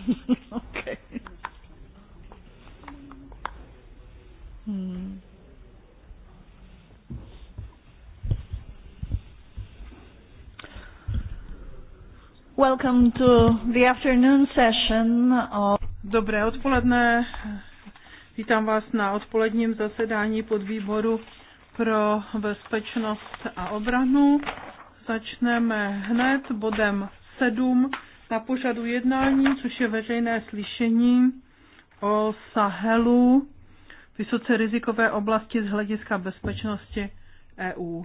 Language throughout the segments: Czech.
okay. Hmm. Welcome to the afternoon session of... Dobré odpoledne. Vítám vás na odpoledním zasedání podvýboru pro bezpečnost a obranu začneme hned bodem 7 na pořadu jednání, což je veřejné slyšení o Sahelu, vysoce rizikové oblasti z hlediska bezpečnosti EU.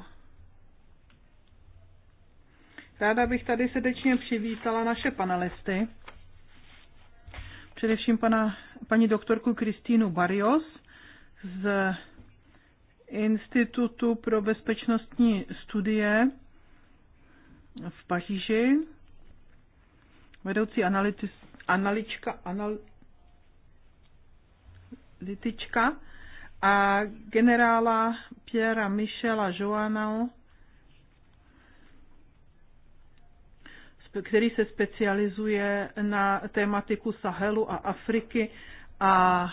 Ráda bych tady srdečně přivítala naše panelisty, především pana, paní doktorku Kristýnu Barrios z Institutu pro bezpečnostní studie v Paříži. Vedoucí analytis, analička, analitička a generála Piera Michela Joanao, který se specializuje na tématiku Sahelu a Afriky a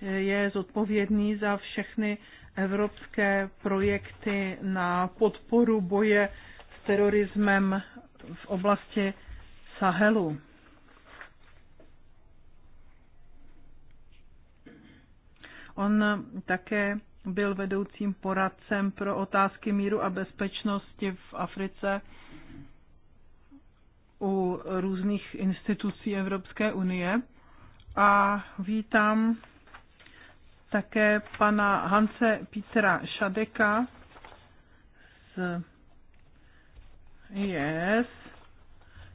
je zodpovědný za všechny evropské projekty na podporu boje terorismem v oblasti Sahelu. On také byl vedoucím poradcem pro otázky míru a bezpečnosti v Africe u různých institucí Evropské unie. A vítám také pana Hance Petra Šadeka z Yes,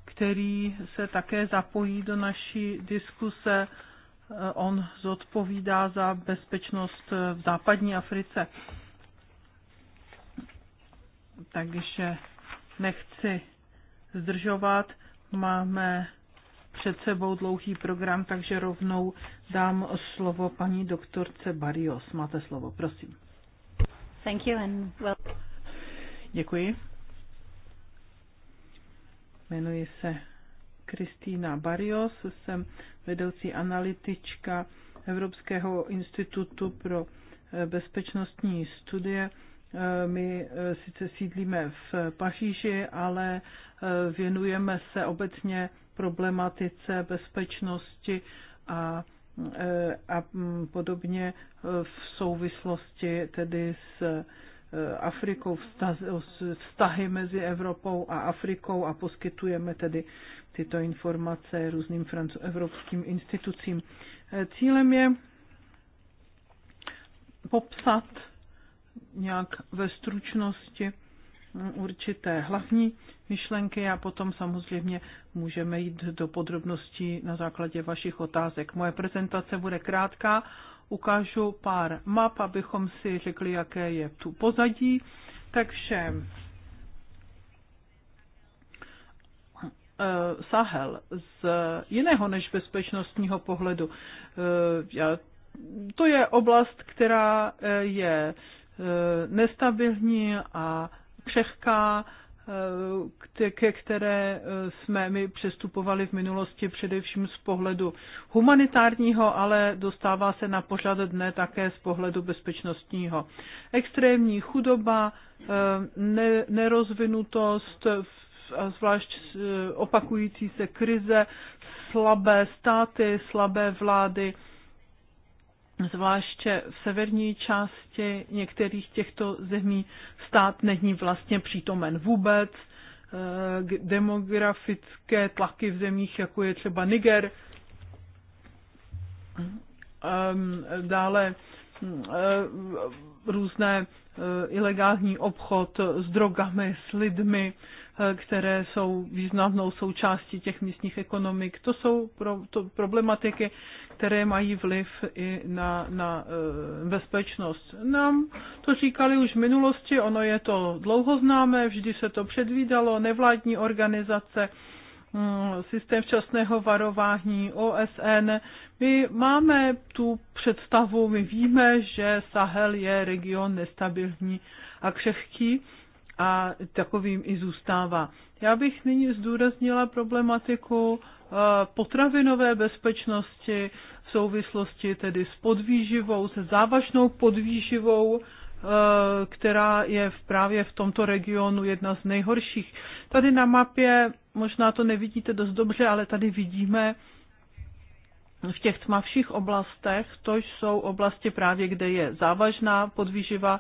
který se také zapojí do naší diskuse. Eh, on zodpovídá za bezpečnost eh, v západní Africe. Takže nechci zdržovat. Máme před sebou dlouhý program, takže rovnou dám slovo paní doktorce Barrios. Máte slovo, prosím. Thank you and well... Děkuji. Jmenuji se Kristýna Barrios, jsem vedoucí analytička Evropského institutu pro eh, bezpečnostní studie. Eh, my eh, sice sídlíme v Paříži, ale věnujeme se obecně problematice bezpečnosti a, a mm, podobně v souvislosti tedy s Eh, Afrikou, eh, vztahy mezi Evropou a Afrikou a poskytujeme tedy tyto informace různým evropským institucím. Eh, cílem je popsat nějak ve stručnosti hm, určité hlavní myšlenky a potom samozřejmě můžeme jít do podrobností na základě vašich otázek. Moje prezentace bude krátká ukážu pár map, abychom si řekli, jaké je tu pozadí. Takže eh, Sahel z jiného než bezpečnostního pohledu. Eh, to je oblast, která eh, je nestabilní a křehká ke které eh, jsme my přestupovali v minulosti především z pohledu humanitárního, ale dostává se na pořad dne také z pohledu bezpečnostního. Extrémní chudoba, eh, nerozvinutost, zvlášť eh, opakující se krize, slabé státy, slabé vlády, zvláště v severní části některých těchto zemí stát není vlastně přítomen vůbec. Eh, demografické tlaky v zemích, jako je třeba Niger, ehm, dále eh, různé eh, ilegální obchod s drogami, s lidmi, které jsou významnou součástí těch místních ekonomik. To jsou pro, to problematiky, které mají vliv i na, na eh, bezpečnost. Nám to říkali už v minulosti, ono je to dlouho známé, vždy se to předvídalo, nevládní organizace, hm, systém včasného varování OSN. My máme tu představu, my víme, že Sahel je region nestabilní a křehký a takovým i zůstává. Já bych nyní zdůraznila problematiku Eh, potravinové bezpečnosti v souvislosti tedy s podvýživou, se závažnou podvýživou, eh, která je právě v tomto regionu jedna z nejhorších. Tady na mapě, možná to nevidíte dost dobře, ale tady vidíme v těch tmavších oblastech, to jsou oblasti právě, kde je závažná podvýživa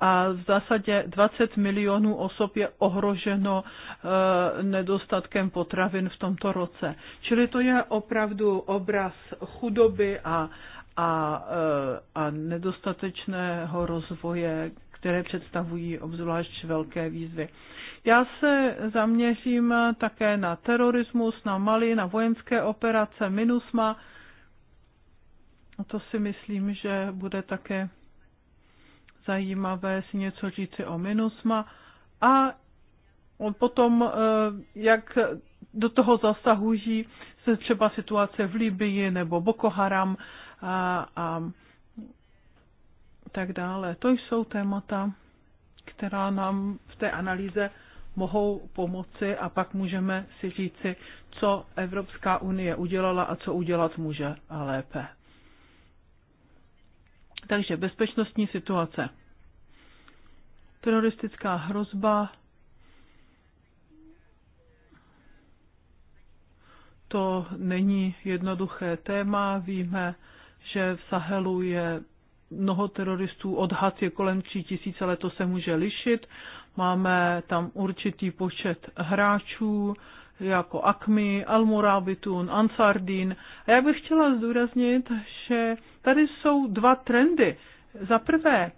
a v zásadě 20 milionů osob je ohroženo eh, nedostatkem potravin v tomto roce. Čili to je opravdu obraz chudoby a, a, eh, a nedostatečného rozvoje, které představují obzvlášť velké výzvy. Já se zaměřím také na terorismus, na Mali, na vojenské operace MINUSMA. To si myslím, že bude také zajímavé si něco říci o MINUSMA a potom, eh, jak do toho zasahují se třeba situace v Libii nebo Boko Haram a, a tak dále. To jsou témata, která nám v té analýze mohou pomoci a pak můžeme si říci, co Evropská unie udělala a co udělat může lépe. Takže bezpečnostní situace. Teroristická hrozba. To není jednoduché téma. Víme, že v Sahelu je mnoho teroristů, odhad je kolem tří tisíc, ale to se může lišit. Máme tam určitý počet hráčů, jako Akmi, Almurabitun, Ansardin. A já bych chtěla zdůraznit, že tady jsou dva trendy. Za prvé,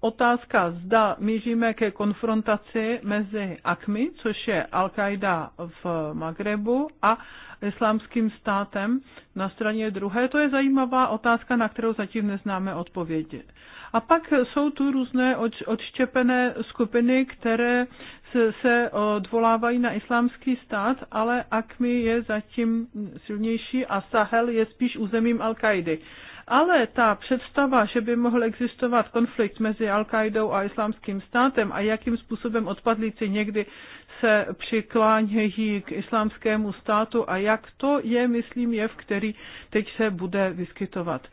otázka, zda míříme ke konfrontaci mezi AKMI, což je Al-Qaida v Magrebu, a islámským státem na straně druhé. To je zajímavá otázka, na kterou zatím neznáme odpovědi. A pak jsou tu různé odštěpené skupiny, které se odvolávají na islámský stát, ale AKMI je zatím silnější a Sahel je spíš územím Al-Kaidy. Ale ta představa, že by mohl existovat konflikt mezi Al-Kaidou a islámským státem a jakým způsobem odpadlíci někdy se přiklánějí k islámskému státu a jak to je, myslím, je v který teď se bude vyskytovat.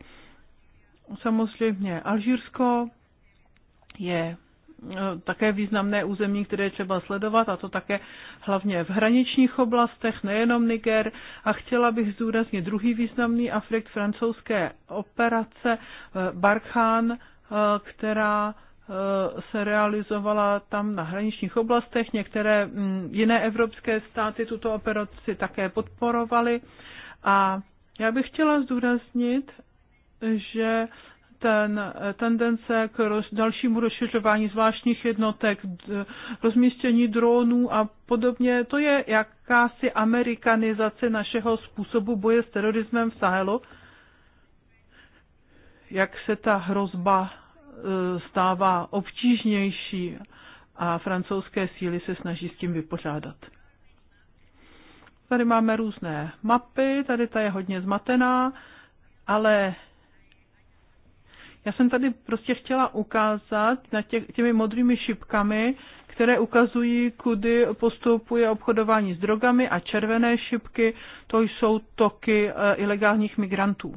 Samozřejmě Alžírsko je také významné území, které je třeba sledovat, a to také hlavně v hraničních oblastech, nejenom Niger. A chtěla bych zdůraznit druhý významný afrik francouzské operace eh, Barkhan, eh, která eh, se realizovala tam na hraničních oblastech. Některé mm, jiné evropské státy tuto operaci také podporovaly. A já bych chtěla zdůraznit, že ten tendence k roz, dalšímu rozšiřování zvláštních jednotek, d, rozmístění dronů a podobně. To je jakási amerikanizace našeho způsobu boje s terorismem v Sahelu, jak se ta hrozba e, stává obtížnější a francouzské síly se snaží s tím vypořádat. Tady máme různé mapy, tady ta je hodně zmatená, ale já jsem tady prostě chtěla ukázat na těch, těmi modrými šipkami, které ukazují, kudy postupuje obchodování s drogami a červené šipky, to jsou toky eh, ilegálních migrantů.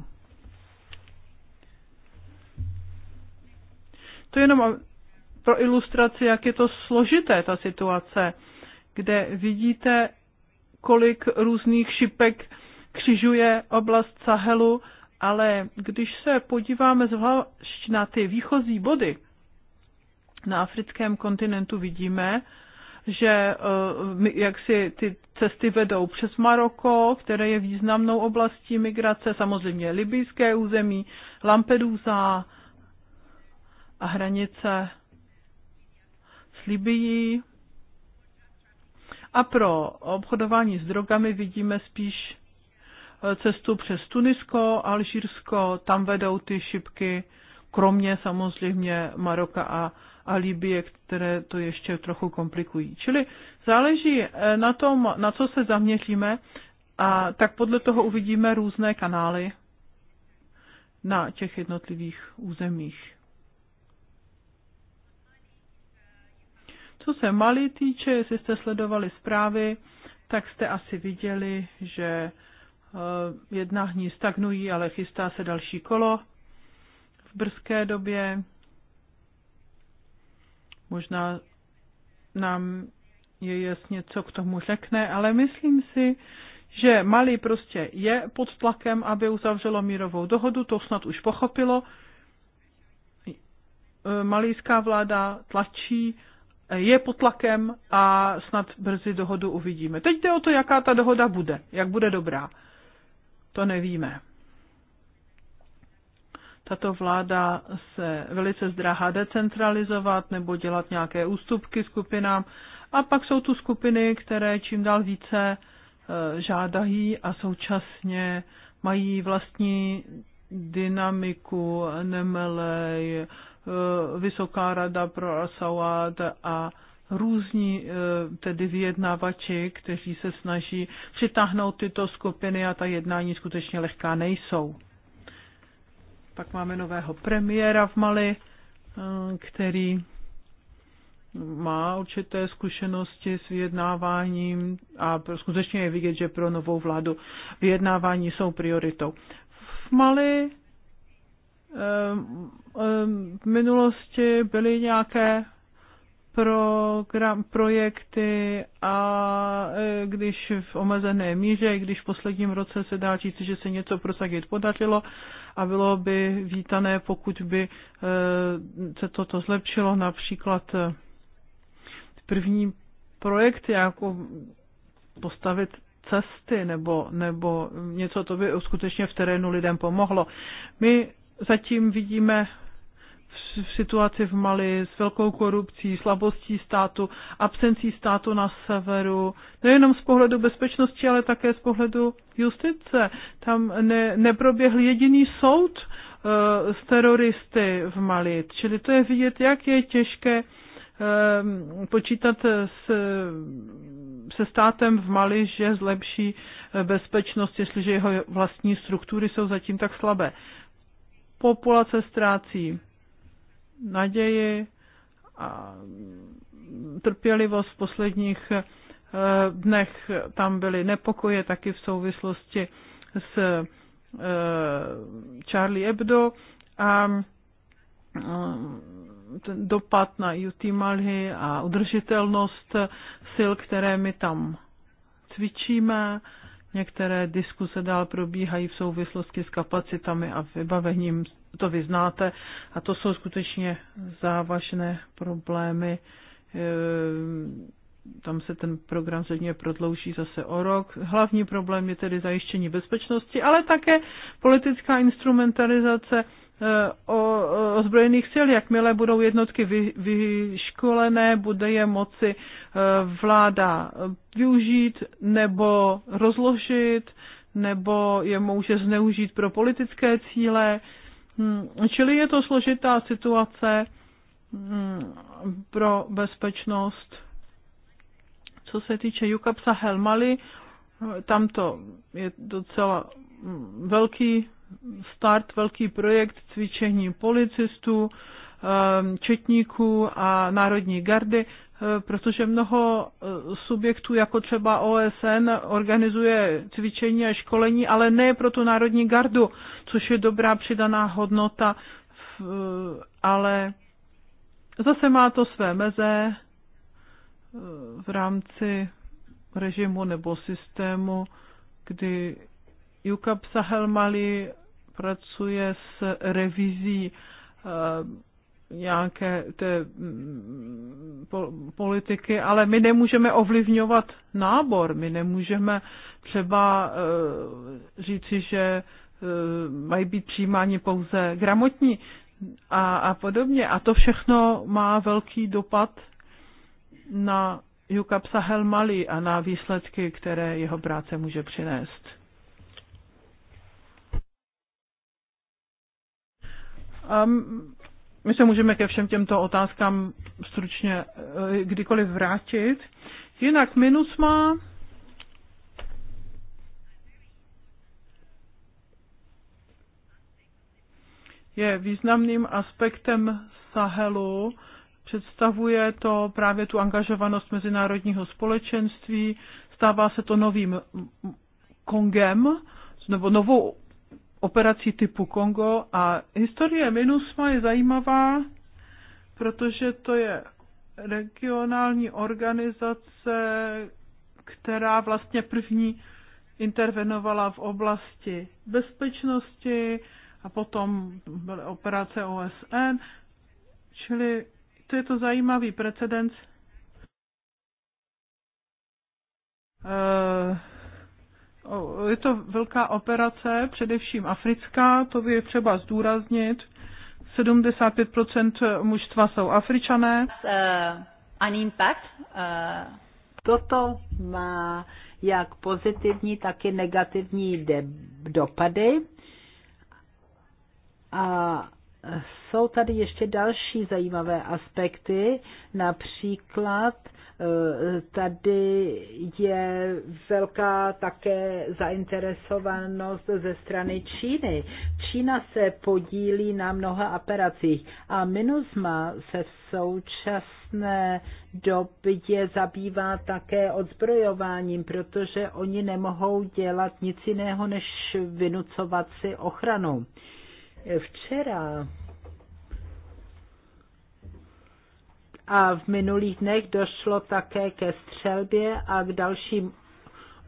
To je jenom pro ilustraci, jak je to složité, ta situace, kde vidíte, kolik různých šipek křižuje oblast Sahelu ale když se podíváme zvlášť na ty výchozí body, na africkém kontinentu vidíme, že eh, jak si ty cesty vedou přes Maroko, které je významnou oblastí migrace, samozřejmě libijské území, Lampedusa a hranice s Libií. A pro obchodování s drogami vidíme spíš cestu přes Tunisko, Alžírsko, tam vedou ty šipky, kromě samozřejmě Maroka a, a Libie, které to ještě trochu komplikují. Čili záleží eh, na tom, na co se zaměříme, a tak podle toho uvidíme různé kanály na těch jednotlivých územích. Co se Mali týče, jestli jste sledovali zprávy, tak jste asi viděli, že Eh, jednání stagnují, ale chystá se další kolo v brzké době. Možná nám je jasně, co k tomu řekne, ale myslím si, že Mali prostě je pod tlakem, aby uzavřelo mírovou dohodu, to snad už pochopilo. Eh, malijská vláda tlačí, eh, je pod tlakem a snad brzy dohodu uvidíme. Teď jde o to, jaká ta dohoda bude, jak bude dobrá. To nevíme. Tato vláda se velice zdráhá decentralizovat nebo dělat nějaké ústupky skupinám. A pak jsou tu skupiny, které čím dál více e, žádají a současně mají vlastní dynamiku, Nemelej, e, Vysoká rada pro Asawad a různí eh, tedy vyjednavači, kteří se snaží přitáhnout tyto skupiny a ta jednání skutečně lehká nejsou. Pak máme nového premiéra v Mali, eh, který má určité zkušenosti s vyjednáváním a skutečně je vidět, že pro novou vládu vyjednávání jsou prioritou. V Mali eh, v minulosti byly nějaké program, projekty a e, když v omezené míře, když v posledním roce se dá říct, že se něco prosadit podařilo a bylo by vítané, pokud by e, se toto zlepšilo, například e, první projekty, jako postavit cesty nebo, nebo něco, to by skutečně v terénu lidem pomohlo. My zatím vidíme v situaci v Mali, s velkou korupcí, slabostí státu, absencí státu na severu, nejenom z pohledu bezpečnosti, ale také z pohledu justice. Tam ne, neproběhl jediný soud eh, s uh, teroristy v Mali. Čili to je vidět, jak je těžké uh, počítat s, se státem v Mali, že zlepší eh, bezpečnost, jestliže jeho vlastní struktury jsou zatím tak slabé populace ztrácí naději a trpělivost v posledních eh, dnech tam byly nepokoje taky v souvislosti s eh, Charlie Hebdo a eh, ten dopad na UT Malhy a udržitelnost sil, které my tam cvičíme Některé diskuse dál probíhají v souvislosti s kapacitami a vybavením, to znáte a to jsou skutečně závažné problémy. Ehm, tam se ten program zřejmě prodlouží zase o rok. Hlavní problém je tedy zajištění bezpečnosti, ale také politická instrumentalizace Eh, o ozbrojených sil. Jakmile budou jednotky vy, vyškolené, bude je moci eh, vláda využít nebo rozložit, nebo je může zneužít pro politické cíle. Hm, čili je to složitá situace hm, pro bezpečnost. Co se týče Jukapsa Helmali, tam to je docela hm, velký start velký projekt cvičení policistů, ehm, četníků a Národní gardy, eh, protože mnoho eh, subjektů, jako třeba OSN, organizuje cvičení a školení, ale ne pro tu Národní gardu, což je dobrá přidaná hodnota, eh, ale zase má to své meze v rámci režimu nebo systému, kdy Juka Psahelmali pracuje s revizí eh, nějaké té mm, politiky, ale my nemůžeme ovlivňovat nábor, my nemůžeme třeba eh, říci, že eh, mají být přijímáni pouze gramotní a, a podobně. A to všechno má velký dopad na Jukapsa Helmali a na výsledky, které jeho práce může přinést. Um, my se můžeme ke všem těmto otázkám stručně eh, kdykoliv vrátit. Jinak minus má je významným aspektem Sahelu, představuje to právě tu angažovanost mezinárodního společenství, stává se to novým kongem, nebo novou operací typu Kongo a historie MINUSMA je zajímavá, protože to je regionální organizace, která vlastně první intervenovala v oblasti bezpečnosti a potom byly operace OSN, čili to je to zajímavý precedens. Uh, je to velká operace, především africká, to je třeba zdůraznit. 75% mužstva jsou Afričané. Eh, an impact. Eh, toto má jak pozitivní, tak i negativní dopady. A jsou tady ještě další zajímavé aspekty, například Eh, tady je velká také zainteresovanost ze strany Číny. Čína se podílí na mnoha operacích a MINUSMA se v současné době zabývá také odzbrojováním, protože oni nemohou dělat nic jiného, než vynucovat si ochranu. Včera A v minulých dnech došlo také ke střelbě a k dalším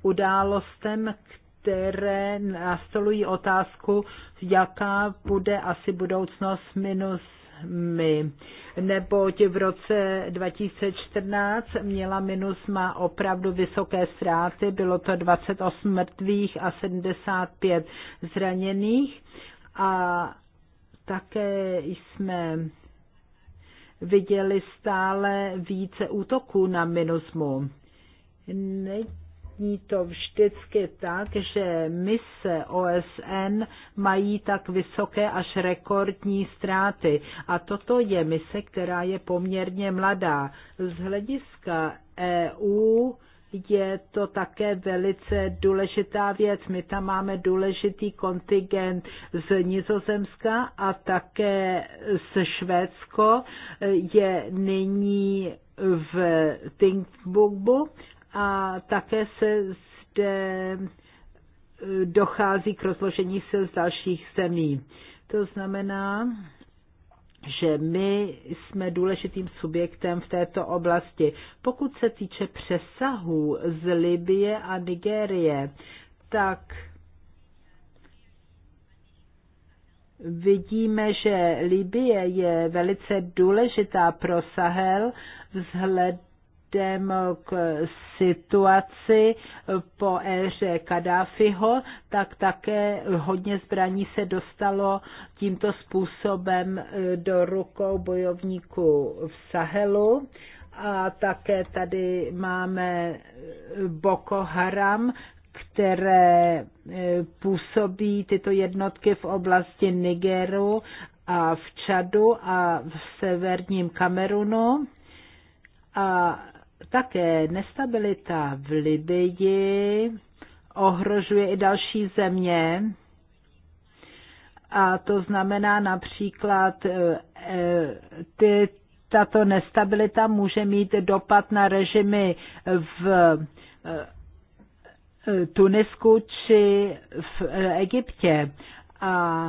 událostem, které nastolují otázku, jaká bude asi budoucnost minus my. Neboť v roce 2014 měla minus má opravdu vysoké ztráty, bylo to 28 mrtvých a 75 zraněných a také jsme viděli stále více útoků na MINUSMU. Není to vždycky tak, že mise OSN mají tak vysoké až rekordní ztráty. A toto je mise, která je poměrně mladá. Z hlediska EU je to také velice důležitá věc. My tam máme důležitý kontingent z Nizozemska a také z Švédsko je nyní v Tinkbubu a také se zde dochází k rozložení se z dalších zemí. To znamená, že my jsme důležitým subjektem v této oblasti. Pokud se týče přesahů z Libie a Nigérie, tak vidíme, že Libie je velice důležitá pro Sahel vzhled vzhledem k situaci po éře Kadáfiho, tak také hodně zbraní se dostalo tímto způsobem eh, do rukou bojovníků v Sahelu. A také tady máme eh, Boko Haram, které eh, působí tyto jednotky v oblasti Nigeru a v Čadu a v severním Kamerunu. A také nestabilita v Libii ohrožuje i další země, a to znamená například e, ty, tato nestabilita může mít dopad na režimy v e, e, Tunisku či v Egyptě. A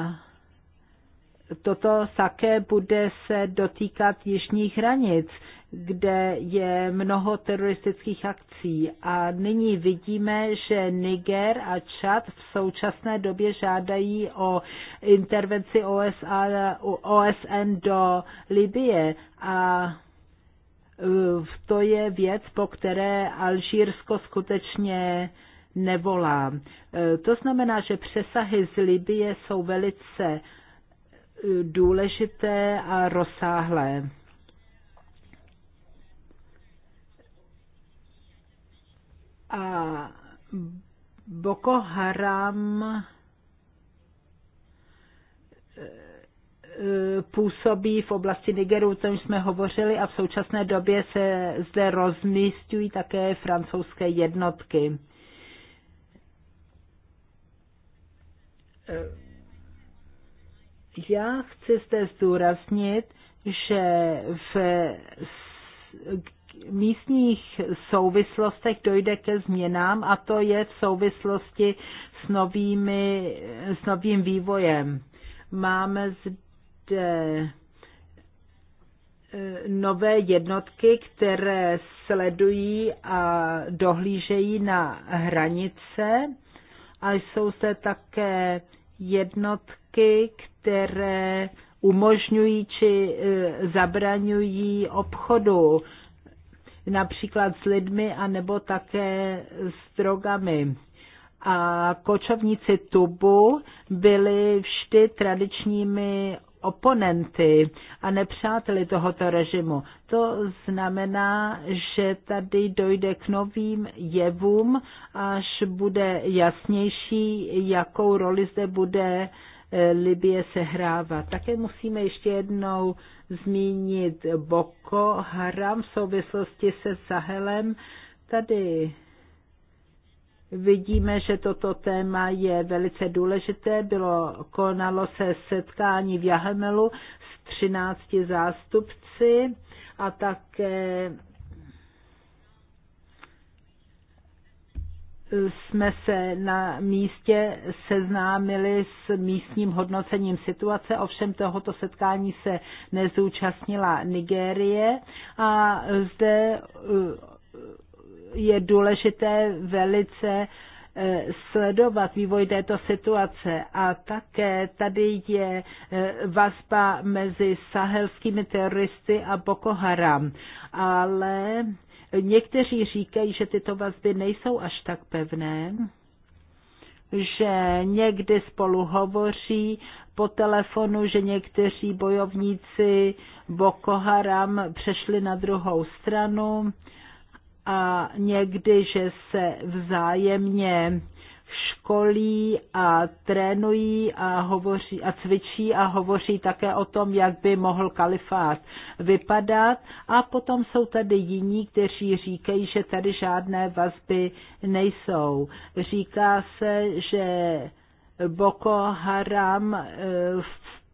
toto také bude se dotýkat jižních hranic kde je mnoho teroristických akcí. A nyní vidíme, že Niger a Čad v současné době žádají o intervenci OSN do Libie. A eh, to je věc, po které Alžírsko skutečně nevolá. Eh, to znamená, že přesahy z Libie jsou velice eh, důležité a rozsáhlé. A Boko Haram eh, působí v oblasti Nigeru, o tom jsme hovořili, a v současné době se zde rozmístují také francouzské jednotky. Eh, já chci zde zdůraznit, že v místních souvislostech dojde ke změnám a to je v souvislosti s, novými, s novým vývojem. Máme zde e, nové jednotky, které sledují a dohlížejí na hranice a jsou zde také jednotky, které umožňují či e, zabraňují obchodu například s lidmi a nebo také s drogami. A kočovníci Tubu byli vždy tradičními oponenty a nepřáteli tohoto režimu. To znamená, že tady dojde k novým jevům, až bude jasnější, jakou roli zde bude Eh, Libie sehrává. Také musíme ještě jednou zmínit Boko Haram v souvislosti se Sahelem. Tady vidíme, že toto téma je velice důležité. Bylo, konalo se setkání v Jahemelu s 13 zástupci a také jsme se na místě seznámili s místním hodnocením situace, ovšem tohoto setkání se nezúčastnila Nigérie a zde eh, je důležité velice eh, sledovat vývoj této situace a také tady je eh, vazba mezi sahelskými teroristy a Boko Haram, ale Někteří říkají, že tyto vazby nejsou až tak pevné, že někdy spolu hovoří po telefonu, že někteří bojovníci Boko Haram přešli na druhou stranu a někdy, že se vzájemně školí a trénují a, hovoří, a cvičí a hovoří také o tom, jak by mohl kalifát vypadat. A potom jsou tady jiní, kteří říkají, že tady žádné vazby nejsou. Říká se, že Boko Haram eh,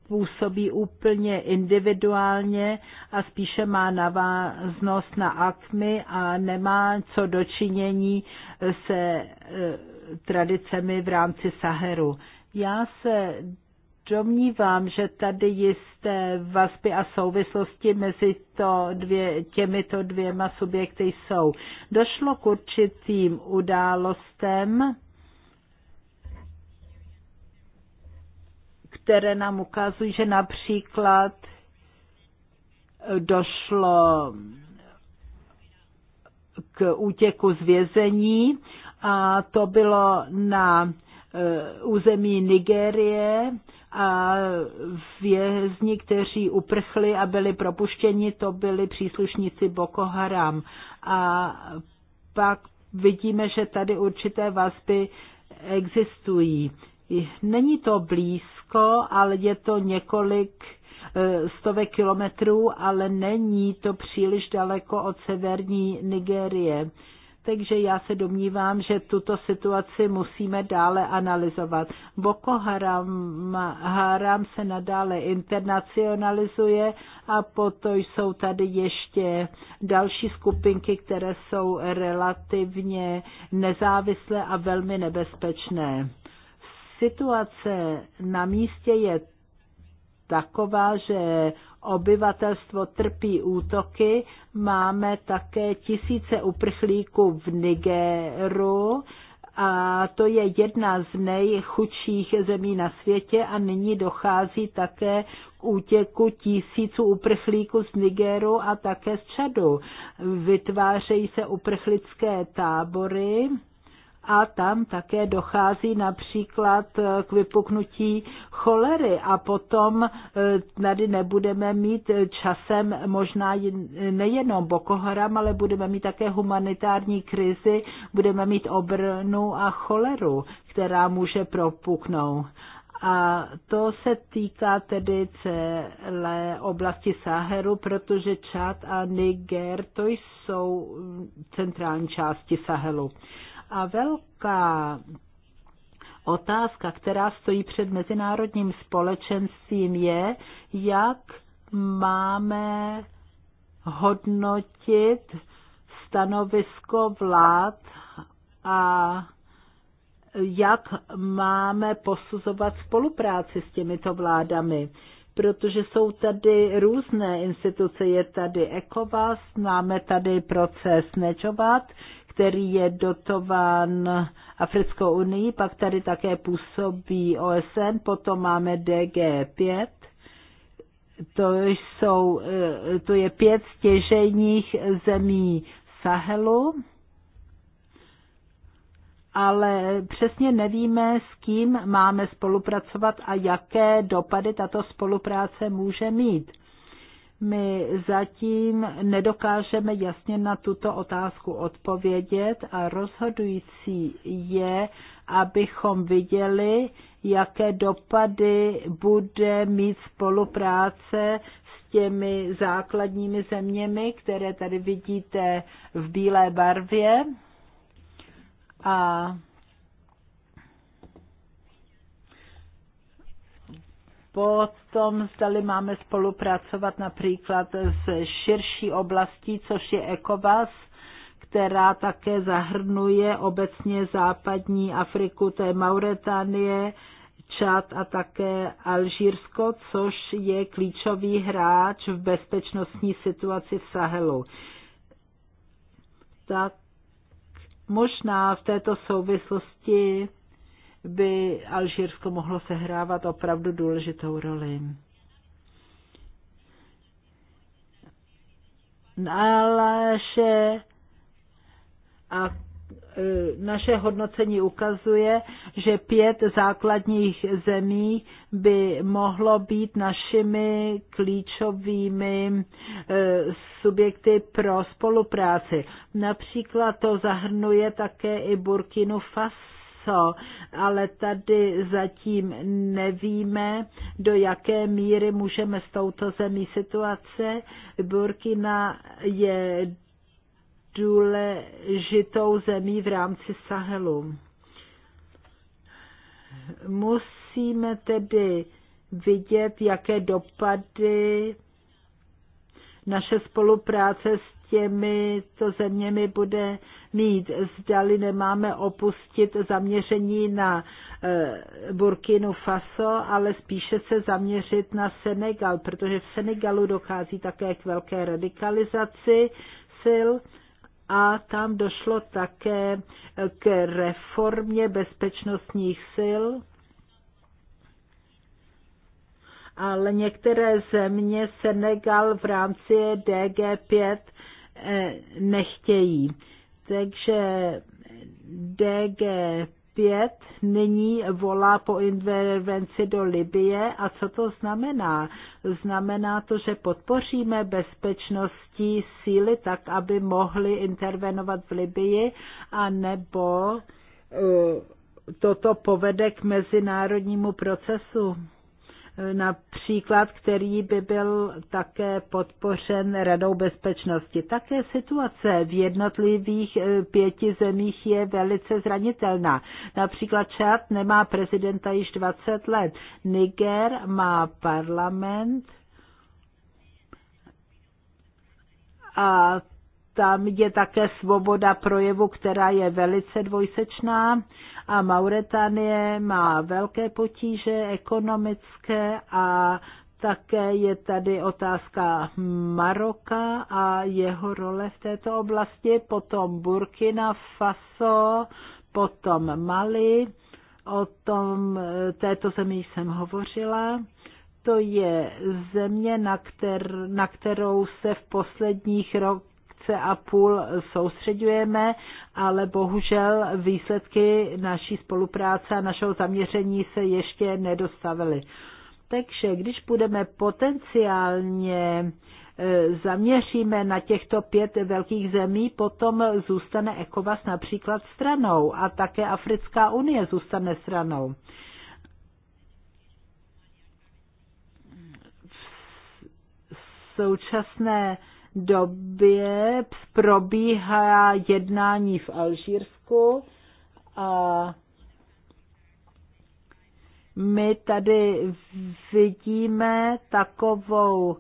působí úplně individuálně a spíše má naváznost na akmy a nemá co dočinění se eh, tradicemi v rámci Saheru. Já se domnívám, že tady jisté vazby a souvislosti mezi to dvě, těmito dvěma subjekty jsou. Došlo k určitým událostem, které nám ukazují, že například došlo k útěku z vězení a to bylo na e, území Nigérie a vězni, kteří uprchli a byli propuštěni, to byli příslušníci Boko Haram. A pak vidíme, že tady určité vazby existují. Není to blízko, ale je to několik e, stovek kilometrů, ale není to příliš daleko od severní Nigérie. Takže já se domnívám, že tuto situaci musíme dále analyzovat. Boko Haram, Haram se nadále internacionalizuje a potom jsou tady ještě další skupinky, které jsou relativně nezávislé a velmi nebezpečné situace na místě je taková, že obyvatelstvo trpí útoky. Máme také tisíce uprchlíků v Nigeru a to je jedna z nejchudších zemí na světě a nyní dochází také k útěku tisíců uprchlíků z Nigeru a také z Čadu. Vytvářejí se uprchlické tábory a tam také dochází například eh, k vypuknutí cholery a potom eh, tady nebudeme mít eh, časem možná nejenom Boko Haram, ale budeme mít také humanitární krizi, budeme mít obrnu a choleru, která může propuknout. A to se týká tedy celé oblasti Sahelu, protože Čad a Niger to jsou centrální části Sahelu. A velká otázka, která stojí před mezinárodním společenstvím, je, jak máme hodnotit stanovisko vlád a jak máme posuzovat spolupráci s těmito vládami protože jsou tady různé instituce. Je tady ECOVAS, máme tady proces Nečovat, který je dotován Africkou unii, pak tady také působí OSN, potom máme DG5, to, jsou, eh, to je pět stěžejních zemí Sahelu, ale přesně nevíme, s kým máme spolupracovat a jaké dopady tato spolupráce může mít my zatím nedokážeme jasně na tuto otázku odpovědět a rozhodující je, abychom viděli, jaké dopady bude mít spolupráce s těmi základními zeměmi, které tady vidíte v bílé barvě. A potom zdali máme spolupracovat například s širší oblastí, což je ECOWAS, která také zahrnuje obecně západní Afriku, to je Mauretánie, Čad a také Alžírsko, což je klíčový hráč v bezpečnostní situaci v Sahelu. Tak možná v této souvislosti by Alžírsko mohlo sehrávat opravdu důležitou roli. Naše, a, e, naše hodnocení ukazuje, že pět základních zemí by mohlo být našimi klíčovými e, subjekty pro spolupráci. Například to zahrnuje také i Burkinu Faso co, ale tady zatím nevíme, do jaké míry můžeme s touto zemí situace. Burkina je důležitou zemí v rámci Sahelu. Musíme tedy vidět, jaké dopady naše spolupráce s těmi, co zeměmi bude mít. Zdali nemáme opustit zaměření na eh, Burkinu Faso, ale spíše se zaměřit na Senegal, protože v Senegalu dochází také k velké radikalizaci sil a tam došlo také k reformě bezpečnostních sil. ale některé země Senegal v rámci DG5 Eh, nechtějí. Takže DG5 nyní volá po intervenci do Libie. A co to znamená? Znamená to, že podpoříme bezpečnostní síly tak, aby mohly intervenovat v Libii, anebo eh, toto povede k mezinárodnímu procesu? například, který by byl také podpořen Radou bezpečnosti. Také situace v jednotlivých e, pěti zemích je velice zranitelná. Například Čad nemá prezidenta již 20 let. Niger má parlament a tam je také svoboda projevu, která je velice dvojsečná a Mauretanie má velké potíže ekonomické a také je tady otázka Maroka a jeho role v této oblasti, potom Burkina Faso, potom Mali, o tom eh, této zemi jsem hovořila to je země, na, kter, na kterou se v posledních rok, měsíce a půl soustředujeme, ale bohužel výsledky naší spolupráce a našeho zaměření se ještě nedostavily. Takže když budeme potenciálně e, zaměříme na těchto pět velkých zemí, potom zůstane ECOWAS například stranou a také Africká unie zůstane stranou. V současné době probíhá jednání v Alžírsku a my tady vidíme takovou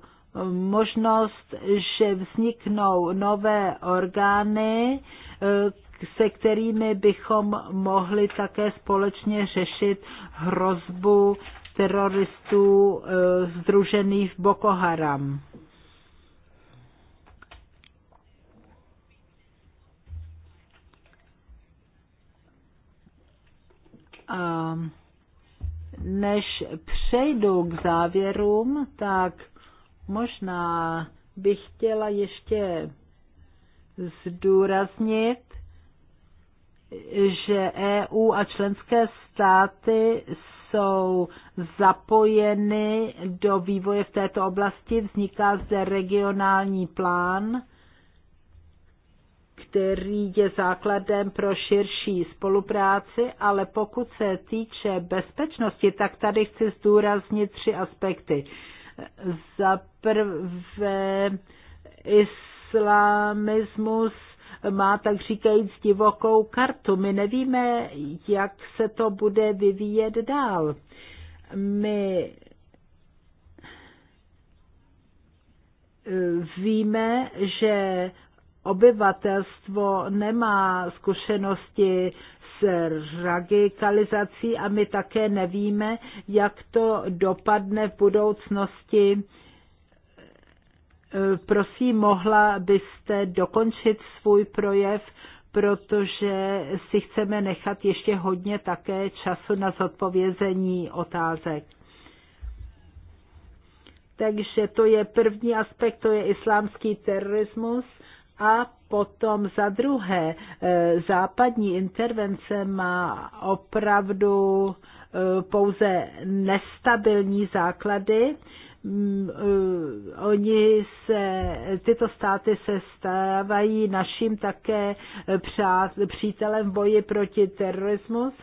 možnost, že vzniknou nové orgány, se kterými bychom mohli také společně řešit hrozbu teroristů združených eh, v Boko Haram. A než přejdu k závěrům, tak možná bych chtěla ještě zdůraznit, že EU a členské státy jsou zapojeny do vývoje v této oblasti. Vzniká zde regionální plán, který je základem pro širší spolupráci, ale pokud se týče bezpečnosti, tak tady chci zdůraznit tři aspekty. Za prvé, islamismus má tak říkajíc divokou kartu. My nevíme, jak se to bude vyvíjet dál. My víme, že obyvatelstvo nemá zkušenosti s radikalizací a my také nevíme, jak to dopadne v budoucnosti. Prosím, mohla byste dokončit svůj projev, protože si chceme nechat ještě hodně také času na zodpovězení otázek. Takže to je první aspekt, to je islámský terorismus a potom za druhé, e, západní intervence má opravdu e, pouze nestabilní základy. E, oni se, tyto státy se stávají naším také přítelem v boji proti terorismu.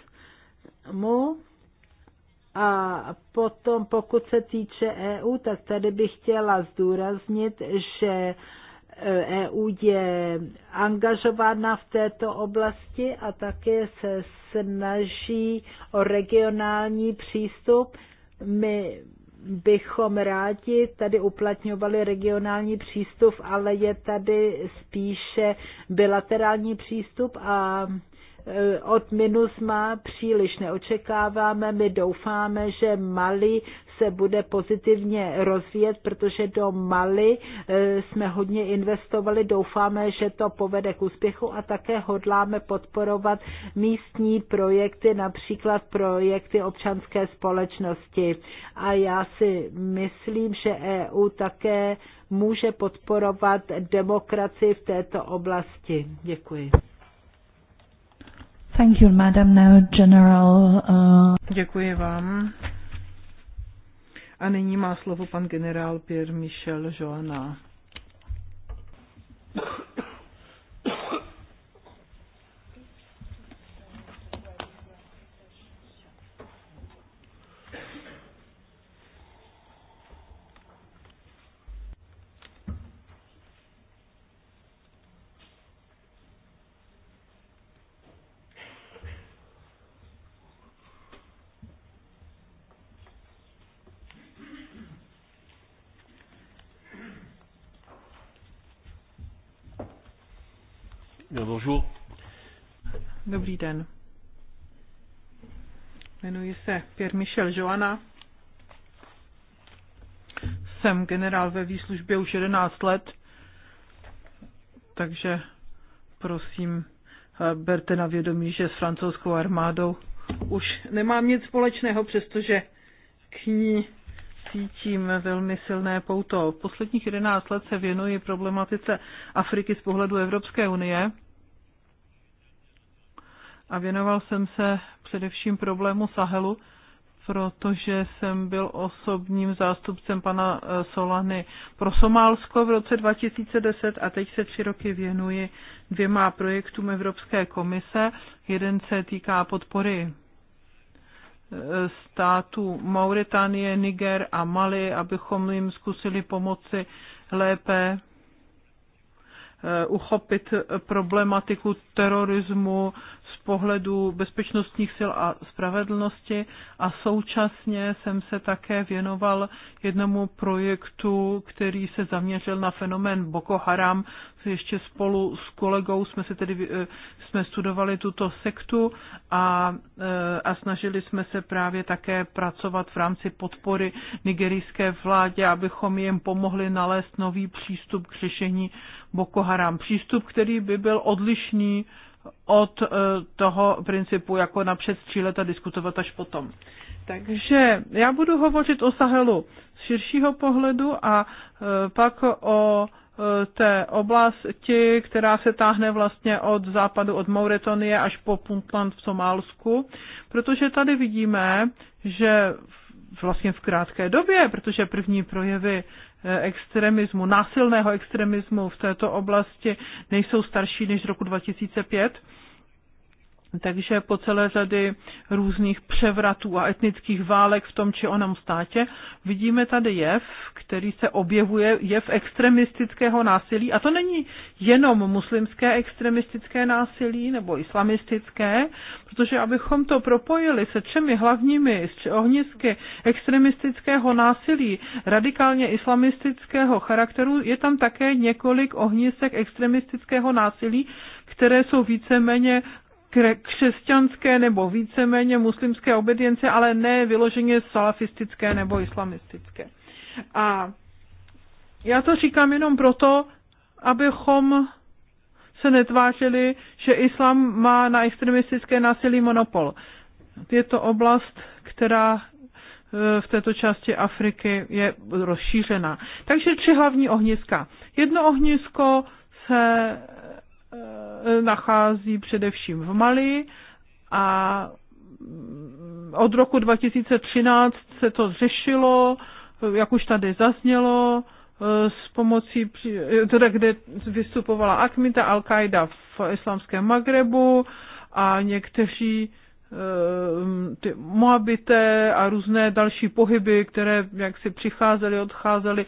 A potom, pokud se týče EU, tak tady bych chtěla zdůraznit, že EU e je angažována v této oblasti a také se snaží o regionální přístup. My bychom rádi tady uplatňovali regionální přístup, ale je tady spíše bilaterální přístup a e, od má příliš neočekáváme. My doufáme, že Mali se bude pozitivně rozvíjet, protože do Mali eh, jsme hodně investovali, doufáme, že to povede k úspěchu a také hodláme podporovat místní projekty, například projekty občanské společnosti. A já si myslím, že EU také může podporovat demokracii v této oblasti. Děkuji. Thank you, madam. Now, general, uh... Děkuji vám. A nyní má slovo pan generál Pierre Michel Joana. den. Jmenuji se Pierre Michel Joana. Jsem generál ve výslužbě už 11 let, takže prosím, eh, berte na vědomí, že s francouzskou armádou už nemám nic společného, přestože k ní cítím velmi silné pouto. Posledních 11 let se věnuji problematice Afriky z pohledu Evropské unie a věnoval jsem se především problému Sahelu, protože jsem byl osobním zástupcem pana eh, Solany pro Somálsko v roce 2010 a teď se tři roky věnuji dvěma projektům Evropské komise. Jeden se týká podpory eh, států Mauritánie, Niger a Mali, abychom jim zkusili pomoci lépe Eh, uchopit problematiku terorismu z pohledu bezpečnostních sil a spravedlnosti a současně jsem se také věnoval jednomu projektu, který se zaměřil na fenomén Boko Haram. Ještě spolu s kolegou jsme se tedy eh, jsme studovali tuto sektu a, eh, a snažili jsme se právě také pracovat v rámci podpory nigerijské vládě, abychom jim pomohli nalézt nový přístup k řešení Boko Haram. Přístup, který by byl odlišný od eh, toho principu, jako napřed střílet a diskutovat až potom. Takže já budu hovořit o Sahelu z širšího pohledu a eh, pak o eh, té oblasti, která se táhne vlastně od západu, od Mauretonie až po Puntland v Somálsku, protože tady vidíme, že vlastně v krátké době, protože první projevy Eh, extremismu, násilného extremismu v této oblasti nejsou starší než z roku 2005 takže po celé řady různých převratů a etnických válek v tom či onom státě vidíme tady jev, který se objevuje, jev extremistického násilí. A to není jenom muslimské extremistické násilí nebo islamistické, protože abychom to propojili se třemi hlavními ohnisky extremistického násilí radikálně islamistického charakteru, je tam také několik ohnisek extremistického násilí, které jsou víceméně křesťanské nebo víceméně muslimské obedience, ale ne vyloženě salafistické nebo islamistické. A já to říkám jenom proto, abychom se netvářili, že islám má na extremistické násilí monopol. Je to oblast, která e, v této části Afriky je rozšířená. Takže tři hlavní ohniska. Jedno ohnisko se Eh, nachází především v Mali a od roku 2013 se to řešilo, jak už tady zaznělo, eh, s pomocí, eh, teda kde vystupovala Akmita, Al-Qaida v islámském Magrebu a někteří ty Moabité a různé další pohyby, které jak si přicházely, odcházely,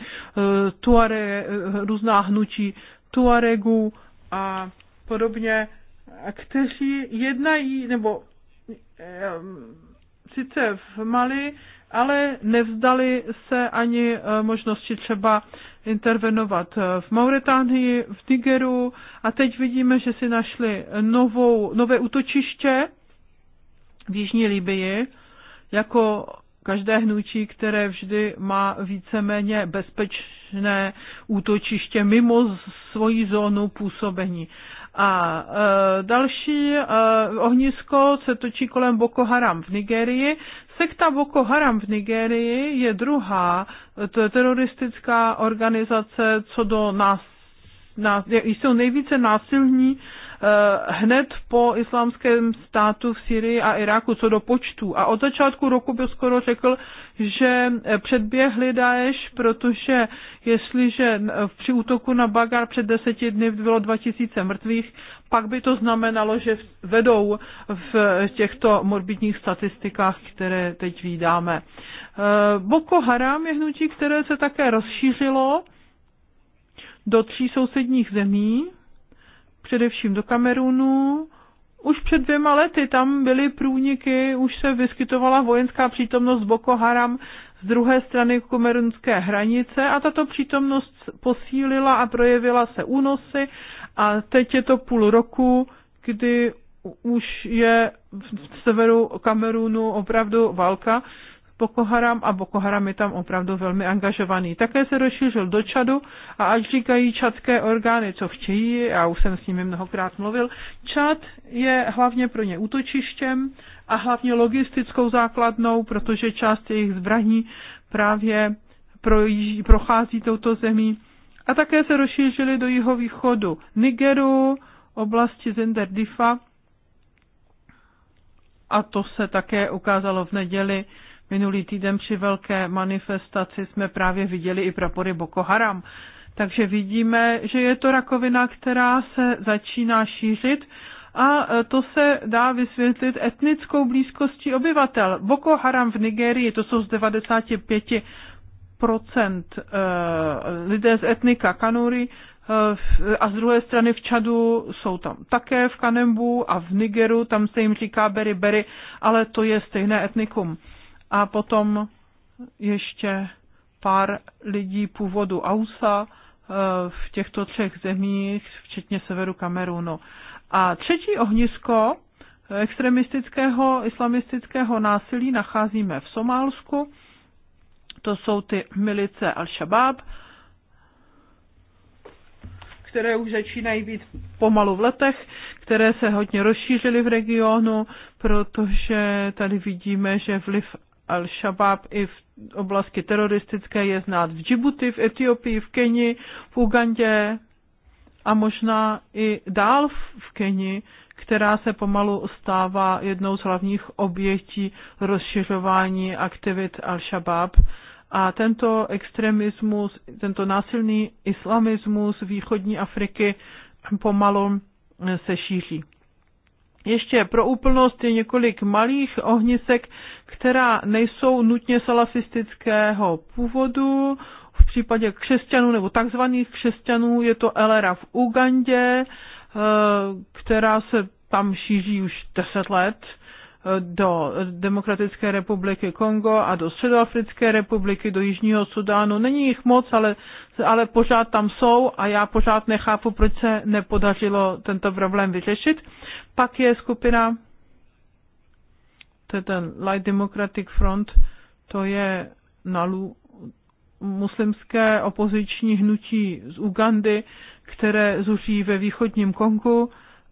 tuare, různá hnutí Tuaregu a podobně, kteří jednají, nebo eh, sice v Mali, ale nevzdali se ani eh, možnosti třeba intervenovat eh, v Mauretánii, v Nigeru a teď vidíme, že si našli novou, nové útočiště v Jižní Libii, jako každé hnutí, které vždy má víceméně bezpečnost možné útočiště mimo svoji zónu působení. A e, další e, ohnisko se točí kolem Boko Haram v Nigerii. Sekta Boko Haram v Nigerii je druhá teroristická organizace, co do nás, nás jsou nejvíce násilní Eh, hned po islámském státu v Syrii a Iráku, co do počtu. A od začátku roku byl skoro řekl, že eh, předběhli Daesh, protože jestliže eh, při útoku na Bagar před deseti dny bylo 2000 mrtvých, pak by to znamenalo, že vedou v těchto morbidních statistikách, které teď vídáme. Boko Haram je hnutí, které se také rozšířilo do tří sousedních zemí, především do Kamerunu. Už před dvěma lety tam byly průniky, už se vyskytovala vojenská přítomnost Boko Haram z druhé strany kamerunské hranice a tato přítomnost posílila a projevila se únosy a teď je to půl roku, kdy už je v severu Kamerunu opravdu válka. Boko Haram a Boko Haram je tam opravdu velmi angažovaný. Také se rozšířil do Čadu a ať říkají čadské orgány, co chtějí, já už jsem s nimi mnohokrát mluvil, Čad je hlavně pro ně útočištěm a hlavně logistickou základnou, protože část jejich zbraní právě projíždí, prochází touto zemí. A také se rozšířili do jeho východu, Nigeru, oblasti Zinder Difa, a to se také ukázalo v neděli Minulý týden při velké manifestaci jsme právě viděli i prapory Boko Haram. Takže vidíme, že je to rakovina, která se začíná šířit a e, to se dá vysvětlit etnickou blízkostí obyvatel. Boko Haram v Nigerii, to jsou z 95 e, lidé z etnika Kanury e, a z druhé strany v Čadu jsou tam také v Kanembu a v Nigeru, tam se jim říká Beri Beri, ale to je stejné etnikum a potom ještě pár lidí původu Ausa eh, v těchto třech zemích, včetně severu Kamerunu. A třetí ohnisko eh, extremistického islamistického násilí nacházíme v Somálsku. To jsou ty milice Al-Shabaab, které už začínají být pomalu v letech, které se hodně rozšířily v regionu, protože tady vidíme, že vliv Al-Shabaab i v oblasti teroristické je znát v Džibuti, v Etiopii, v Keni, v Ugandě a možná i dál v Keni, která se pomalu stává jednou z hlavních obětí rozšiřování aktivit Al-Shabaab. A tento extremismus, tento násilný islamismus východní Afriky pomalu se šíří ještě pro úplnost je několik malých ohnisek, která nejsou nutně salafistického původu. V případě křesťanů nebo takzvaných křesťanů je to Elera v Ugandě, eh, která se tam šíří už 10 let do Demokratické republiky Kongo a do Středoafrické republiky, do Jižního Sudánu. Není jich moc, ale, ale pořád tam jsou a já pořád nechápu, proč se nepodařilo tento problém vyřešit. Pak je skupina, to je ten Light Democratic Front, to je Nalu, muslimské opoziční hnutí z Ugandy, které zuří ve východním Kongu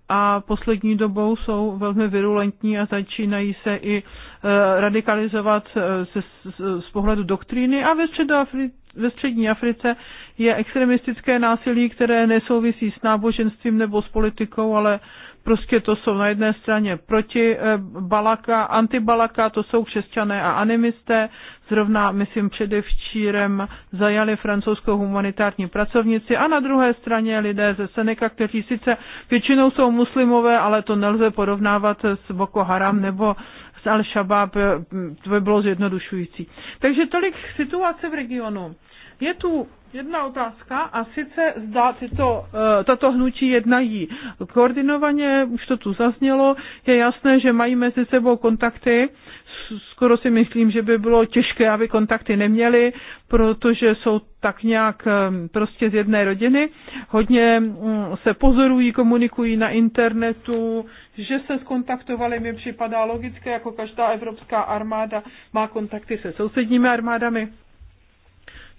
a poslední dobou jsou velmi virulentní a začínají se i eh, radikalizovat z, eh, z, z pohledu doktríny a ve středoafrice ve střední Africe je extremistické násilí, které nesouvisí s náboženstvím nebo s politikou, ale prostě to jsou na jedné straně proti eh, Balaka, antibalaka, to jsou křesťané a animisté, zrovna, myslím, předevčírem zajali francouzskou humanitární pracovnici a na druhé straně lidé ze Seneca, kteří sice většinou jsou muslimové, ale to nelze porovnávat s Boko Haram nebo s Al-Shabaab, eh, to by bylo zjednodušující. Takže tolik situace v regionu. Je tu jedna otázka a sice zda tyto, eh, tato hnutí jednají koordinovaně, už to tu zaznělo, je jasné, že mají mezi sebou kontakty, skoro si myslím, že by bylo těžké, aby kontakty neměli, protože jsou tak nějak ehm, prostě z jedné rodiny. Hodně mm, se pozorují, komunikují na internetu, že se skontaktovali, mi připadá logické, jako každá evropská armáda má kontakty se sousedními armádami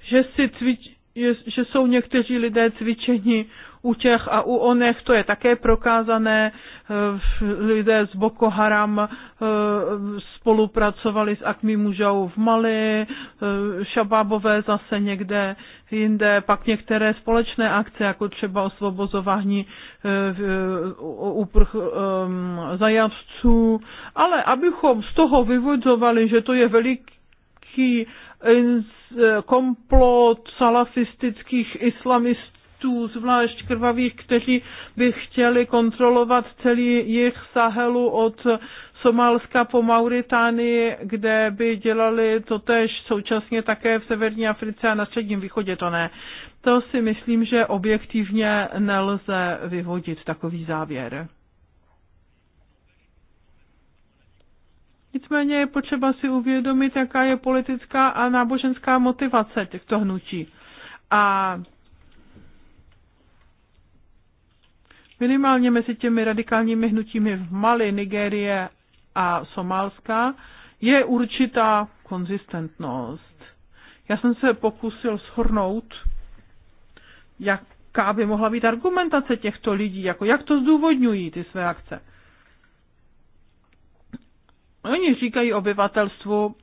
že si cvič, je, že jsou někteří lidé cvičeni u těch a u onech, to je také prokázané. Eh, lidé z Boko Haram eh, spolupracovali s Akmi mužou v Mali, eh, šabábové zase někde jinde, pak některé společné akce, jako třeba osvobozování uprch ehm, zajatců, ale abychom z toho vyvodzovali, že to je veliký velký komplot salafistických islamistů, zvlášť krvavých, kteří by chtěli kontrolovat celý jich Sahelu od Somálska po Mauritánii, kde by dělali to tež současně také v severní Africe a na středním východě to ne. To si myslím, že objektivně nelze vyvodit takový závěr. Nicméně je potřeba si uvědomit, jaká je politická a náboženská motivace těchto hnutí. A minimálně mezi těmi radikálními hnutími v Mali, Nigérie a Somálska je určitá konzistentnost. Já jsem se pokusil shrnout, jaká by mohla být argumentace těchto lidí, jako jak to zdůvodňují ty své akce oni říkají obyvatelstvu,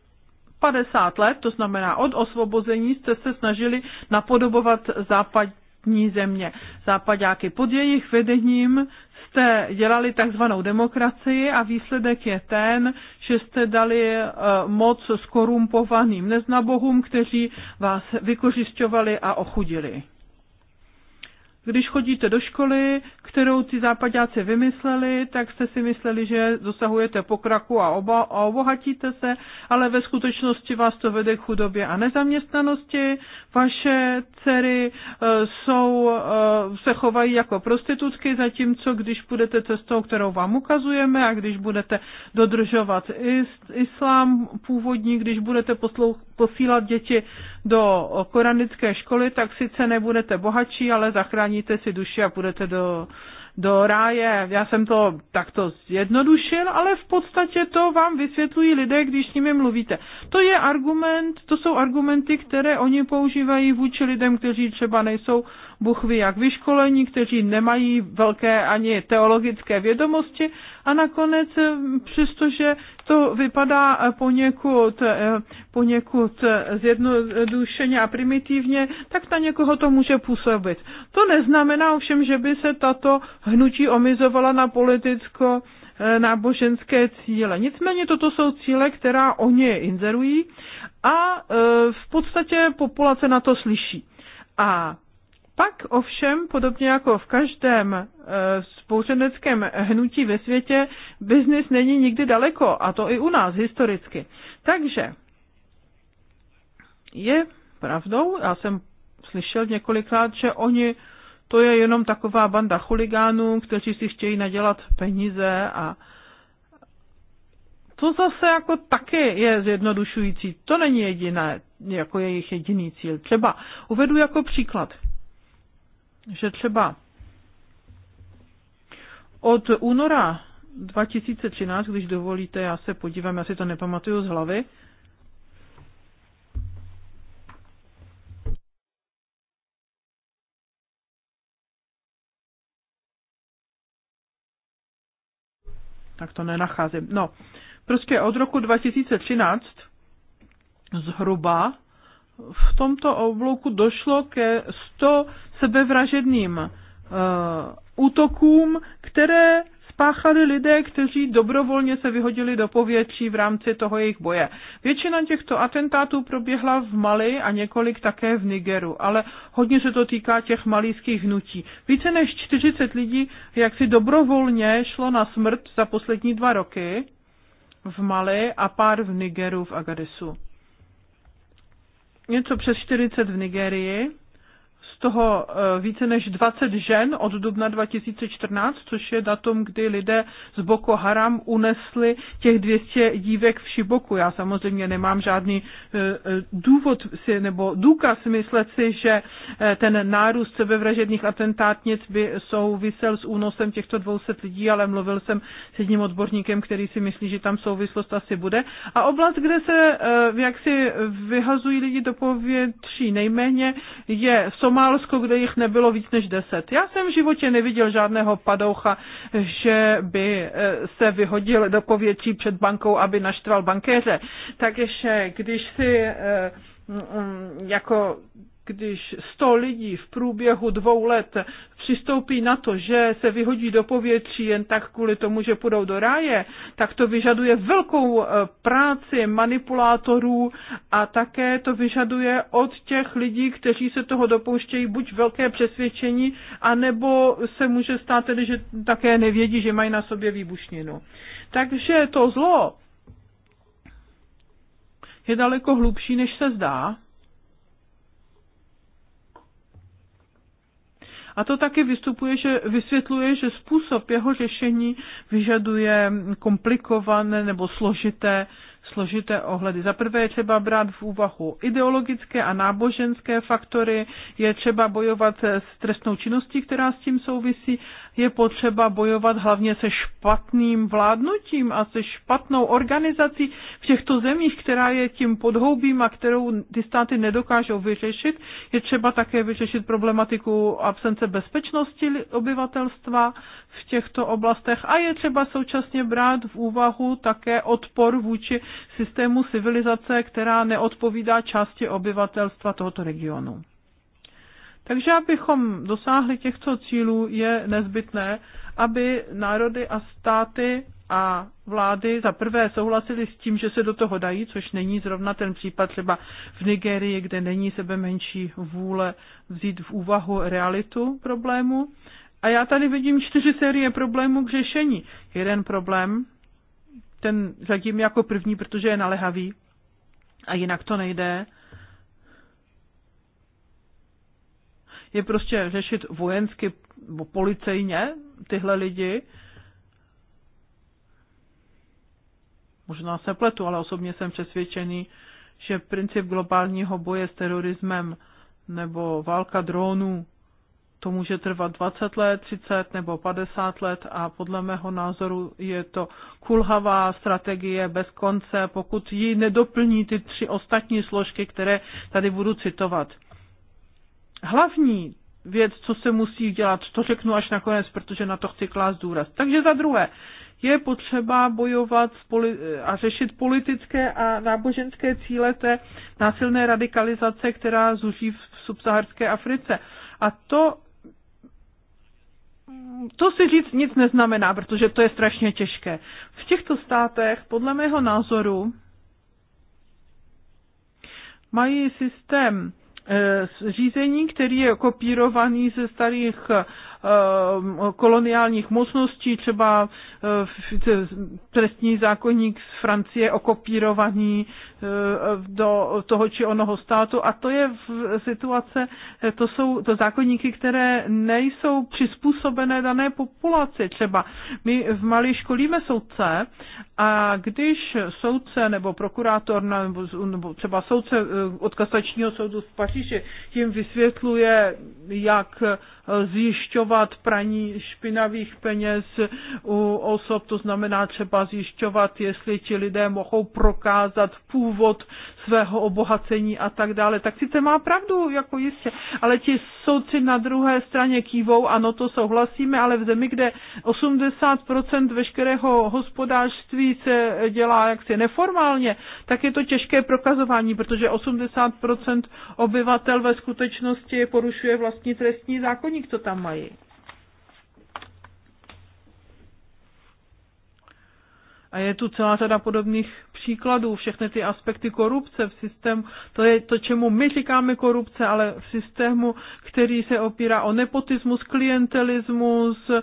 50 let, to znamená od osvobození, jste se snažili napodobovat západní země. Západňáky pod jejich vedením jste dělali takzvanou demokracii a výsledek je ten, že jste dali eh, moc skorumpovaným neznabohům, kteří vás vykořišťovali a ochudili když chodíte do školy, kterou ty západňáci vymysleli, tak jste si mysleli, že dosahujete pokraku a, oba, a obohatíte se, ale ve skutečnosti vás to vede k chudobě a nezaměstnanosti. Vaše dcery e, jsou, e, se chovají jako prostitutky, zatímco když budete cestou, kterou vám ukazujeme a když budete dodržovat islám původní, když budete poslou posílat děti do koranické školy, tak sice nebudete bohatší, ale zachráníte si duši a budete do, do ráje. Já jsem to takto zjednodušil, ale v podstatě to vám vysvětlují lidé, když s nimi mluvíte. To je argument, to jsou argumenty, které oni používají vůči lidem, kteří třeba nejsou Bůh ví jak vyškolení, kteří nemají velké ani teologické vědomosti a nakonec, eh, přestože to vypadá eh, poněkud, eh, poněkud zjednodušeně a primitivně, tak na někoho to může působit. To neznamená ovšem, že by se tato hnutí omizovala na politicko náboženské cíle. Nicméně toto jsou cíle, která oni inzerují a v podstatě populace na to slyší. A pak ovšem, podobně jako v každém eh, spouřeneckém hnutí ve světě, biznis není nikdy daleko, a to i u nás historicky. Takže je pravdou, já jsem slyšel několikrát, že oni, to je jenom taková banda chuligánů, kteří si chtějí nadělat peníze a to zase jako taky je zjednodušující. To není jediné, jako jejich jediný cíl. Třeba uvedu jako příklad že třeba od února 2013, když dovolíte, já se podívám, já si to nepamatuju z hlavy, tak to nenacházím. No, prostě od roku 2013 zhruba v tomto oblouku došlo ke 100 sebevražedným uh, útokům, které spáchali lidé, kteří dobrovolně se vyhodili do povětří v rámci toho jejich boje. Většina těchto atentátů proběhla v Mali a několik také v Nigeru, ale hodně se to týká těch malijských hnutí. Více než 40 lidí jaksi dobrovolně šlo na smrt za poslední dva roky v Mali a pár v Nigeru v Agadesu. Něco přes 40 v Nigerii toho eh, více než 20 žen od dubna 2014, což je datum, kdy lidé z Boko Haram unesli těch 200 dívek v Šiboku. Já samozřejmě nemám žádný eh, eh, důvod si, nebo důkaz myslet si, že ten nárůst sebevražedných atentátnic by souvisel s únosem těchto 200 lidí, ale mluvil jsem s jedním odborníkem, který si myslí, že tam souvislost asi bude. A oblast, kde se jaksi vyhazují lidi do povětří nejméně, je Somál Portugalsku, kde jich nebylo víc než deset. Já jsem v životě neviděl žádného padoucha, že by eh, se vyhodil do povětří před bankou, aby naštval bankéře. Takže když si eh, jako když 100 lidí v průběhu dvou let přistoupí na to, že se vyhodí do povětří jen tak kvůli tomu, že půjdou do ráje, tak to vyžaduje velkou eh, práci manipulátorů a také to vyžaduje od těch lidí, kteří se toho dopouštějí, buď velké přesvědčení, anebo se může stát tedy, že také nevědí, že mají na sobě výbušninu. Takže to zlo je daleko hlubší, než se zdá. A to taky vystupuje, že, vysvětluje, že způsob jeho řešení vyžaduje komplikované nebo složité složité ohledy. Za prvé je třeba brát v úvahu ideologické a náboženské faktory, je třeba bojovat s trestnou činností, která s tím souvisí je potřeba bojovat hlavně se špatným vládnutím a se špatnou organizací v těchto zemích, která je tím podhoubím a kterou ty státy nedokážou vyřešit. Je třeba také vyřešit problematiku absence bezpečnosti obyvatelstva v těchto oblastech a je třeba současně brát v úvahu také odpor vůči systému civilizace, která neodpovídá části obyvatelstva tohoto regionu. Takže abychom dosáhli těchto cílů, je nezbytné, aby národy a státy a vlády za prvé souhlasili s tím, že se do toho dají, což není zrovna ten případ třeba v Nigerii, kde není sebe menší vůle vzít v úvahu realitu problému. A já tady vidím čtyři série problémů k řešení. Jeden problém, ten řadím jako první, protože je nalehavý a jinak to nejde je prostě řešit vojensky nebo policejně tyhle lidi. Možná se pletu, ale osobně jsem přesvědčený, že princip globálního boje s terorismem nebo válka dronů, to může trvat 20 let, 30 nebo 50 let a podle mého názoru je to kulhavá strategie bez konce, pokud ji nedoplní ty tři ostatní složky, které tady budu citovat hlavní věc, co se musí dělat, to řeknu až nakonec, protože na to chci klást důraz. Takže za druhé, je potřeba bojovat a řešit politické a náboženské cíle té násilné radikalizace, která zuží v subsaharské Africe. A to to si říct nic neznamená, protože to je strašně těžké. V těchto státech, podle mého názoru, mají systém Eh, řízení, který je kopírovaný ze starých Eh, koloniálních mocností, třeba eh, trestní zákonník z Francie okopírovaný eh, do toho či onoho státu a to je v situace, to jsou to zákonníky, které nejsou přizpůsobené dané populaci. Třeba my v Mali školíme soudce a když soudce nebo prokurátor nebo, nebo třeba soudce od kasačního soudu v Paříži jim vysvětluje, jak zjišťovat zjišťovat praní špinavých peněz u osob, to znamená třeba zjišťovat, jestli ti lidé mohou prokázat původ svého obohacení a tak dále. Tak si to má pravdu, jako jistě, ale ti soudci na druhé straně kývou, ano, to souhlasíme, ale v zemi, kde 80% veškerého hospodářství se dělá jaksi neformálně, tak je to těžké prokazování, protože 80% obyvatel ve skutečnosti porušuje vlastní trestní zákonník, co tam mají. A je tu celá řada podobných příkladů, všechny ty aspekty korupce v systému, to je to, čemu my říkáme korupce, ale v systému, který se opírá o nepotismus, klientelismus, eh,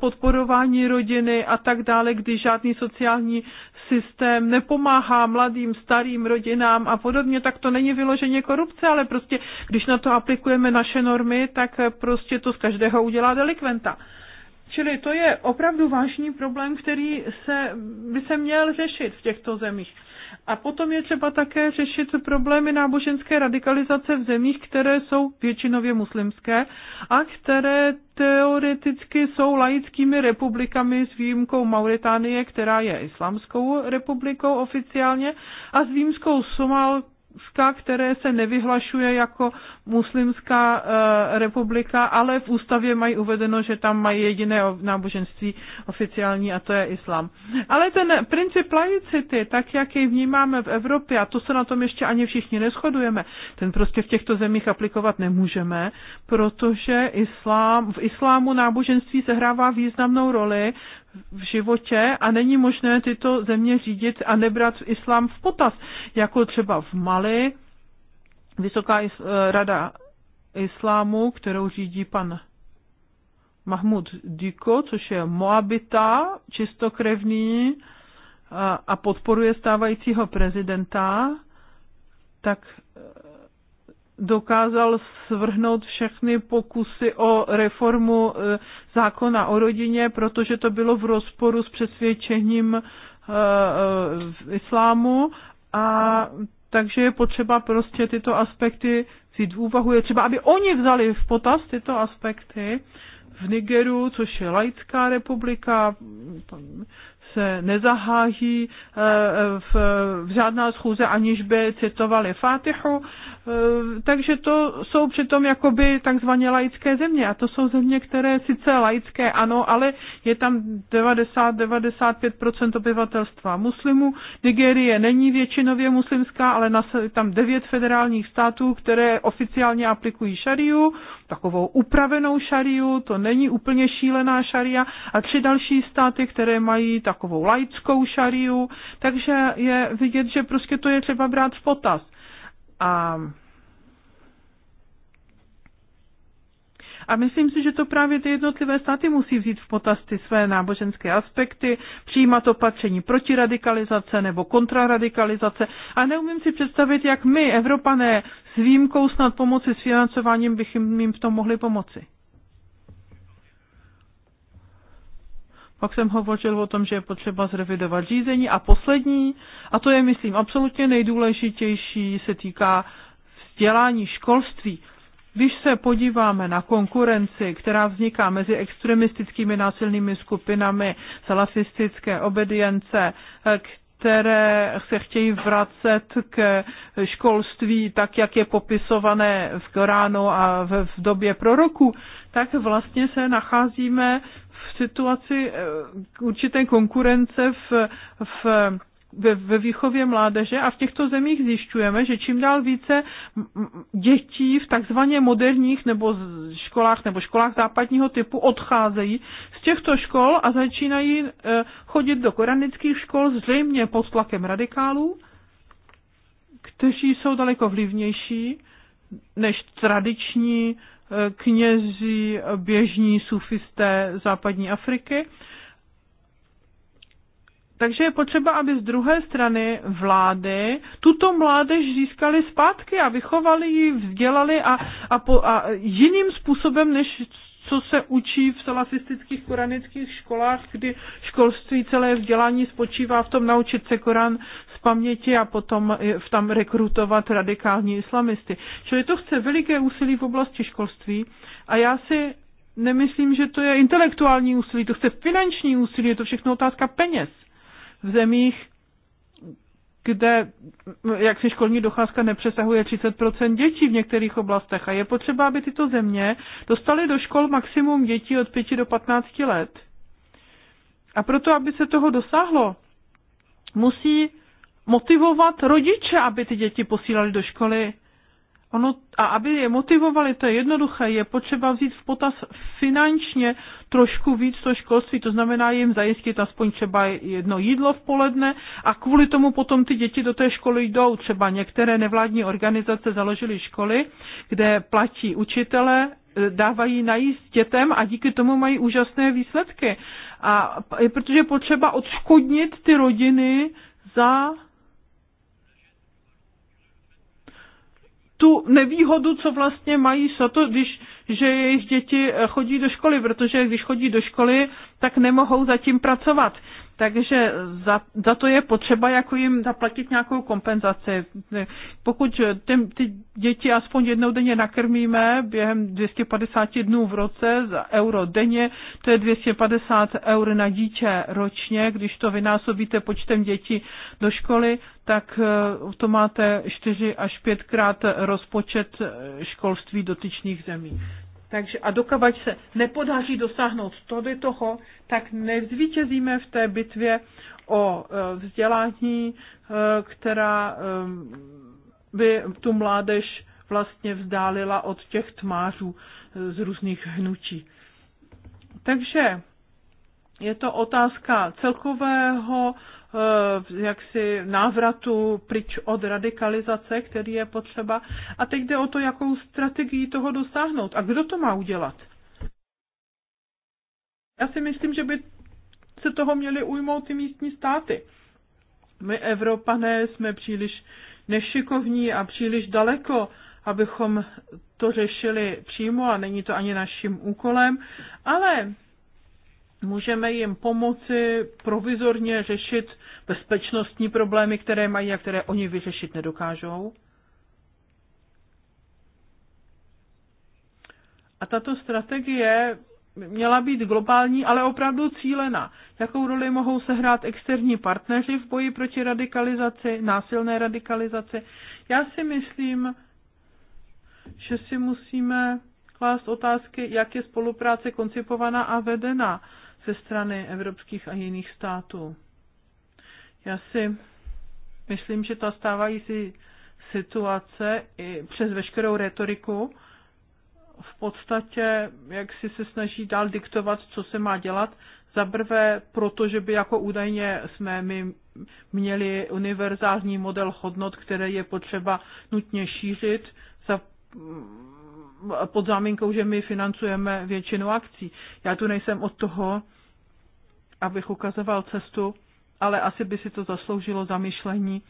podporování rodiny a tak dále, kdy žádný sociální systém nepomáhá mladým, starým rodinám a podobně, tak to není vyloženě korupce, ale prostě, když na to aplikujeme naše normy, tak eh, prostě to z každého udělá delikventa. Čili to je opravdu vážný problém, který se, by se měl řešit v těchto zemích. A potom je třeba také řešit problémy náboženské radikalizace v zemích, které jsou většinově muslimské a které teoreticky jsou laickými republikami s výjimkou Mauritánie, která je islámskou republikou oficiálně, a s výjimkou Somálka Turecka, které se nevyhlašuje jako muslimská eh, republika, ale v ústavě mají uvedeno, že tam mají jediné náboženství oficiální a to je islám. Ale ten princip laicity, tak jak jej vnímáme v Evropě, a to se na tom ještě ani všichni neschodujeme, ten prostě v těchto zemích aplikovat nemůžeme, protože islám, v islámu náboženství sehrává významnou roli v životě a není možné tyto země řídit a nebrat islám v potaz, jako třeba v Mali, Vysoká eh, rada islámu, kterou řídí pan Mahmud Diko, což je Moabita, čistokrevný eh, a podporuje stávajícího prezidenta, tak eh, dokázal svrhnout všechny pokusy o reformu e, zákona o rodině, protože to bylo v rozporu s přesvědčením e, e, islámu a takže je potřeba prostě tyto aspekty vzít v úvahu. Je třeba, aby oni vzali v potaz tyto aspekty v Nigeru, což je laická republika, se nezaháží eh, v, v žádná schůze, aniž by citovali Fátihu, eh, Takže to jsou přitom jakoby takzvaně laické země. A to jsou země, které sice laické ano, ale je tam 90-95% obyvatelstva muslimů. Nigérie není většinově muslimská, ale je tam devět federálních států, které oficiálně aplikují šariu takovou upravenou šariu, to není úplně šílená šaria, a tři další státy, které mají takovou laickou šariu, takže je vidět, že prostě to je třeba brát v potaz. A A myslím si, že to právě ty jednotlivé státy musí vzít v potaz ty své náboženské aspekty, přijímat opatření proti radikalizace nebo kontraradikalizace. A neumím si představit, jak my, Evropané, s výjimkou snad pomoci s financováním bych jim v tom mohli pomoci. Pak jsem hovořil o tom, že je potřeba zrevidovat řízení. A poslední, a to je, myslím, absolutně nejdůležitější, se týká vzdělání školství. Když se podíváme na konkurenci, která vzniká mezi extremistickými násilnými skupinami salafistické obedience, eh, které se chtějí vracet k školství tak, jak je popisované v Koránu a v, v době proroku, tak vlastně se nacházíme v situaci eh, určité konkurence v, v ve, ve výchově mládeže a v těchto zemích zjišťujeme, že čím dál více dětí v takzvaně moderních nebo školách nebo školách západního typu odcházejí z těchto škol a začínají e, chodit do koranických škol zřejmě pod tlakem radikálů, kteří jsou daleko vlivnější než tradiční e, knězi, běžní sufisté západní Afriky takže je potřeba, aby z druhé strany vlády tuto mládež získali zpátky a vychovali ji, vzdělali a, a, po, a jiným způsobem, než co se učí v salafistických koranických školách, kdy školství celé vzdělání spočívá v tom naučit se Koran z paměti a potom v tam rekrutovat radikální islamisty. Čili to chce veliké úsilí v oblasti školství a já si nemyslím, že to je intelektuální úsilí, to chce finanční úsilí, je to všechno otázka peněz v zemích, kde jak si školní docházka nepřesahuje 30% dětí v některých oblastech. A je potřeba, aby tyto země dostaly do škol maximum dětí od 5 do 15 let. A proto, aby se toho dosáhlo, musí motivovat rodiče, aby ty děti posílali do školy. Ono, a aby je motivovali, to je jednoduché, je potřeba vzít v potaz finančně trošku víc to školství, to znamená jim zajistit aspoň třeba jedno jídlo v poledne a kvůli tomu potom ty děti do té školy jdou. Třeba některé nevládní organizace založily školy, kde platí učitele dávají najíst dětem a díky tomu mají úžasné výsledky. A protože je potřeba odškodnit ty rodiny za tu nevýhodu, co vlastně mají za to, když, že jejich děti chodí do školy, protože když chodí do školy, tak nemohou zatím pracovat takže za, za to je potřeba jako jim zaplatit nějakou kompenzaci. Pokud ty, ty děti aspoň jednou denně nakrmíme během 250 dnů v roce za euro denně, to je 250 eur na dítě ročně, když to vynásobíte počtem dětí do školy, tak eh, to máte 4 až 5 krát rozpočet eh, školství dotyčných zemí. Takže a dokavať se nepodaří dosáhnout tady toho, tak nezvítězíme v té bitvě o e, vzdělání, e, která e, by tu mládež vlastně vzdálila od těch tmářů z různých hnutí. Takže je to otázka celkového Eh, jaksi návratu pryč od radikalizace, který je potřeba. A teď jde o to, jakou strategii toho dosáhnout. A kdo to má udělat? Já si myslím, že by se toho měly ujmout ty místní státy. My Evropané jsme příliš nešikovní a příliš daleko, abychom to řešili přímo a není to ani naším úkolem, ale můžeme jim pomoci provizorně řešit bezpečnostní problémy, které mají a které oni vyřešit nedokážou. A tato strategie měla být globální, ale opravdu cílená. Jakou roli mohou sehrát externí partneři v boji proti radikalizaci, násilné radikalizaci? Já si myslím, že si musíme klást otázky, jak je spolupráce koncipovaná a vedena ze strany evropských a jiných států. Já si myslím, že ta stávající situace i přes veškerou retoriku v podstatě, jak si se snaží dál diktovat, co se má dělat, za prvé, protože by jako údajně jsme my měli univerzální model hodnot, které je potřeba nutně šířit za, pod záminkou, že my financujeme většinu akcí. Já tu nejsem od toho, abych ukazoval cestu, ale asi by si to zasloužilo zamyšlení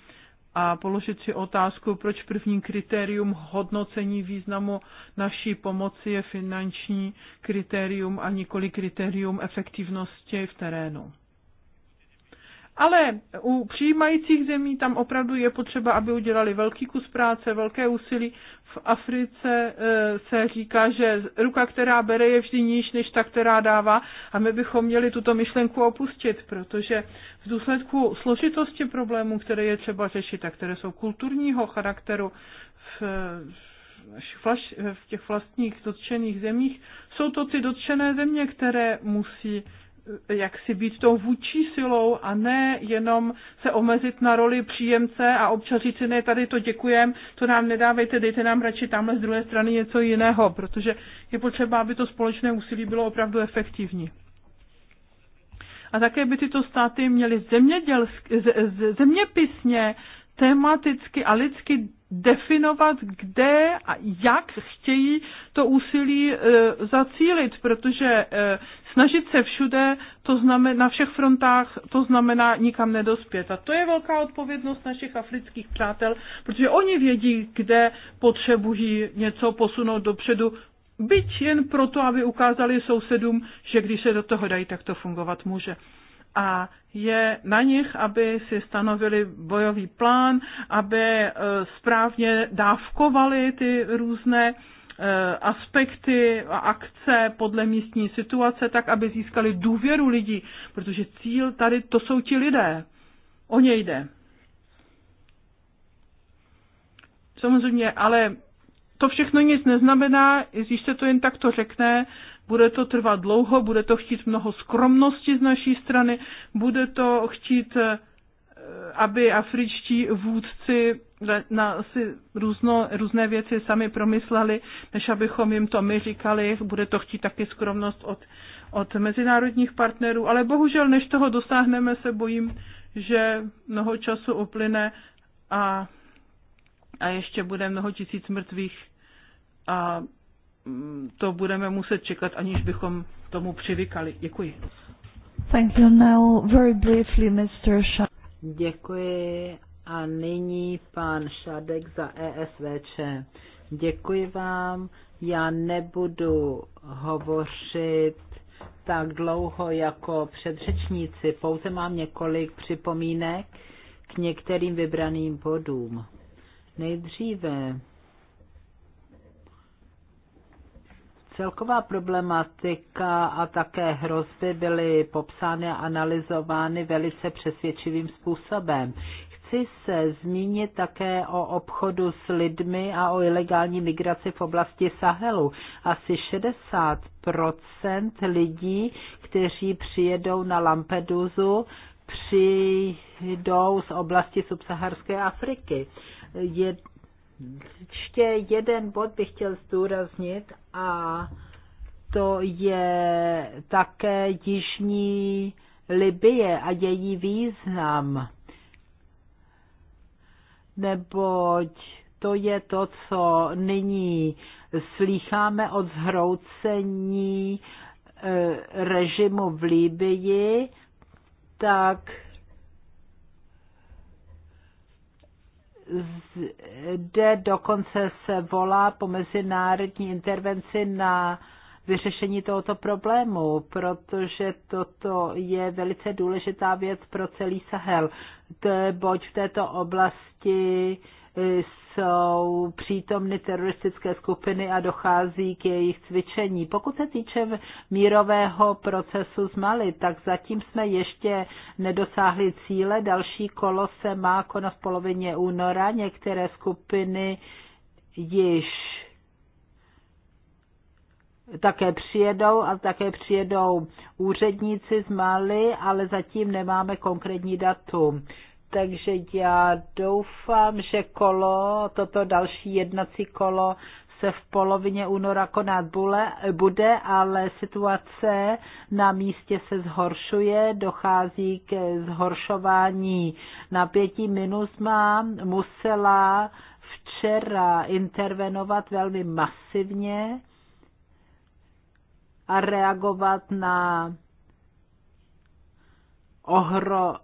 a položit si otázku, proč první kritérium hodnocení významu naší pomoci je finanční kritérium a nikoli kritérium efektivnosti v terénu. Ale u přijímajících zemí tam opravdu je potřeba, aby udělali velký kus práce, velké úsilí. V Africe eh, se říká, že ruka, která bere, je vždy níž než ta, která dává. A my bychom měli tuto myšlenku opustit, protože v důsledku složitosti problémů, které je třeba řešit a které jsou kulturního charakteru v, v těch vlastních dotčených zemích, jsou to ty dotčené země, které musí jak si být tou vůči silou a ne jenom se omezit na roli příjemce a občas říct ne, tady to děkujem, to nám nedávejte, dejte nám radši tamhle z druhé strany něco jiného, protože je potřeba, aby to společné úsilí bylo opravdu efektivní. A také by tyto státy měly zeměpisně, tematicky a lidsky definovat, kde a jak chtějí to úsilí e, zacílit, protože e, snažit se všude, to znamená, na všech frontách, to znamená nikam nedospět. A to je velká odpovědnost našich afrických přátel, protože oni vědí, kde potřebují něco posunout dopředu, byť jen proto, aby ukázali sousedům, že když se do toho dají, tak to fungovat může a je na nich, aby si stanovili bojový plán, aby e, správně dávkovali ty různé e, aspekty a akce podle místní situace, tak aby získali důvěru lidí, protože cíl tady to jsou ti lidé. O něj jde. Samozřejmě, ale to všechno nic neznamená, když se to jen takto řekne, bude to trvat dlouho, bude to chtít mnoho skromnosti z naší strany, bude to chtít, eh, aby afričtí vůdci na, si různo, různé věci sami promysleli, než abychom jim to my říkali. Bude to chtít taky skromnost od, od mezinárodních partnerů, ale bohužel, než toho dosáhneme, se bojím, že mnoho času uplyne a, a ještě bude mnoho tisíc mrtvých a Mm, to budeme muset čekat, aniž bychom tomu přivykali. Děkuji. Thank you now very briefly, Mr. Sh Děkuji a nyní pan Šadek za ESVČ. Děkuji vám. Já nebudu hovořit tak dlouho jako předřečníci, pouze mám několik připomínek k některým vybraným bodům. Nejdříve Celková problematika a také hrozby byly popsány a analyzovány velice přesvědčivým způsobem. Chci se zmínit také o obchodu s lidmi a o ilegální migraci v oblasti Sahelu. Asi 60 lidí, kteří přijedou na Lampedusu, přijdou z oblasti subsaharské Afriky. Je, ještě jeden bod bych chtěl zdůraznit a to je také jižní Libie a její význam. Neboť to je to, co nyní slýcháme od zhroucení eh, režimu v Libii, tak zde dokonce se volá po mezinárodní intervenci na vyřešení tohoto problému, protože toto je velice důležitá věc pro celý Sahel, To je boť v této oblasti jsou přítomny teroristické skupiny a dochází k jejich cvičení. Pokud se týče mírového procesu z Mali, tak zatím jsme ještě nedosáhli cíle. Další kolo se má konat v polovině února. Některé skupiny již také přijedou a také přijedou úředníci z Mali, ale zatím nemáme konkrétní datum. Takže já doufám, že kolo, toto další jednací kolo se v polovině února konat bude, ale situace na místě se zhoršuje, dochází ke zhoršování napětí. Minusma musela včera intervenovat velmi masivně a reagovat na ohro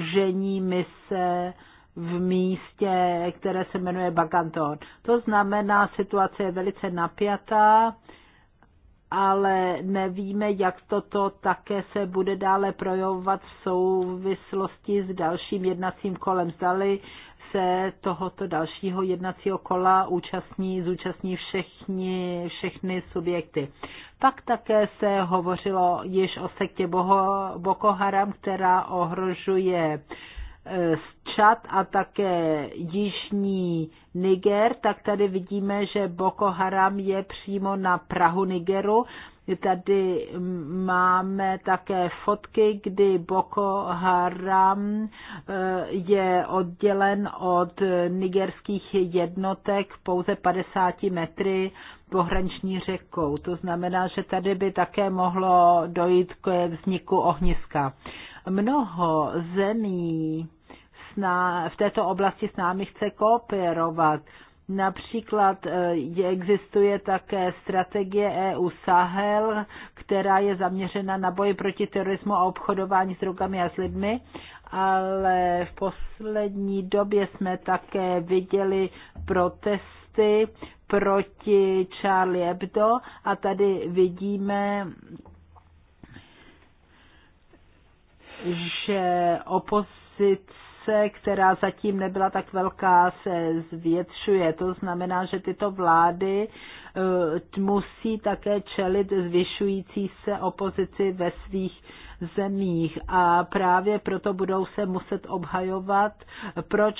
žení mise v místě, které se jmenuje Baganton. To znamená, situace je velice napjatá, ale nevíme, jak toto také se bude dále projevovat v souvislosti s dalším jednacím kolem. Zdali se tohoto dalšího jednacího kola účastní, zúčastní všechny, všechny subjekty. Pak také se hovořilo již o sektě Boko Haram, která ohrožuje e, Čad a také jižní Niger, tak tady vidíme, že Boko Haram je přímo na Prahu Nigeru Tady máme také fotky, kdy Boko Haram eh, je oddělen od nigerských jednotek pouze 50 metry pohraniční řekou. To znamená, že tady by také mohlo dojít k vzniku ohniska. Mnoho zemí v této oblasti s námi chce kooperovat Například eh, existuje také strategie EU Sahel, která je zaměřena na boj proti terorismu a obchodování s drogami a s lidmi, ale v poslední době jsme také viděli protesty proti Charlie Hebdo a tady vidíme, že opozice populace, která zatím nebyla tak velká, se zvětšuje. To znamená, že tyto vlády eh, musí také čelit zvyšující se opozici ve svých zemích a právě proto budou se muset obhajovat, proč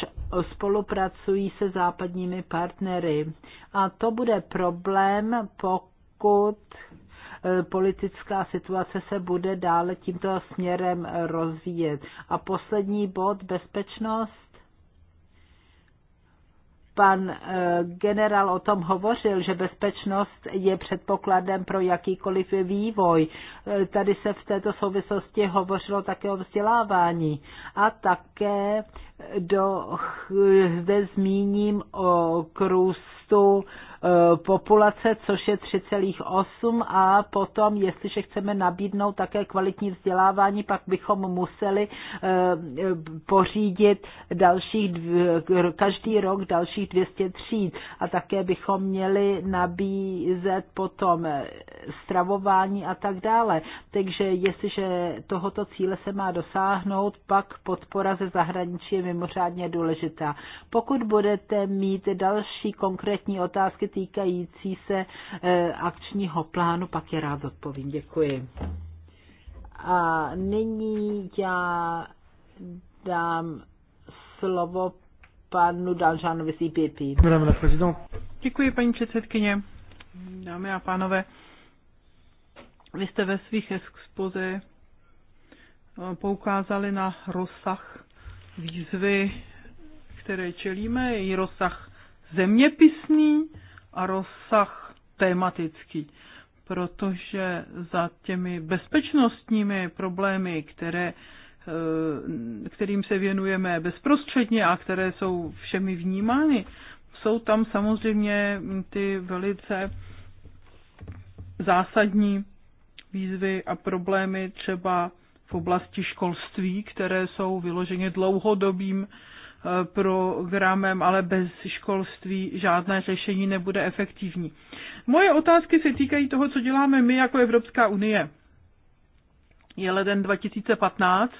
spolupracují se západními partnery. A to bude problém, pokud politická situace se bude dále tímto směrem rozvíjet. A poslední bod, bezpečnost. Pan eh, generál o tom hovořil, že bezpečnost je předpokladem pro jakýkoliv vývoj. Eh, tady se v této souvislosti hovořilo také o vzdělávání. A také do, zde zmíním o krůstu Eh, populace, což je 3,8 a potom, jestliže chceme nabídnout také kvalitní vzdělávání, pak bychom museli eh, pořídit dalších, každý rok dalších 200 tříd a také bychom měli nabízet potom eh, stravování a tak dále. Takže jestliže tohoto cíle se má dosáhnout, pak podpora ze zahraničí je mimořádně důležitá. Pokud budete mít další konkrétní otázky, týkající se eh, akčního plánu, pak je rád odpovím. Děkuji. A nyní já dám slovo panu Dalžánovi z IPP. E Děkuji, paní předsedkyně. Dámy a pánové, vy jste ve svých expoze eh, poukázali na rozsah výzvy, které čelíme, její rozsah zeměpisný, a rozsah tematický, protože za těmi bezpečnostními problémy, které, eh, kterým se věnujeme bezprostředně a které jsou všemi vnímány, jsou tam samozřejmě ty velice zásadní výzvy a problémy třeba v oblasti školství, které jsou vyloženě dlouhodobým programem, ale bez školství žádné řešení nebude efektivní. Moje otázky se týkají toho, co děláme my jako Evropská unie. Je leden 2015,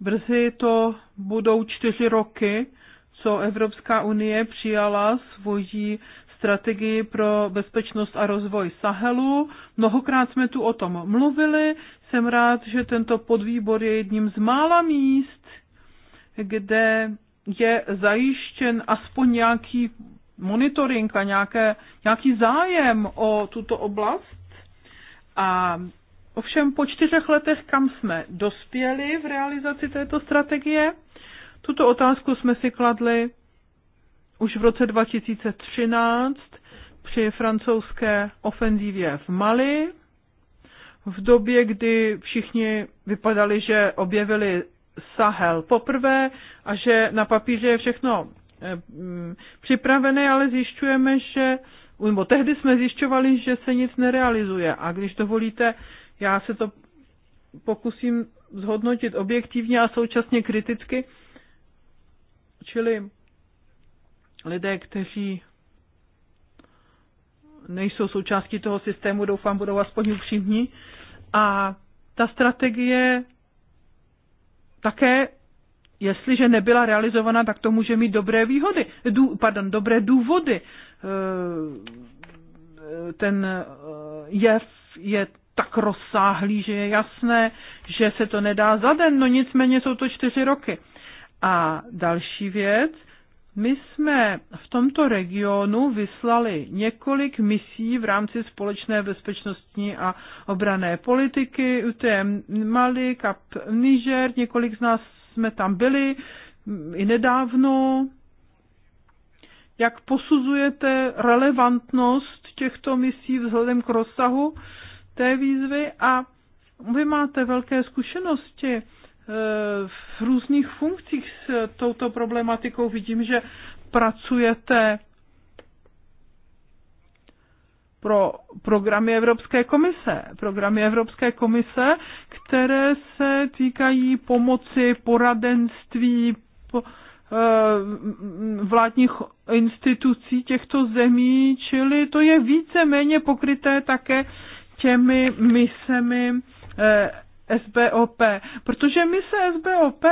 brzy to budou čtyři roky, co Evropská unie přijala svoji strategii pro bezpečnost a rozvoj Sahelu. Mnohokrát jsme tu o tom mluvili. Jsem rád, že tento podvýbor je jedním z mála míst, kde je zajištěn aspoň nějaký monitoring a nějaké, nějaký zájem o tuto oblast. A ovšem po čtyřech letech, kam jsme dospěli v realizaci této strategie, tuto otázku jsme si kladli už v roce 2013 při francouzské ofenzívě v Mali, v době, kdy všichni vypadali, že objevili Sahel poprvé a že na papíře je všechno eh, mm, připravené, ale zjišťujeme, že, nebo tehdy jsme zjišťovali, že se nic nerealizuje. A když dovolíte, já se to pokusím zhodnotit objektivně a současně kriticky. Čili lidé, kteří nejsou součástí toho systému, doufám, budou aspoň upřímní. A ta strategie také jestliže nebyla realizovaná, tak to může mít dobré výhody, dů, pardon, dobré důvody. E, e, ten e, jev je tak rozsáhlý, že je jasné, že se to nedá za den, no nicméně jsou to čtyři roky. A další věc, my jsme v tomto regionu vyslali několik misí v rámci společné bezpečnostní a obrané politiky, UTM Mali, Kap Niger, několik z nás jsme tam byli i nedávno. Jak posuzujete relevantnost těchto misí vzhledem k rozsahu té výzvy a vy máte velké zkušenosti Eh, v různých funkcích s touto problematikou. Vidím, že pracujete pro programy Evropské komise. Programy Evropské komise, které se týkají pomoci, poradenství, eh, vládních institucí těchto zemí, čili to je více méně pokryté také těmi misemi eh, SBOP, protože se SBOP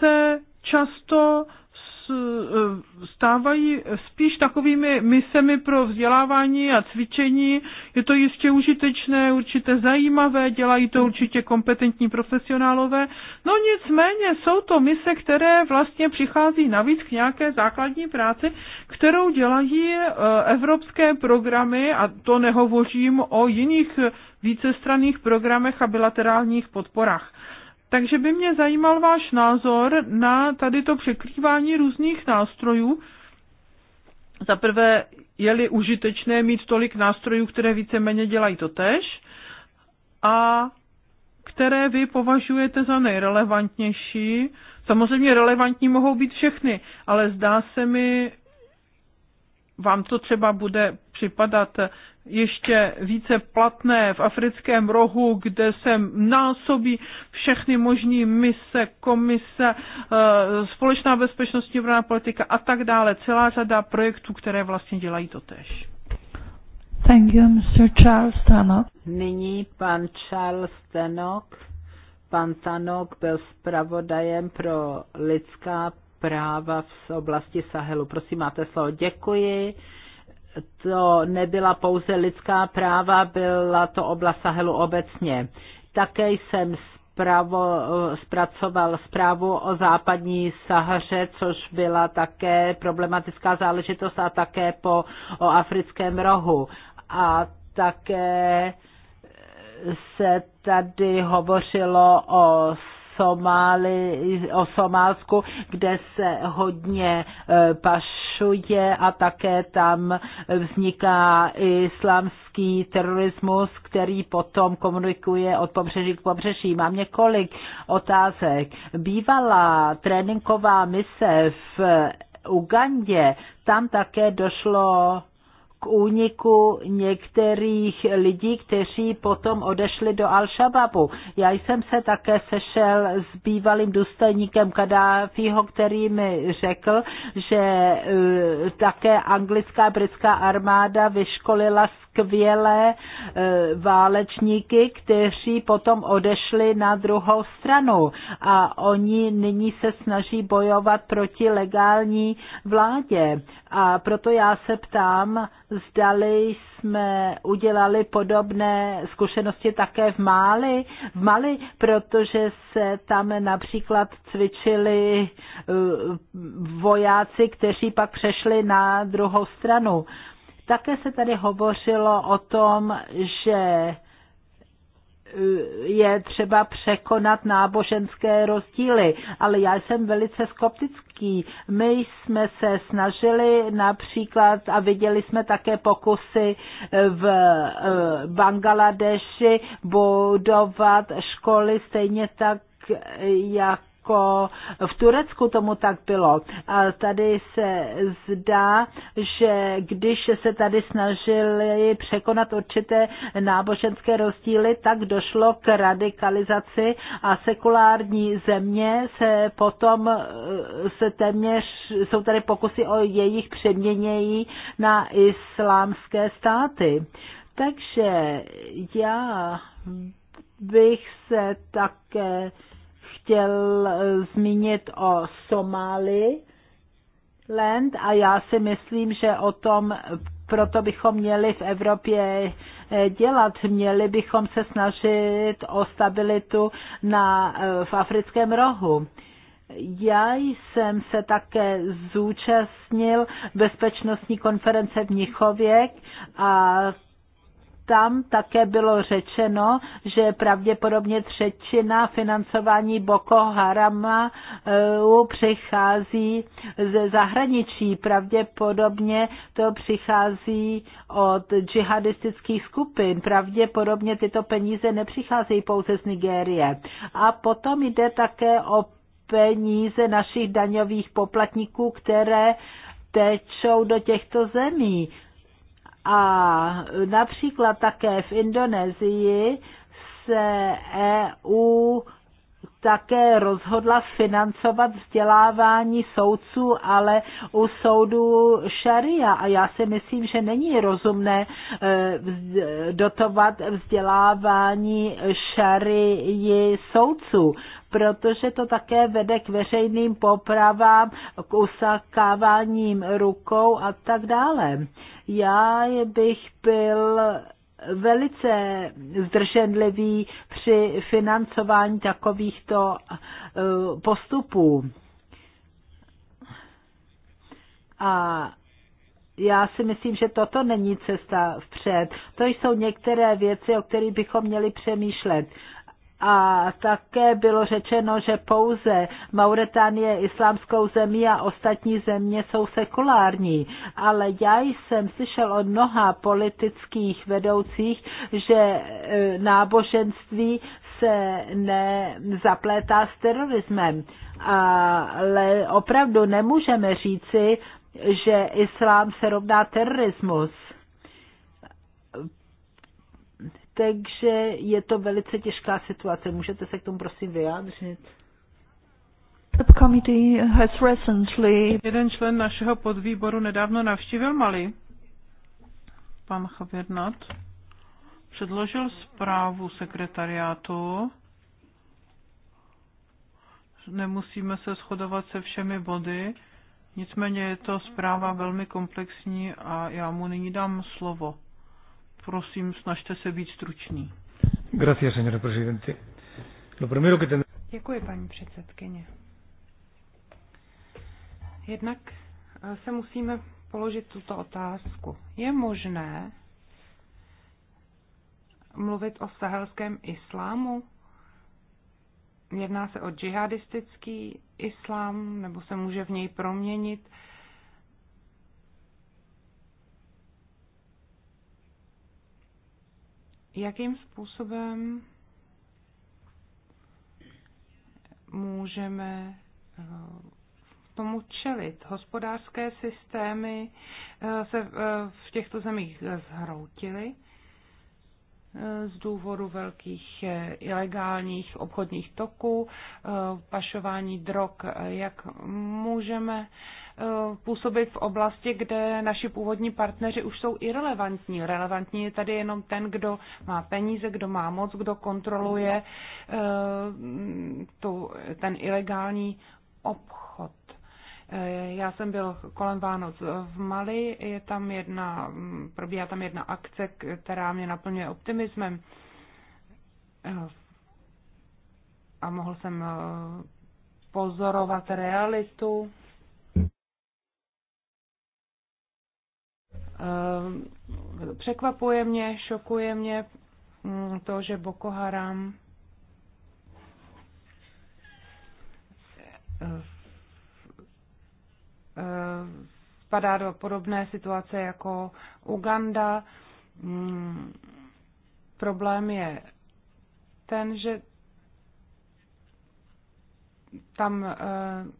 se často Eh, stávají spíš takovými misemi pro vzdělávání a cvičení. Je to jistě užitečné, určitě zajímavé, dělají to určitě kompetentní profesionálové. No nicméně jsou to mise, které vlastně přichází navíc k nějaké základní práci, kterou dělají eh, evropské programy a to nehovořím o jiných vícestranných programech a bilaterálních podporách. Takže by mě zajímal váš názor na tady to překrývání různých nástrojů. Za prvé, je-li užitečné mít tolik nástrojů, které víceméně dělají to tež a které vy považujete za nejrelevantnější. Samozřejmě relevantní mohou být všechny, ale zdá se mi, vám to třeba bude připadat ještě více platné v africkém rohu, kde se násobí všechny možné mise, komise, eh, společná bezpečnostní obranná politika a tak dále. Celá řada projektů, které vlastně dělají to tež. Thank you, Mr. Charles Tanok. Nyní pan Charles Tanok. Pan Tanok byl zpravodajem pro lidská práva v oblasti Sahelu. Prosím, máte slovo. Děkuji to nebyla pouze lidská práva, byla to oblast Sahelu obecně. Také jsem zpravo, zpracoval zprávu o západní Sahaře, což byla také problematická záležitost a také po, o africkém rohu. A také se tady hovořilo o Somáli, o Somálsku, kde se hodně e, pašuje a také tam vzniká islámský terorismus, který potom komunikuje od pobřeží k pobřeží. Mám několik otázek. Bývalá tréninková mise v Ugandě, tam také došlo k úniku některých lidí, kteří potom odešli do Al-Shababu. Já jsem se také sešel s bývalým důstojníkem Kadáfího, který mi řekl, že eh, také anglická britská armáda vyškolila skvělé eh, válečníky, kteří potom odešli na druhou stranu a oni nyní se snaží bojovat proti legální vládě. A proto já se ptám, zdali jsme udělali podobné zkušenosti také v mali v Mali, protože se tam například cvičili eh, vojáci, kteří pak přešli na druhou stranu. Také se tady hovořilo o tom, že je třeba překonat náboženské rozdíly, ale já jsem velice skoptický. My jsme se snažili například a viděli jsme také pokusy eh, v eh, Bangladeši budovat školy stejně tak eh, jak jako v Turecku tomu tak bylo. A tady se zdá, že když se tady snažili překonat určité náboženské rozdíly, tak došlo k radikalizaci a sekulární země se potom e, se téměř, jsou tady pokusy o jejich přeměnění na islámské státy. Takže já bych se také chtěl eh, zmínit o Somálii, Land a já si myslím, že o tom proto bychom měli v Evropě eh, dělat. Měli bychom se snažit o stabilitu na, eh, v africkém rohu. Já jsem se také zúčastnil bezpečnostní konference v Nichověk a tam také bylo řečeno, že pravděpodobně třetina financování Boko Harama eh, přichází ze zahraničí. Pravděpodobně to přichází od džihadistických skupin. Pravděpodobně tyto peníze nepřicházejí pouze z Nigérie. A potom jde také o peníze našich daňových poplatníků, které tečou do těchto zemí. A například také v Indonésii se EU také rozhodla financovat vzdělávání soudců, ale u soudu šaria. A já si myslím, že není rozumné e, dotovat vzdělávání šarii soudců protože to také vede k veřejným popravám, k usakáváním rukou a tak dále. Já bych byl velice zdrženlivý při financování takovýchto eh, postupů. A já si myslím, že toto není cesta vpřed. To jsou některé věci, o kterých bychom měli přemýšlet. A také bylo řečeno, že pouze Mauretánie je islámskou zemí a ostatní země jsou sekulární. Ale já jsem slyšel od mnoha politických vedoucích, že e, náboženství se nezaplétá s terorismem. Ale opravdu nemůžeme říci, že islám se rovná terorismus takže je to velice těžká situace. Můžete se k tomu prosím vyjádřit? has recently... Jeden člen našeho podvýboru nedávno navštívil Mali, pan Javier předložil zprávu sekretariátu. Nemusíme se shodovat se všemi body, nicméně je to zpráva velmi komplexní a já mu nyní dám slovo. Prosím, snažte se být stručný. Gracias, señor presidente. Lo primero que ten... Děkuji, paní předsedkyně. Jednak eh, se musíme položit tuto otázku. Je možné mluvit o sahelském islámu? Jedná se o džihadistický islám, nebo se může v něj proměnit? jakým způsobem můžeme eh, tomu čelit. Hospodářské systémy eh, se eh, v těchto zemích zhroutily z důvodu velkých ilegálních obchodních toků, pašování drog, jak můžeme Eh, působit v oblasti, kde naši původní partneři už jsou irrelevantní. Relevantní je tady jenom ten, kdo má peníze, kdo má moc, kdo kontroluje eh, tu, ten ilegální obchod. Eh, já jsem byl kolem Vánoc v Mali, je tam jedna, mm, probíhá tam jedna akce, která mě naplňuje optimismem. A mohl jsem pozorovat realitu Ehm, překvapuje mě, šokuje mě mm, to, že Boko Haram ehm, spadá do podobné situace jako Uganda. Mm, problém je ten, že tam ehm,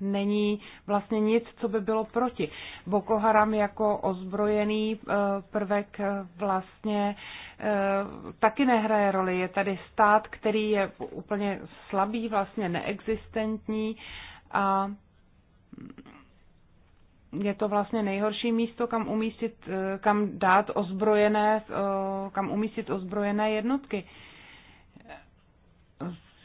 není vlastně nic, co by bylo proti. Boko Haram jako ozbrojený eh, prvek vlastně eh, taky nehraje roli. Je tady stát, který je úplně slabý, vlastně neexistentní a je to vlastně nejhorší místo, kam umístit, eh, kam dát ozbrojené, kam umístit ozbrojené jednotky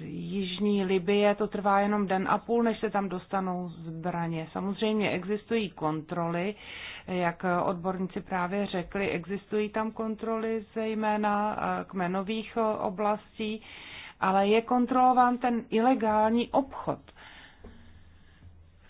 jižní Libie to trvá jenom den a půl, než se tam dostanou zbraně. Samozřejmě existují kontroly, jak odborníci právě řekli, existují tam kontroly zejména eh, kmenových eh, oblastí, ale je kontrolován ten ilegální obchod.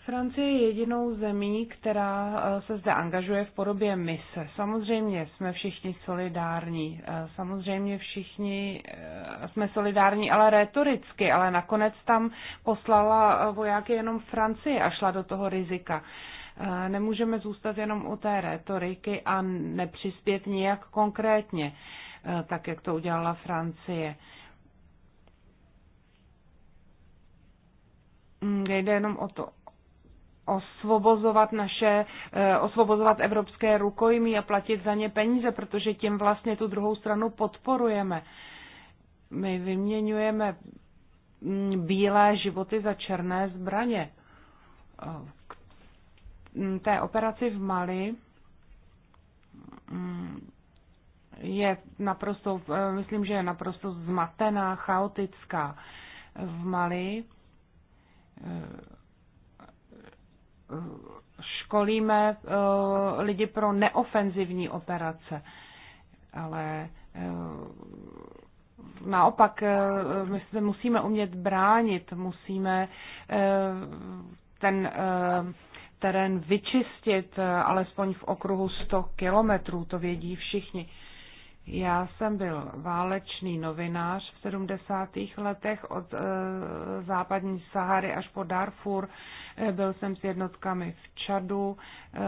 Francie je jedinou zemí, která eh, se zde angažuje v podobě mise. Samozřejmě jsme všichni solidární, eh, samozřejmě všichni eh, jsme solidární, ale retoricky, ale nakonec tam poslala vojáky jenom Francie a šla do toho rizika. Nemůžeme zůstat jenom u té retoriky a nepřispět nijak konkrétně, tak jak to udělala Francie. Mm, jde jenom o to, osvobozovat naše, eh, osvobozovat evropské rukojmí a platit za ně peníze, protože tím vlastně tu druhou stranu podporujeme. My vyměňujeme mm, bílé životy za černé zbraně. Eh, k té operaci v Mali mm, je naprosto, eh, myslím, že je naprosto zmatená, chaotická. V Mali školíme eh, lidi pro neofenzivní operace, ale eh, naopak eh, my se musíme umět bránit, musíme ten terén vyčistit alespoň v okruhu 100 kilometrů, to vědí všichni. Já jsem byl válečný novinář v 70. letech od e, západní Sahary až po Darfur. E, byl jsem s jednotkami v Čadu. E,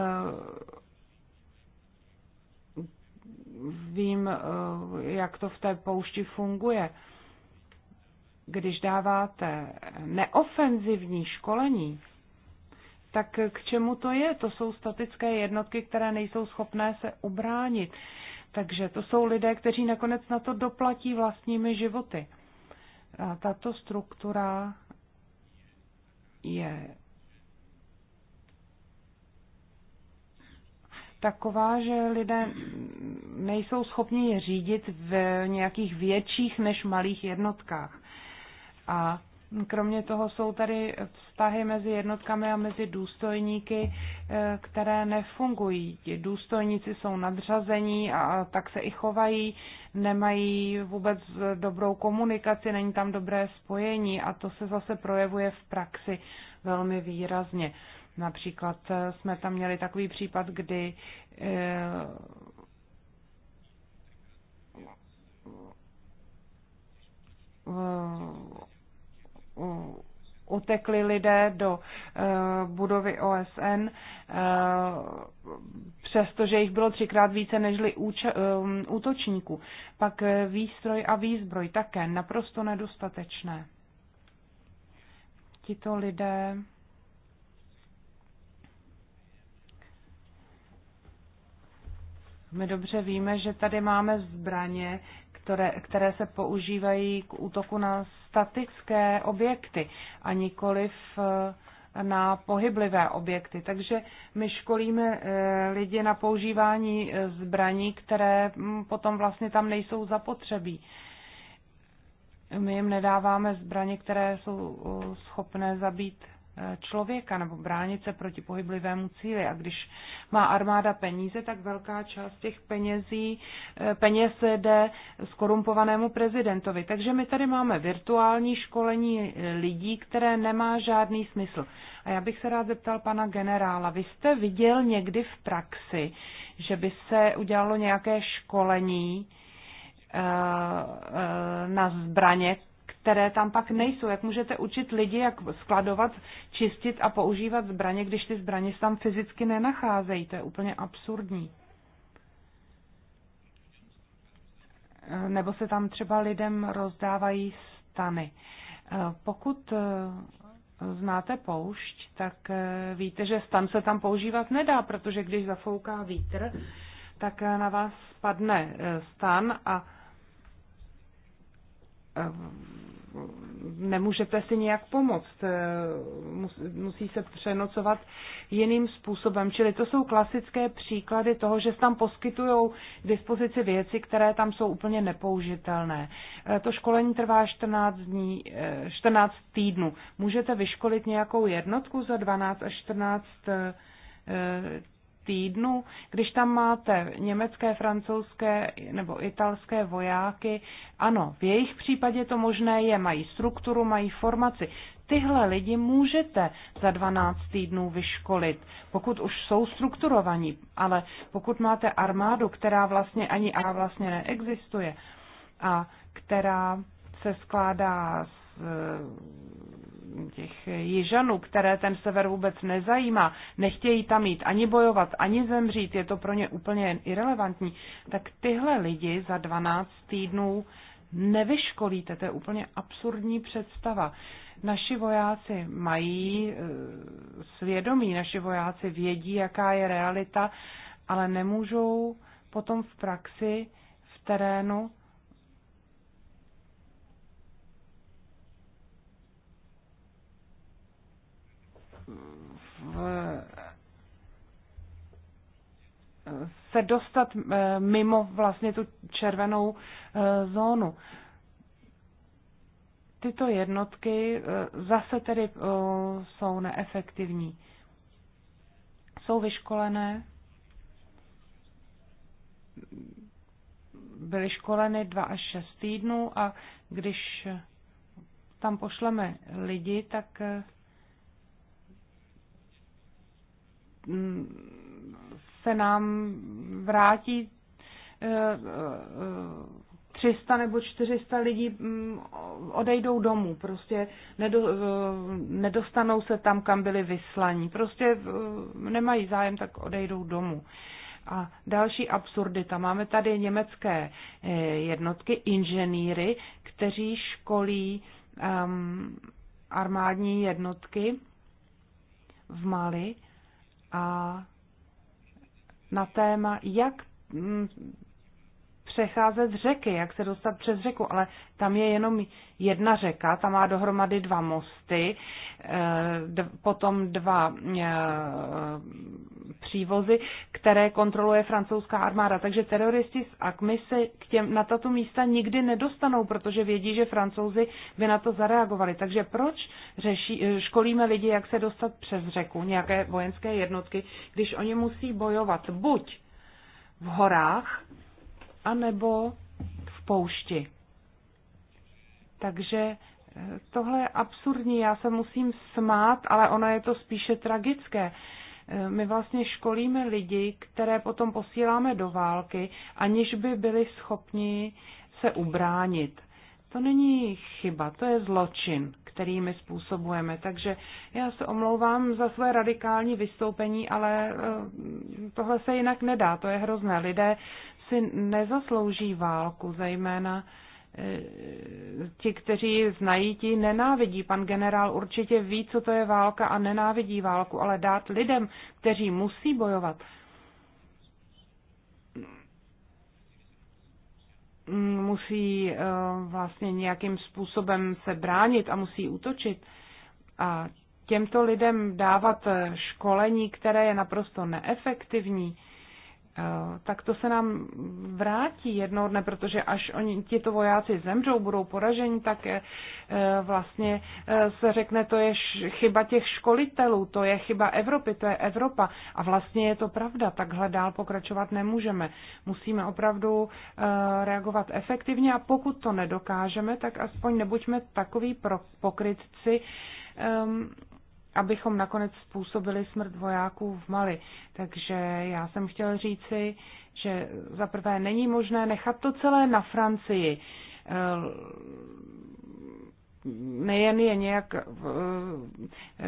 vím, e, jak to v té poušti funguje. Když dáváte neofenzivní školení, tak k čemu to je? To jsou statické jednotky, které nejsou schopné se ubránit. E, takže to jsou lidé, kteří nakonec na to doplatí vlastními životy. A tato struktura je taková, že lidé nejsou schopni je řídit v nějakých větších než malých jednotkách. A Kromě toho jsou tady vztahy mezi jednotkami a mezi důstojníky, eh, které nefungují. Důstojníci jsou nadřazení a tak se i chovají, nemají vůbec dobrou komunikaci, není tam dobré spojení a to se zase projevuje v praxi velmi výrazně. Například eh, jsme tam měli takový případ, kdy eh, Eh, utekli lidé do eh, budovy OSN, eh, přestože jich bylo třikrát více nežli útočníků. Pak výstroj a výzbroj také naprosto nedostatečné. Tito lidé My dobře víme, že tady máme zbraně, které, které se používají k útoku na statické objekty a nikoliv eh, na pohyblivé objekty. Takže my školíme eh, lidi na používání eh, zbraní, které mm, potom vlastně tam nejsou zapotřebí. My jim nedáváme zbraně, které jsou schopné zabít člověka nebo bránit se proti pohyblivému cíli. A když má armáda peníze, tak velká část těch penězí, eh, peněz jde skorumpovanému prezidentovi. Takže my tady máme virtuální školení eh, lidí, které nemá žádný smysl. A já bych se rád zeptal pana generála, vy jste viděl někdy v praxi, že by se udělalo nějaké školení eh, na zbraně, které tam pak nejsou. Jak můžete učit lidi, jak skladovat, čistit a používat zbraně, když ty zbraně se tam fyzicky nenacházejí. To je úplně absurdní. Nebo se tam třeba lidem rozdávají stany. Pokud znáte poušť, tak víte, že stan se tam používat nedá, protože když zafouká vítr, tak na vás spadne stan a Eh, nemůžete si nějak pomoct, eh, musí se přenocovat jiným způsobem. Čili to jsou klasické příklady toho, že tam poskytují dispozici věci, které tam jsou úplně nepoužitelné. Eh, to školení trvá 14, dní, 14 týdnů. Můžete vyškolit nějakou jednotku za 12 až 14 týdnu, Když tam máte německé, francouzské nebo italské vojáky, ano, v jejich případě to možné je, mají strukturu, mají formaci. Tyhle lidi můžete za 12 týdnů vyškolit, pokud už jsou strukturovaní, ale pokud máte armádu, která vlastně ani a vlastně neexistuje a která se skládá z Eh, těch jižanů, které ten sever vůbec nezajímá, nechtějí tam mít ani bojovat, ani zemřít, je to pro ně úplně irrelevantní, tak tyhle lidi za 12 týdnů nevyškolíte, to je úplně absurdní představa. Naši vojáci mají eh, svědomí, naši vojáci vědí, jaká je realita, ale nemůžou potom v praxi, v terénu se dostat eh, mimo vlastně tu červenou eh, zónu. Tyto jednotky eh, zase tedy jsou neefektivní. Jsou vyškolené, byly školeny dva až šest týdnů a když tam pošleme lidi, tak se nám vrátí 300 eh, eh, nebo 400 lidí mm, odejdou domů, prostě eh, nedostanou se tam, kam byli vyslaní, prostě nemají zájem, tak odejdou domů. A další absurdita. Máme tady německé jednotky, inženýry, kteří školí um, armádní jednotky v Mali a na téma, jak mm, přecházet z řeky, jak se dostat přes řeku, ale tam je jenom jedna řeka, tam má dohromady dva mosty, eh, potom dva eh, přívozy, které kontroluje francouzská armáda. Takže teroristi z ACMI se k těm, na tato místa nikdy nedostanou, protože vědí, že francouzi by na to zareagovali. Takže proč řeší, eh, školíme lidi, jak se dostat přes řeku nějaké vojenské jednotky, když oni musí bojovat buď v horách, anebo v poušti. Takže eh, tohle je absurdní, já se musím smát, ale ono je to spíše tragické. My vlastně školíme lidi, které potom posíláme do války, aniž by byli schopni se ubránit. To není chyba, to je zločin, který my způsobujeme. Takže já se omlouvám za své radikální vystoupení, ale eh, tohle se jinak nedá, to je hrozné. Lidé si nezaslouží válku, zejména Eh, ti, kteří znají, ti nenávidí. Pan generál určitě ví, co to je válka a nenávidí válku, ale dát lidem, kteří musí bojovat, musí eh, vlastně nějakým způsobem se bránit a musí útočit. A těmto lidem dávat eh, školení, které je naprosto neefektivní, Eh, tak to se nám vrátí jednoho dne, protože až oni, tito vojáci zemřou, budou poraženi, tak je, eh, vlastně eh, se řekne, to je chyba těch školitelů, to je chyba Evropy, to je Evropa. A vlastně je to pravda, takhle dál pokračovat nemůžeme. Musíme opravdu reagovat efektivně a pokud to nedokážeme, tak aspoň nebuďme takový pokrytci, ehm, abychom nakonec způsobili smrt vojáků v Mali. Takže já jsem chtěl říci, že za prvé není možné nechat to celé na Francii. Eh, nejen je nějak eh, eh,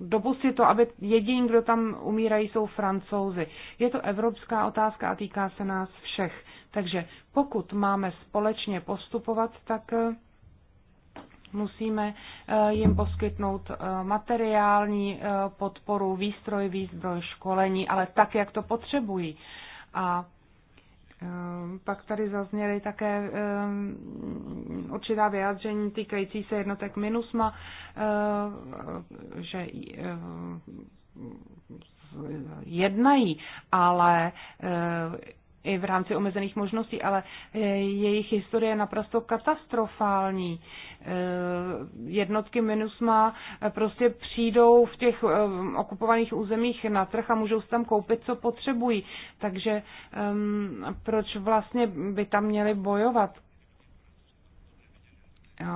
dopustit to, aby jediní, kdo tam umírají, jsou francouzi. Je to evropská otázka a týká se nás všech. Takže pokud máme společně postupovat, tak Musíme eh, jim poskytnout eh, materiální eh, podporu, výstroj, výzbroj, školení, ale tak, jak to potřebují. A pak tady zazněly také určitá vyjádření týkající se jednotek MINUSMA, že jednají, ale i v rámci omezených možností, ale eh, jejich historie je naprosto katastrofální. Eh, jednotky MINUSMA eh, prostě přijdou v těch okupovaných územích na trh a můžou si tam koupit, co potřebují. Takže ehm, proč vlastně by tam měli bojovat?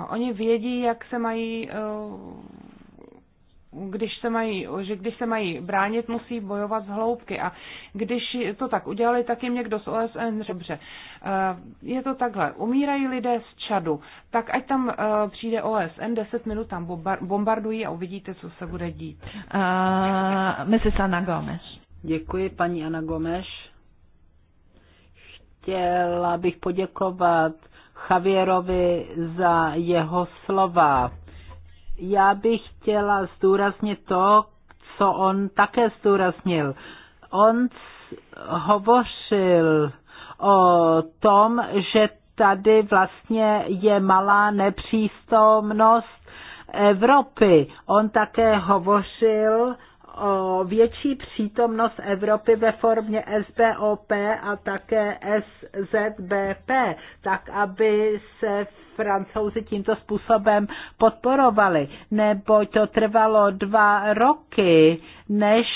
Oni vědí, jak se mají když se mají, že když se mají bránit, musí bojovat z hloubky. A když to tak udělali, tak jim někdo z OSN řebře. Eh, je to takhle. Umírají lidé z Čadu, tak ať tam eh, přijde OSN, 10 minut tam bombardují a uvidíte, co se bude dít. Uh, eh, Mrs. Anna Gomes. Děkuji, paní Ana Gomes. Chtěla bych poděkovat Javierovi za jeho slova já bych chtěla zdůraznit to, co on také zdůraznil. On hovořil o tom, že tady vlastně je malá nepřístomnost Evropy. On také hovořil o větší přítomnost Evropy ve formě SBOP a také SZBP, tak aby se francouzi tímto způsobem podporovali, nebo to trvalo dva roky, než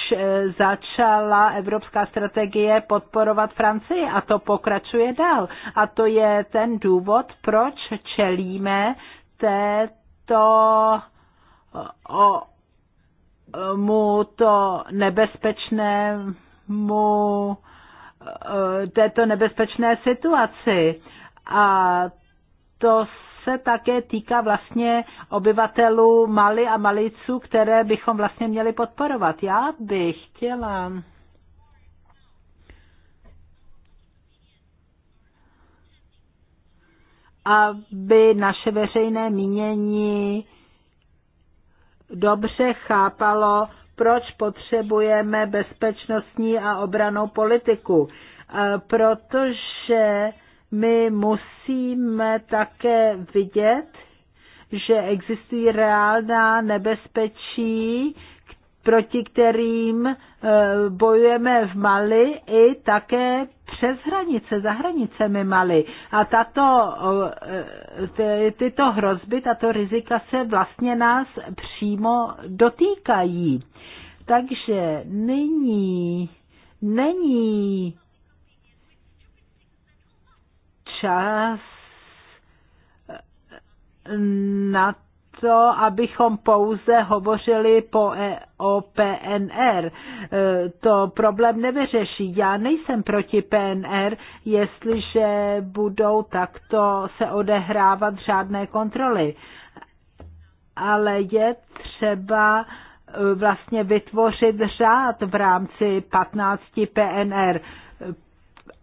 začala evropská strategie podporovat Francii a to pokračuje dál. A to je ten důvod, proč čelíme této o mu to nebezpečné, mu eh, této nebezpečné situaci. A to se také týká vlastně obyvatelů Mali a Maliců, které bychom vlastně měli podporovat. Já bych chtěla aby naše veřejné mínění dobře chápalo, proč potřebujeme bezpečnostní a obranou politiku. E, protože my musíme také vidět, že existují reálná nebezpečí, proti kterým eh, bojujeme v Mali i také přes hranice, za hranicemi Mali. A tato, eh, ty, tyto hrozby, tato rizika se vlastně nás přímo dotýkají. Takže nyní není čas eh, na to, abychom pouze hovořili po, e, o PNR. E, to problém nevyřeší. Já nejsem proti PNR, jestliže budou takto se odehrávat žádné kontroly. Ale je třeba e, vlastně vytvořit řád v rámci 15 PNR.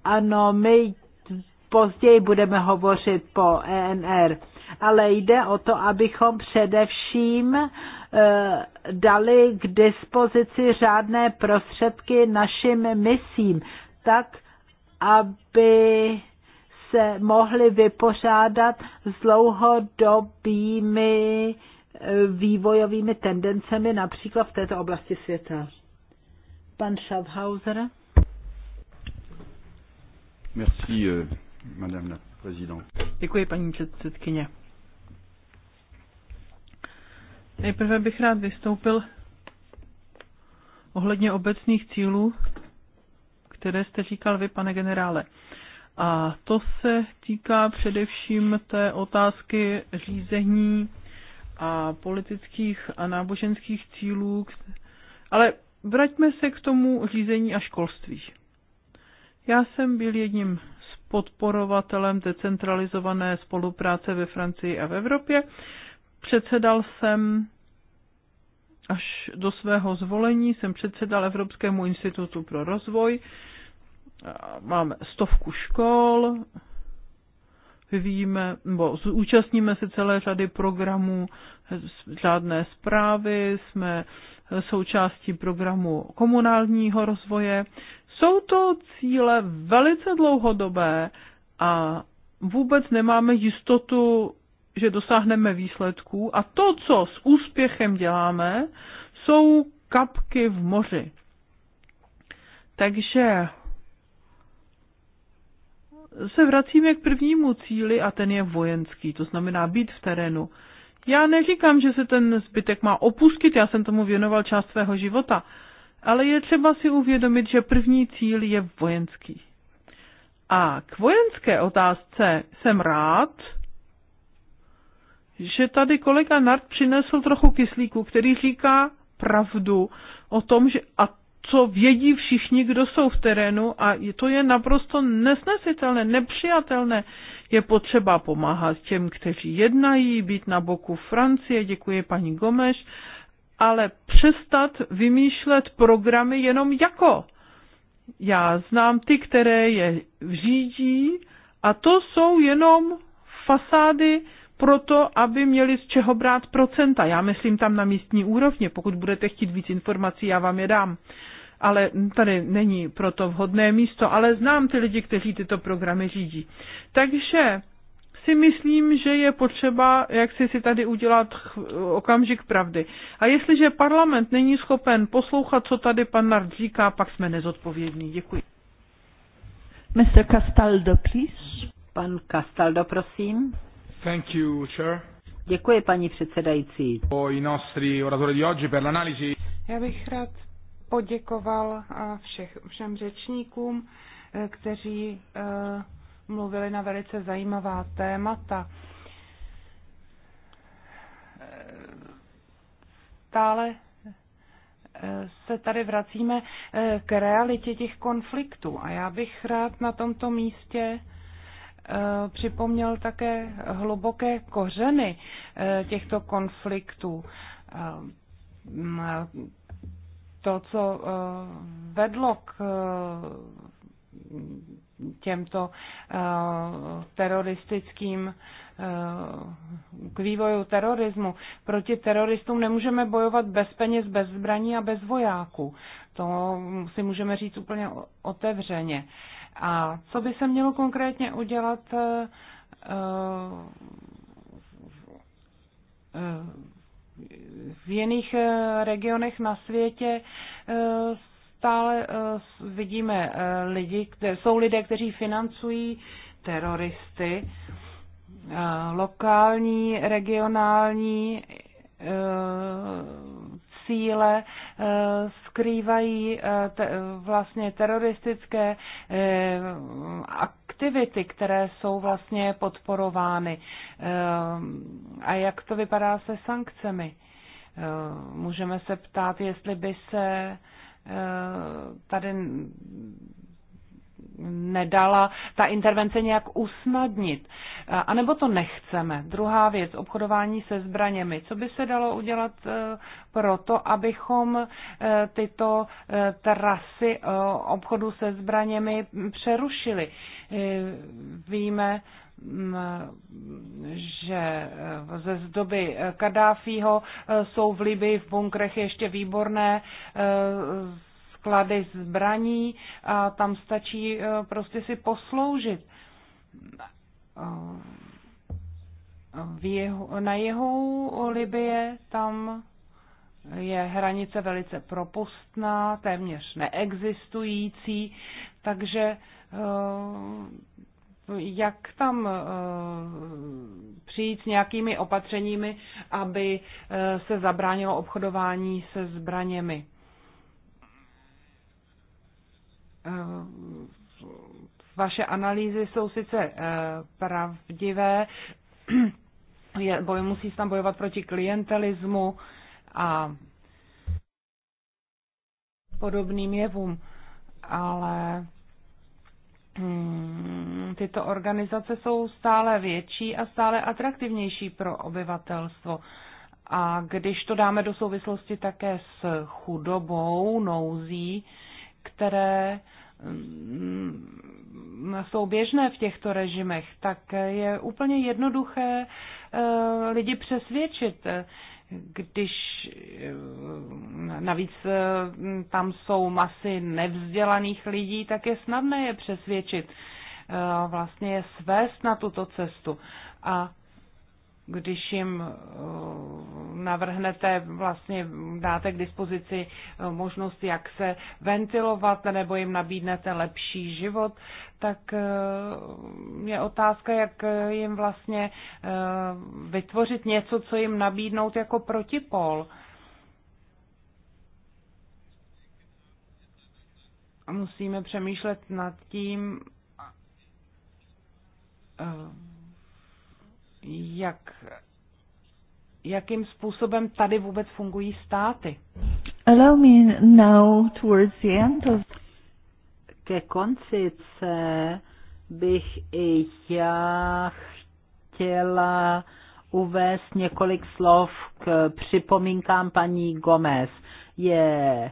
Ano, my později budeme hovořit po ENR ale jde o to, abychom především eh, dali k dispozici řádné prostředky našim misím, tak, aby se mohli vypořádat s dlouhodobými eh, vývojovými tendencemi například v této oblasti světa. Pan Schaffhauser. Merci, eh, madame la prezident. Děkuji, paní předsedkyně. Nejprve bych rád vystoupil ohledně obecných cílů, které jste říkal vy, pane generále. A to se týká především té otázky řízení a politických a náboženských cílů, ale vraťme se k tomu řízení a školství. Já jsem byl jedním podporovatelem decentralizované spolupráce ve Francii a v Evropě. Předsedal jsem až do svého zvolení, jsem předsedal Evropskému institutu pro rozvoj. Máme stovku škol, vyvíjíme, nebo zúčastníme se celé řady programů řádné zprávy, jsme součástí programu komunálního rozvoje. Jsou to cíle velice dlouhodobé a vůbec nemáme jistotu, že dosáhneme výsledků a to, co s úspěchem děláme, jsou kapky v moři. Takže se vracíme k prvnímu cíli a ten je vojenský, to znamená být v terénu. Já neříkám, že se ten zbytek má opustit, já jsem tomu věnoval část svého života, ale je třeba si uvědomit, že první cíl je vojenský. A k vojenské otázce jsem rád, že tady kolega Nart přinesl trochu kyslíku, který říká pravdu o tom, že a co vědí všichni, kdo jsou v terénu a to je naprosto nesnesitelné, nepřijatelné. Je potřeba pomáhat těm, kteří jednají, být na boku Francie, děkuji paní Gomeš, ale přestat vymýšlet programy jenom jako. Já znám ty, které je řídí a to jsou jenom fasády proto, aby měli z čeho brát procenta. Já myslím tam na místní úrovně. Pokud budete chtít víc informací, já vám je dám ale tady není proto vhodné místo, ale znám ty lidi, kteří tyto programy řídí. Takže si myslím, že je potřeba, jak si si tady udělat okamžik pravdy. A jestliže parlament není schopen poslouchat, co tady pan Nard říká, pak jsme nezodpovědní. Děkuji. Mr. Castaldo, please. Pan Castaldo, prosím. Thank you, chair. Děkuji, paní předsedající. Já bych rád poděkoval eh, všech, všem řečníkům, eh, kteří eh, mluvili na velice zajímavá témata. Stále se tady vracíme k realitě těch konfliktů a já bych rád na tomto místě připomněl také hluboké kořeny těchto konfliktů to, co eh, vedlo k eh, těmto eh, teroristickým k vývoju terorismu. Proti teroristům nemůžeme bojovat bez peněz, bez zbraní a bez vojáků. To si můžeme říct úplně otevřeně. A co by se mělo konkrétně udělat v jiných eh, regionech na světě eh, stále eh, vidíme lidi, jsou lidé, kteří financují teroristy, lokální, regionální cíle skrývají vlastně teroristické aktivity, které jsou vlastně podporovány ehm, a jak to vypadá se sankcemi. Ehm, můžeme se ptát, jestli by se ehm, tady nedala ta intervence nějak usnadnit. A nebo to nechceme. Druhá věc, obchodování se zbraněmi. Co by se dalo udělat e, pro to, abychom e, tyto e, trasy obchodu se zbraněmi přerušili? Víme, že ze zdoby doby Kadáfího jsou v Libii v bunkrech ještě výborné sklady zbraní a tam stačí eh, prostě si posloužit. Eh, jeho, na jeho Libie tam je hranice velice propustná, téměř neexistující, takže eh, jak tam přijít s nějakými opatřeními, aby se zabránilo obchodování se zbraněmi. Eh, vaše analýzy jsou sice eh, pravdivé, je, boj, musí se tam bojovat proti klientelismu a podobným jevům, ale hmm, tyto organizace jsou stále větší a stále atraktivnější pro obyvatelstvo. A když to dáme do souvislosti také s chudobou, nouzí, které mm, jsou běžné v těchto režimech, tak je úplně jednoduché eh, lidi přesvědčit, když eh, navíc eh, tam jsou masy nevzdělaných lidí, tak je snadné je přesvědčit, vlastně je svést na tuto cestu. A když jim eh, navrhnete, vlastně dáte k dispozici eh, možnost, jak se ventilovat nebo jim nabídnete lepší život, tak eh, je otázka, jak jim vlastně vytvořit něco, co jim nabídnout jako protipol. Musíme přemýšlet nad tím, jak, jakým způsobem tady vůbec fungují státy. Allow me now towards the end of... Ke konci se bych i já chtěla uvést několik slov k připomínkám paní Gomez. Je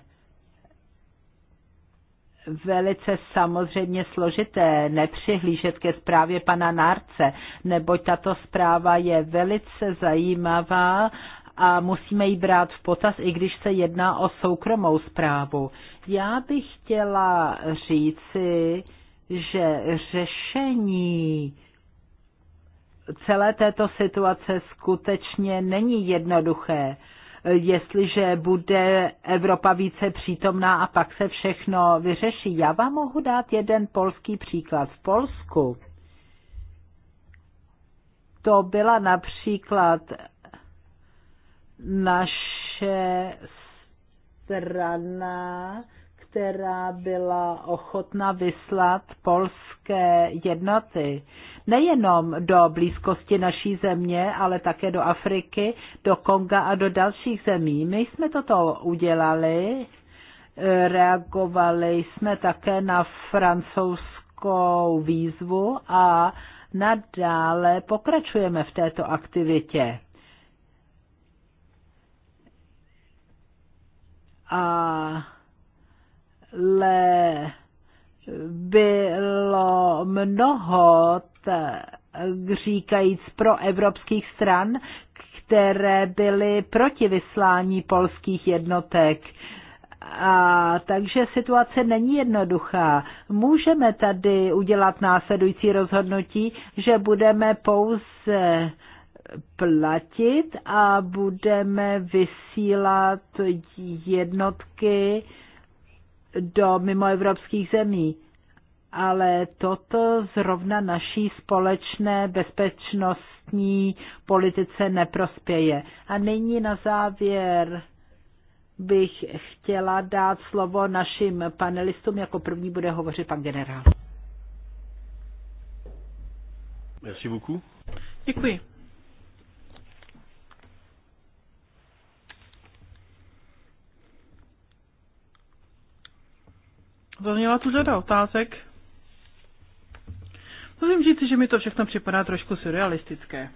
velice samozřejmě složité nepřihlížet ke zprávě pana Nárce, neboť tato zpráva je velice zajímavá a musíme ji brát v potaz, i když se jedná o soukromou zprávu. Já bych chtěla říci, že řešení celé této situace skutečně není jednoduché jestliže bude Evropa více přítomná a pak se všechno vyřeší. Já vám mohu dát jeden polský příklad. V Polsku to byla například naše strana, která byla ochotna vyslat polské jednoty nejenom do blízkosti naší země, ale také do Afriky, do Konga a do dalších zemí. My jsme toto udělali, reagovali jsme také na francouzskou výzvu a nadále pokračujeme v této aktivitě. A le bylo mnoho Eh, říkajíc evropských stran, které byly proti vyslání polských jednotek. A takže situace není jednoduchá. Můžeme tady udělat následující rozhodnutí, že budeme pouze platit a budeme vysílat jednotky do mimoevropských zemí ale toto zrovna naší společné bezpečnostní politice neprospěje. A nyní na závěr bych chtěla dát slovo našim panelistům. Jako první bude hovořit pan generál. Merci beaucoup. Děkuji. Zazněla tu řada otázek, Musím říct, že mi to všechno připadá trošku surrealistické.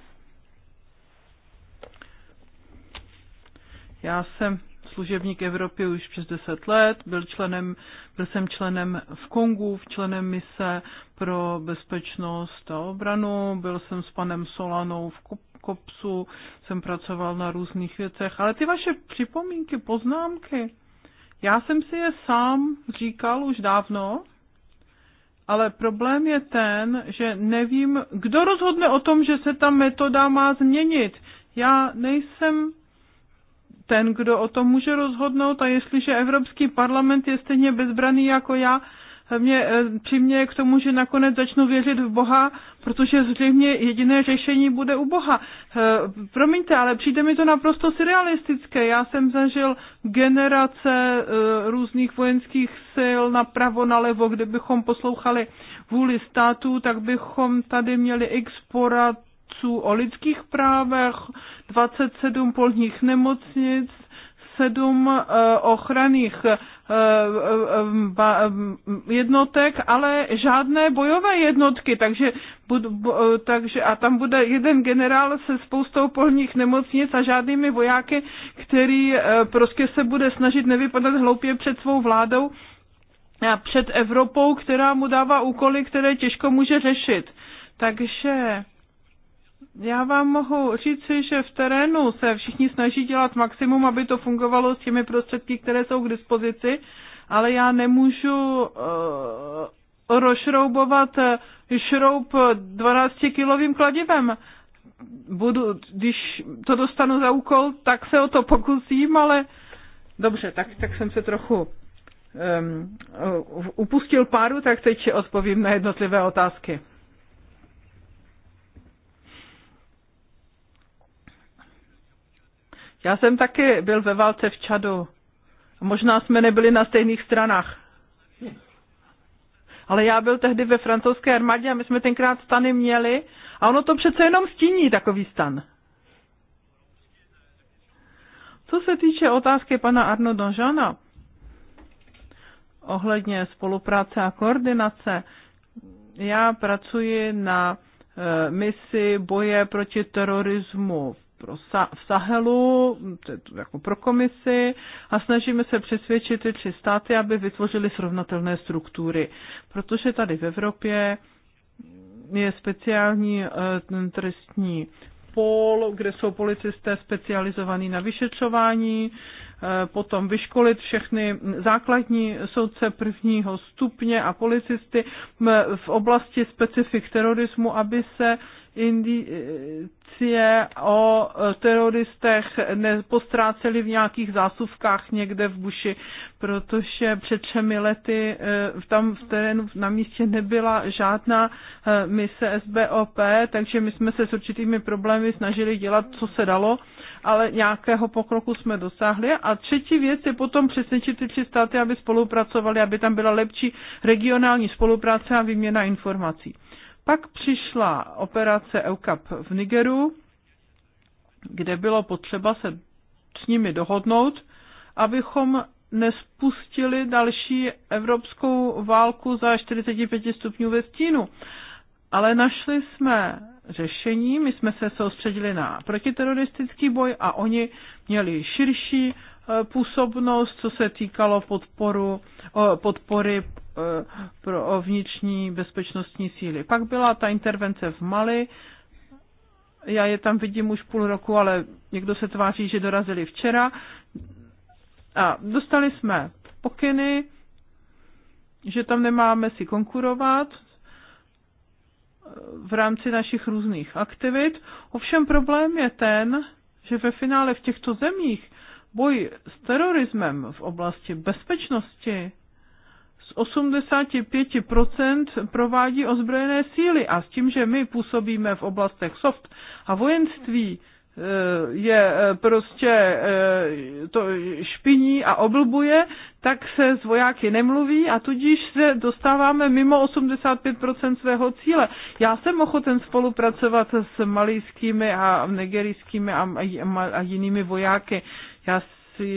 Já jsem služebník Evropy už přes 10 let, byl, členem, byl jsem členem v Kongu, v členem mise pro bezpečnost a obranu, byl jsem s panem Solanou v Kopsu, jsem pracoval na různých věcech, ale ty vaše připomínky, poznámky, já jsem si je sám říkal už dávno, ale problém je ten, že nevím, kdo rozhodne o tom, že se ta metoda má změnit. Já nejsem ten, kdo o tom může rozhodnout a jestliže Evropský parlament je stejně bezbraný jako já, mě eh, přiměje k tomu, že nakonec začnu věřit v Boha, protože zřejmě jediné řešení bude u Boha. Eh, promiňte, ale přijde mi to naprosto surrealistické. Já jsem zažil generace eh, různých vojenských sil napravo, nalevo, kdybychom poslouchali vůli států, tak bychom tady měli x o lidských právech, 27 polních nemocnic, 7 ochranných Eh, eh, eh, jednotek, ale žádné bojové jednotky, takže, takže a tam bude jeden generál se spoustou polních nemocnic a žádnými vojáky, který prostě se bude snažit nevypadat hloupě před svou vládou a před Evropou, která mu dává úkoly, které těžko může řešit. Takže já vám mohu říci, že v terénu se všichni snaží dělat maximum, aby to fungovalo s těmi prostředky, které jsou k dispozici, ale já nemůžu uh, rozšroubovat šroub 12-kilovým kladivem. Budu, když to dostanu za úkol, tak se o to pokusím, ale dobře, tak, tak jsem se trochu um, upustil páru, tak teď odpovím na jednotlivé otázky. Já jsem taky byl ve válce v Čadu. Možná jsme nebyli na stejných stranách. Ale já byl tehdy ve francouzské armádě a my jsme tenkrát stany měli a ono to přece jenom stíní takový stan. Co se týče otázky pana Arno Donžana ohledně spolupráce a koordinace, já pracuji na eh, misi boje proti terorismu v pro Sa- v Sahelu, jako pro komisi, a snažíme se přesvědčit ty tři státy, aby vytvořili srovnatelné struktury. Protože tady v Evropě je speciální eh, trestní pol, kde jsou policisté specializovaní na vyšetřování, eh, potom vyškolit všechny základní soudce prvního stupně a policisty v oblasti specifik terorismu, aby se indicie o e, teroristech nepostráceli v nějakých zásuvkách někde v buši, protože před třemi lety e, tam v terénu na místě nebyla žádná e, mise SBOP, takže my jsme se s určitými problémy snažili dělat, co se dalo, ale nějakého pokroku jsme dosáhli. A třetí věc je potom přesvědčit ty tři státy, aby spolupracovali, aby tam byla lepší regionální spolupráce a výměna informací. Pak přišla operace EUCAP v Nigeru, kde bylo potřeba se s nimi dohodnout, abychom nespustili další evropskou válku za 45 stupňů ve stínu. Ale našli jsme řešení, my jsme se soustředili na protiteroristický boj a oni měli širší eh, působnost, co se týkalo podporu, podpory Eh, pro o vnitřní bezpečnostní síly. Pak byla ta intervence v Mali, já je tam vidím už půl roku, ale někdo se tváří, že dorazili včera. A dostali jsme pokyny, že tam nemáme si konkurovat eh, v rámci našich různých aktivit. Ovšem problém je ten, že ve finále v těchto zemích boj s terorismem v oblasti bezpečnosti z 85% provádí ozbrojené síly a s tím, že my působíme v oblastech soft a vojenství, eh, je eh, prostě eh, to špiní a oblbuje, tak se s vojáky nemluví a tudíž se dostáváme mimo 85% svého cíle. Já jsem ochoten spolupracovat s malijskými a nigerijskými a, a, a jinými vojáky. Já si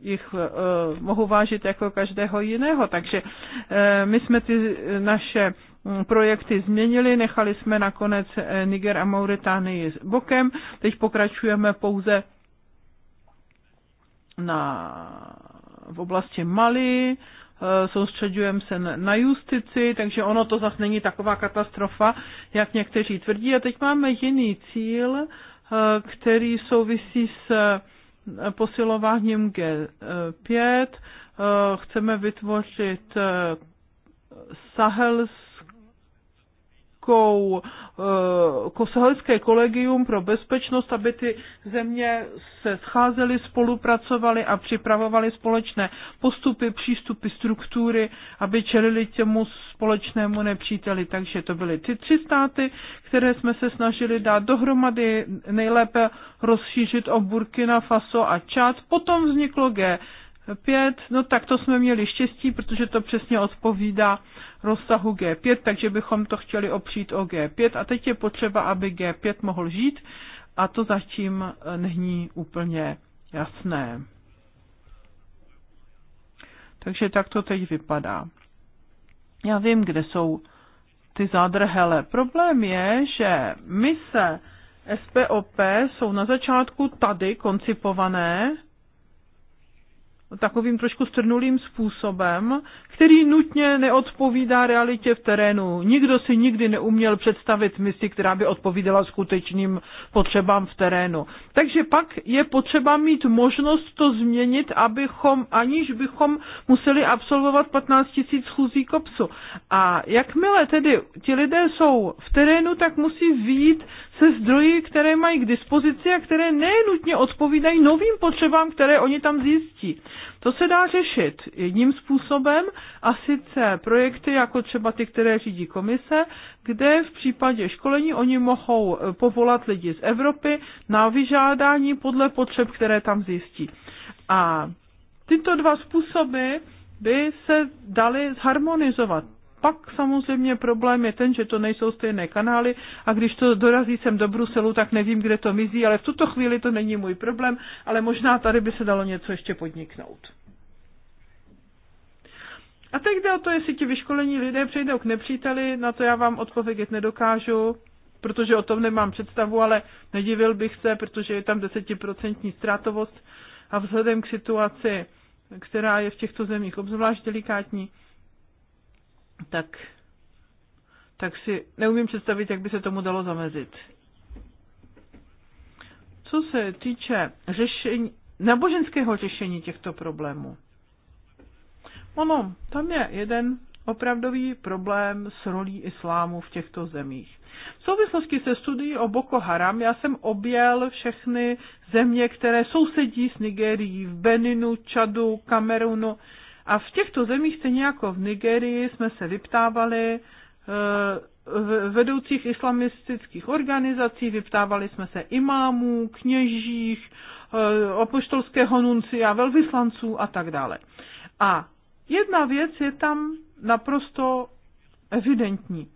jich eh, mohu vážit jako každého jiného. Takže eh, my jsme ty naše mm, projekty změnili, nechali jsme nakonec eh, Niger a Mauritánii bokem, teď pokračujeme pouze na, v oblasti Mali, soustředujeme se na justici, takže ono to zase není taková katastrofa, jak někteří tvrdí. A teď máme jiný cíl, který souvisí s posilováním G5, eh, chceme vytvořit eh, sahels Českou eh, kosahelické kolegium pro bezpečnost, aby ty země se scházely, spolupracovaly a připravovaly společné postupy, přístupy, struktury, aby čelili těmu společnému nepříteli. Takže to byly ty tři státy, které jsme se snažili dát dohromady, nejlépe rozšířit o Burkina Faso a Čad. Potom vzniklo G 5 no tak to jsme měli štěstí, protože to přesně odpovídá rozsahu G5, takže bychom to chtěli opřít o G5 a teď je potřeba, aby G5 mohl žít a to zatím eh, není úplně jasné. Takže tak to teď vypadá. Já vím, kde jsou ty zádrhele. Problém je, že mise SPOP jsou na začátku tady koncipované, takovým trošku strnulým způsobem, který nutně neodpovídá realitě v terénu. Nikdo si nikdy neuměl představit misi, která by odpovídala skutečným potřebám v terénu. Takže pak je potřeba mít možnost to změnit, abychom, aniž bychom museli absolvovat 15 tisíc schůzí kopsu. A jakmile tedy ti lidé jsou v terénu, tak musí výjít se zdroji, které mají k dispozici a které nenutně odpovídají novým potřebám, které oni tam zjistí. To se dá řešit jedním způsobem a sice projekty jako třeba ty, které řídí komise, kde v případě školení oni mohou eh, povolat lidi z Evropy na vyžádání podle potřeb, které tam zjistí. A tyto dva způsoby by se daly zharmonizovat pak samozřejmě problém je ten, že to nejsou stejné kanály a když to dorazí sem do Bruselu, tak nevím, kde to mizí, ale v tuto chvíli to není můj problém, ale možná tady by se dalo něco ještě podniknout. A teď jde o to, jestli ti vyškolení lidé přejdou k nepříteli, na to já vám odpovědět nedokážu, protože o tom nemám představu, ale nedivil bych se, protože je tam desetiprocentní ztrátovost a vzhledem k situaci, která je v těchto zemích obzvlášť delikátní, tak, tak si neumím představit, jak by se tomu dalo zamezit. Co se týče řešení, náboženského řešení těchto problémů. Ono, tam je jeden opravdový problém s rolí islámu v těchto zemích. V souvislosti se studií o Boko Haram já jsem objel všechny země, které sousedí s Nigerií, v Beninu, Čadu, Kamerunu a v těchto zemích, stejně jako v Nigerii, jsme se vyptávali eh, vedoucích islamistických organizací, vyptávali jsme se imámů, kněžích, eh, apoštolského a velvyslanců a tak dále. A jedna věc je tam naprosto evidentní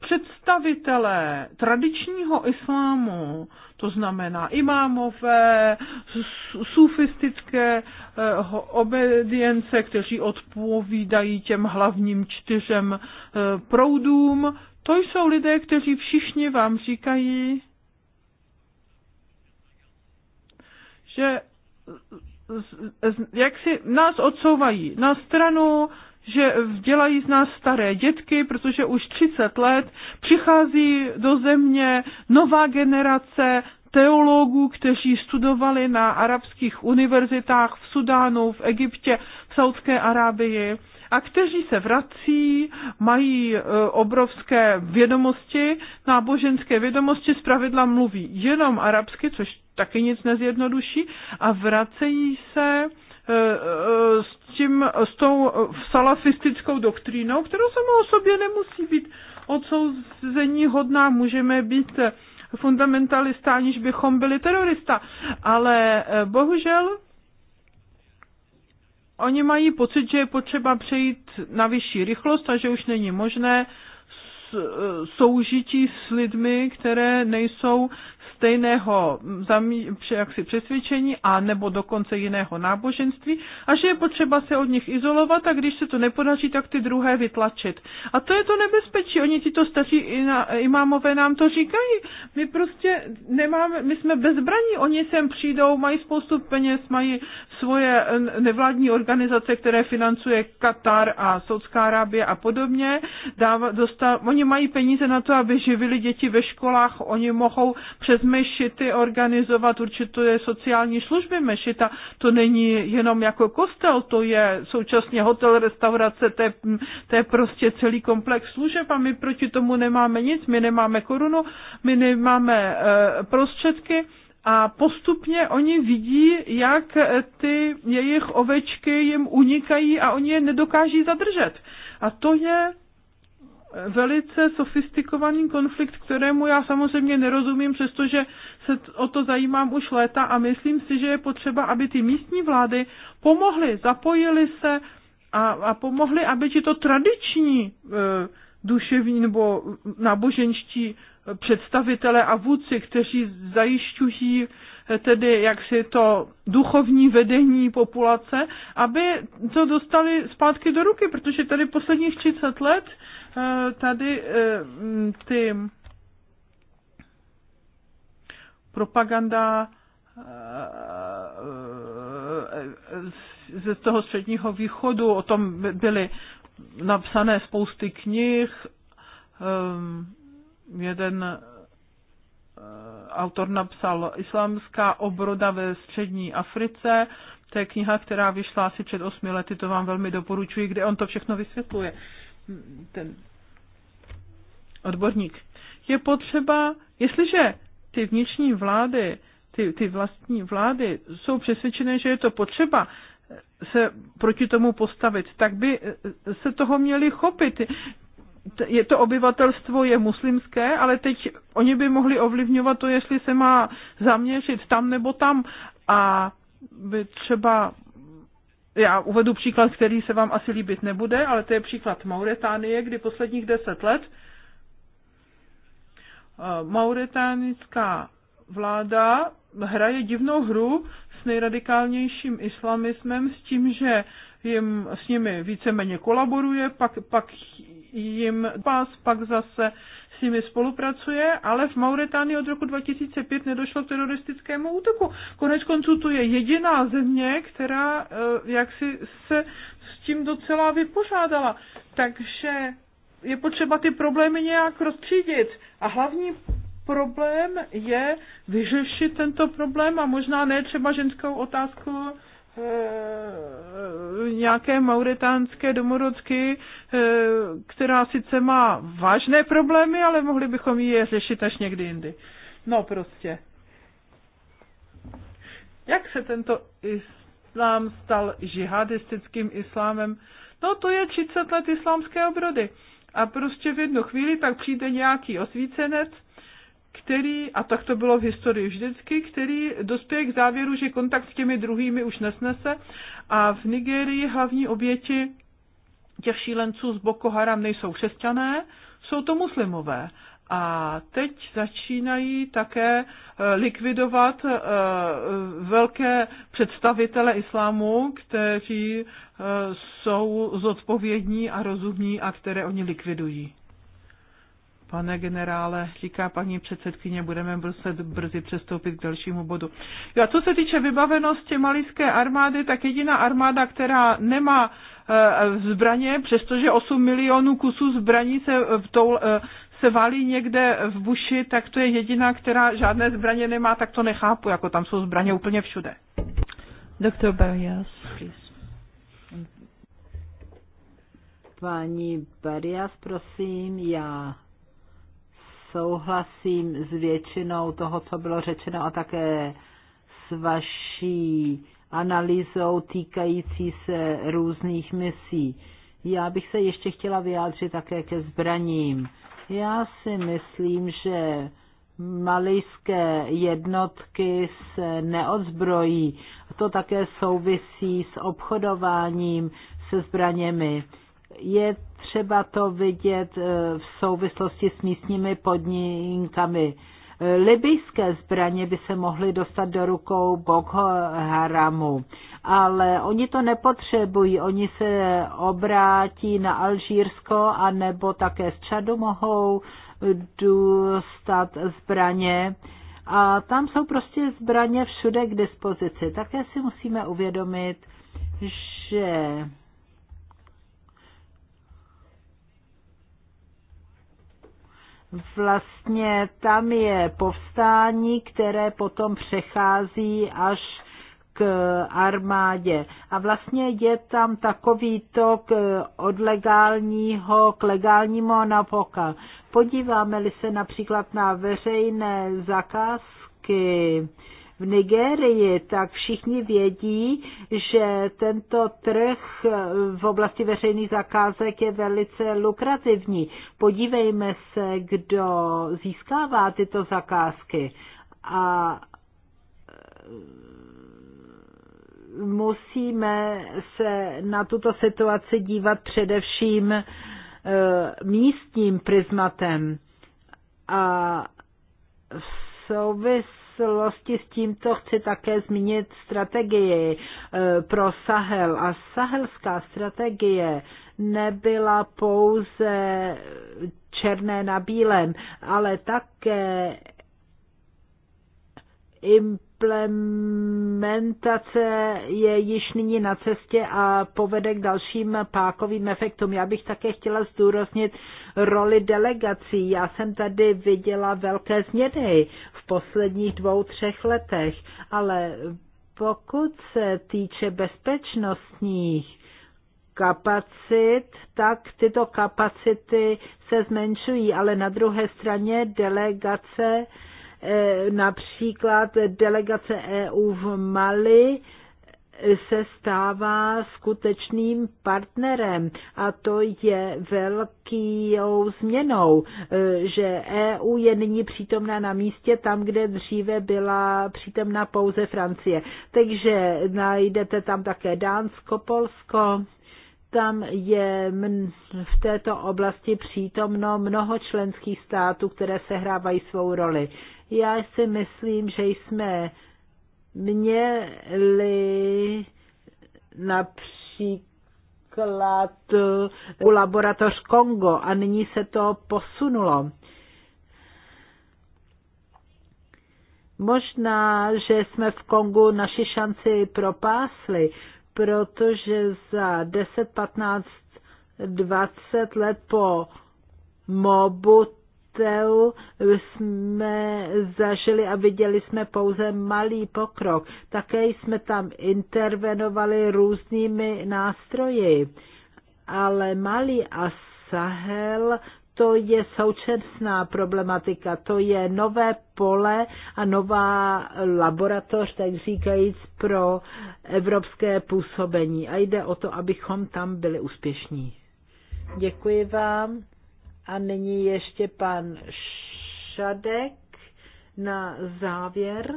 představitelé tradičního islámu, to znamená imámové, sufistické eh, obedience, kteří odpovídají těm hlavním čtyřem eh, proudům, to jsou lidé, kteří všichni vám říkají, že jak si nás odsouvají na stranu, že dělají z nás staré dětky, protože už 30 let přichází do země nová generace teologů, kteří studovali na arabských univerzitách v Sudánu, v Egyptě, v Saudské Arábii a kteří se vrací, mají e, obrovské vědomosti, náboženské vědomosti, zpravidla mluví jenom arabsky, což taky nic nezjednoduší, a vracejí se Eh, eh, s, tím, s tou salafistickou doktrínou, kterou samo o sobě nemusí být odsouzení hodná, můžeme být fundamentalista, aniž bychom byli terorista. Ale eh, bohužel oni mají pocit, že je potřeba přejít na vyšší rychlost a že už není možné soužití s lidmi, které nejsou stejného jaksi přesvědčení a nebo dokonce jiného náboženství a že je potřeba se od nich izolovat a když se to nepodaří, tak ty druhé vytlačit. A to je to nebezpečí. Oni ti to staří imámové nám to říkají. My prostě nemáme, my jsme bezbraní. Oni sem přijdou, mají spoustu peněz, mají svoje eh, nevládní organizace, které financuje Katar a Saudská Arábie a podobně. Dáva, dostal, oni mají peníze na to, aby živili děti ve školách, oni mohou přes mešity organizovat určité sociální služby. Mešita to není jenom jako kostel, to je současně hotel, restaurace, to je, to je prostě celý komplex služeb a my proti tomu nemáme nic, my nemáme korunu, my nemáme eh, prostředky. A postupně oni vidí, jak eh, ty jejich ovečky jim unikají a oni je nedokáží zadržet. A to je velice sofistikovaný konflikt, kterému já samozřejmě nerozumím, přestože se o to zajímám už léta a myslím si, že je potřeba, aby ty místní vlády pomohly, zapojily se a, a pomohly, aby ti to tradiční e, duševní nebo náboženští e, představitelé a vůdci, kteří zajišťují e, tedy jaksi to duchovní vedení populace, aby to dostali zpátky do ruky, protože tady posledních 30 let E, tady e, ty propaganda ze e, toho středního východu, o tom byly napsané spousty knih, jeden autor napsal Islámská obroda ve střední Africe, to je kniha, která vyšla asi před osmi lety, to vám velmi doporučuji, kde on to všechno vysvětluje ten odborník. Je potřeba, jestliže ty vnitřní vlády, ty, ty vlastní vlády jsou přesvědčené, že je to potřeba, se proti tomu postavit, tak by se toho měli chopit. Je to obyvatelstvo je muslimské, ale teď oni by mohli ovlivňovat to, jestli se má zaměřit tam nebo tam a by třeba já uvedu příklad, který se vám asi líbit nebude, ale to je příklad Mauretánie, kdy posledních deset let eh, mauretánická vláda hraje divnou hru s nejradikálnějším islamismem, s tím, že jim s nimi víceméně kolaboruje, pak, pak jim pás, pak zase s nimi spolupracuje, ale v Mauretánii od roku 2005 nedošlo k teroristickému útoku. Konec konců to je jediná země, která eh, jaksi se s tím docela vypořádala. Takže je potřeba ty problémy nějak rozstřídit. A hlavní problém je vyřešit tento problém a možná ne třeba ženskou otázku Eh, nějaké mauritánské domorodky, eh, která sice má vážné problémy, ale mohli bychom ji řešit až někdy jindy. No prostě. Jak se tento islám stal žihadistickým islámem? No to je 30 let islámské obrody. A prostě v jednu chvíli tak přijde nějaký osvícenec, který, a tak to bylo v historii vždycky, který dospěje k závěru, že kontakt s těmi druhými už nesnese a v Nigerii hlavní oběti těch šílenců z Boko Haram nejsou křesťané, jsou to muslimové. A teď začínají také eh, likvidovat eh, velké představitele islámu, kteří eh, jsou zodpovědní a rozumní a které oni likvidují. Pane generále, říká paní předsedkyně, budeme muset brzy přestoupit k dalšímu bodu. Jo, a co se týče vybavenosti malijské armády, tak jediná armáda, která nemá e, zbraně, přestože 8 milionů kusů zbraní se, e, se valí někde v buši, tak to je jediná, která žádné zbraně nemá, tak to nechápu, jako tam jsou zbraně úplně všude. Doktor Barrias, please. Paní Barias, prosím, já souhlasím s většinou toho, co bylo řečeno a také s vaší analýzou týkající se různých misí. Já bych se ještě chtěla vyjádřit také ke zbraním. Já si myslím, že malijské jednotky se neodzbrojí. To také souvisí s obchodováním se zbraněmi je třeba to vidět eh, v souvislosti s místními podmínkami. Eh, libijské zbraně by se mohly dostat do rukou Boko Haramu, ale oni to nepotřebují. Oni se obrátí na Alžírsko a nebo také z Čadu mohou dostat zbraně. A tam jsou prostě zbraně všude k dispozici. Také si musíme uvědomit, že vlastně tam je povstání, které potom přechází až k armádě. A vlastně je tam takový tok eh, od legálního k legálnímu a napoka. Podíváme-li se například na veřejné zakázky, v Nigérii, tak všichni vědí, že tento trh v oblasti veřejných zakázek je velice lukrativní. Podívejme se, kdo získává tyto zakázky. A e, musíme se na tuto situaci dívat především e, místním prismatem. A v souvis souvislosti s tímto chci také zmínit strategii eh, pro Sahel. A sahelská strategie nebyla pouze černé na bílém, ale také implementace je již nyní na cestě a povede k dalším pákovým efektům. Já bych také chtěla zdůraznit roli delegací. Já jsem tady viděla velké změny posledních dvou, třech letech, ale pokud se týče bezpečnostních kapacit, tak tyto kapacity se zmenšují, ale na druhé straně delegace, eh, například delegace EU v Mali, se stává skutečným partnerem a to je velkou změnou, e, že EU je nyní přítomna na místě tam, kde dříve byla přítomna pouze Francie. Takže najdete tam také Dánsko, Polsko tam je v této oblasti přítomno mnoho členských států, které sehrávají svou roli. Já si myslím, že jsme měli například u laboratoř Kongo a nyní se to posunulo. Možná, že jsme v Kongu naši šanci propásli, protože za 10, 15, 20 let po mobu kterou jsme zažili a viděli jsme pouze malý pokrok. Také jsme tam intervenovali různými nástroji, ale malý a Sahel to je současná problematika, to je nové pole a nová laboratoř, tak říkajíc, pro evropské působení. A jde o to, abychom tam byli úspěšní. Děkuji vám. A nyní ještě pan Šadek na závěr.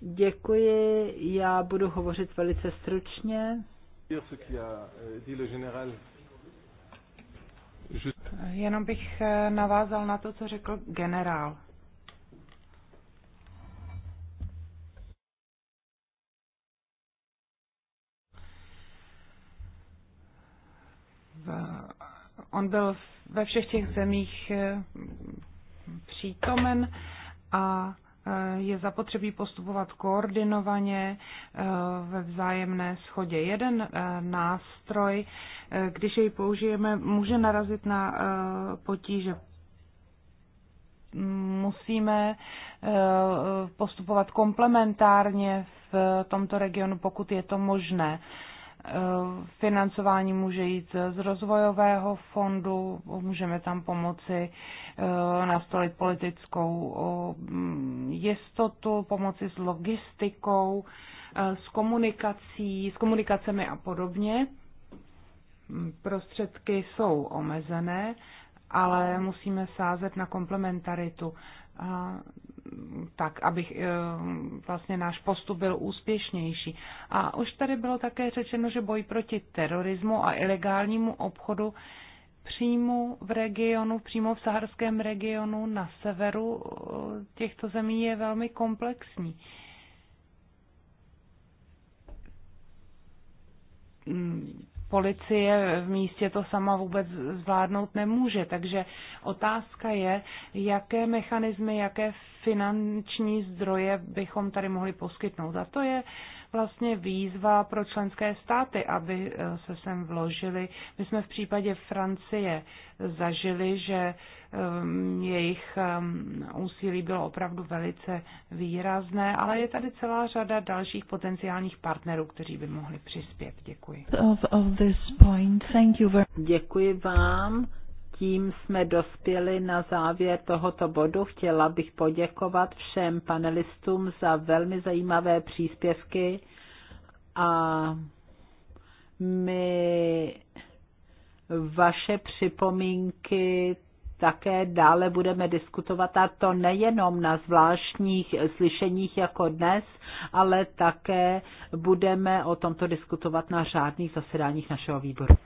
Děkuji, já budu hovořit velice stručně. Jenom bych eh, navázal na to, co řekl generál. On byl v ve všech těch zemích eh, přítomen a eh, je zapotřebí postupovat koordinovaně eh, ve vzájemné schodě. Jeden nástroj, když jej použijeme, může narazit na potíže. Musíme postupovat komplementárně v tomto regionu, pokud je to možné. Eh, financování může jít z rozvojového fondu, můžeme tam pomoci eh, nastolit politickou eh, jistotu, pomoci s logistikou, s komunikací, s komunikacemi a podobně. Mm, prostředky jsou omezené, ale musíme sázet na komplementaritu. A tak, aby eh, vlastně náš postup byl úspěšnější. A už tady bylo také řečeno, že boj proti terorismu a ilegálnímu obchodu přímo v regionu, přímo v saharském regionu na severu eh, těchto zemí je velmi komplexní. Mm, policie v místě to sama vůbec zvládnout nemůže, takže otázka je, jaké mechanismy, jaké finanční zdroje bychom tady mohli poskytnout. A to je vlastně výzva pro členské státy, aby eh, se sem vložili. My jsme v případě Francie zažili, že ehm, jejich ehm, úsilí bylo opravdu velice výrazné, ale je tady celá řada dalších potenciálních partnerů, kteří by mohli přispět. Děkuji. Děkuji vám tím jsme dospěli na závěr tohoto bodu. Chtěla bych poděkovat všem panelistům za velmi zajímavé příspěvky a my vaše připomínky také dále budeme diskutovat a to nejenom na zvláštních slyšeních jako dnes, ale také budeme o tomto diskutovat na řádných zasedáních našeho výboru.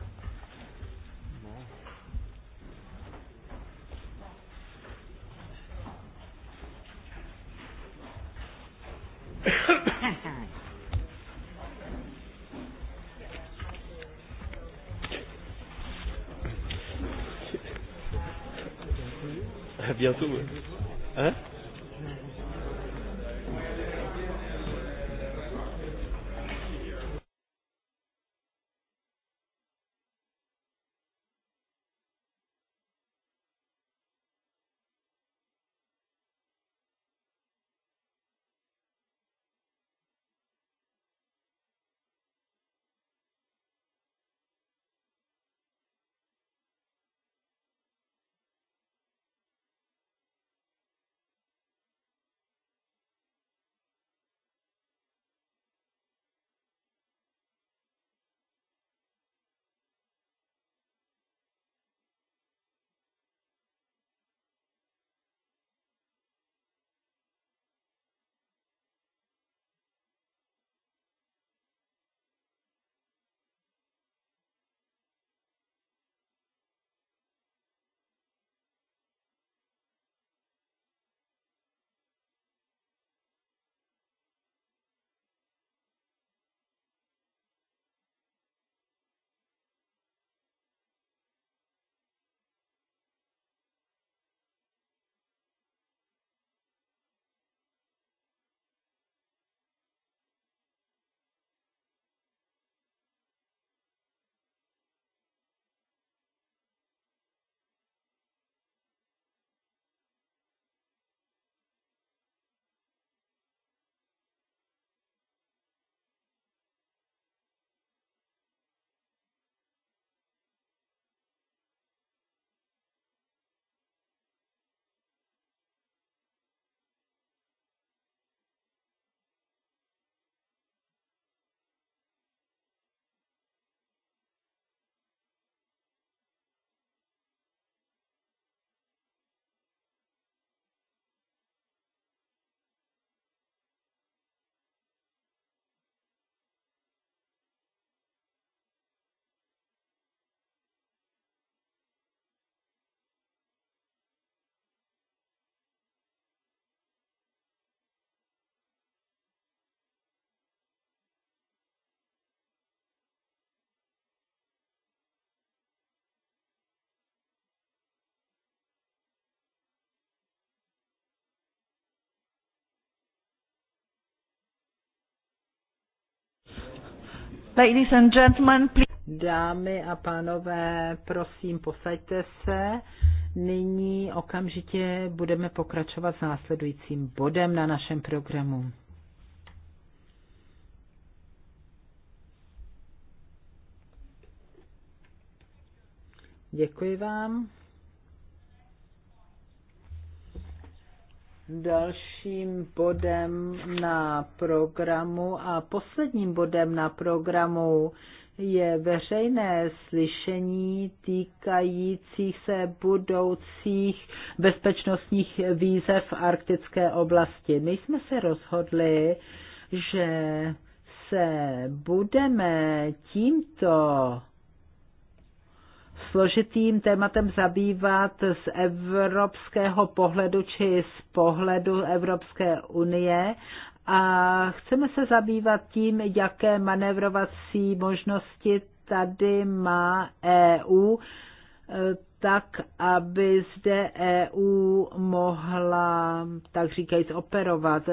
bientôt. Hein Ladies and gentlemen, please. Dámy a pánové, prosím, posaďte se. Nyní okamžitě budeme pokračovat s následujícím bodem na našem programu. Děkuji vám. dalším bodem na programu a posledním bodem na programu je veřejné slyšení týkajících se budoucích bezpečnostních výzev v arktické oblasti. My jsme se rozhodli, že se budeme tímto složitým tématem zabývat z evropského pohledu či z pohledu Evropské unie a chceme se zabývat tím, jaké manevrovací možnosti tady má EU, tak aby zde EU mohla, tak říkajíc, operovat.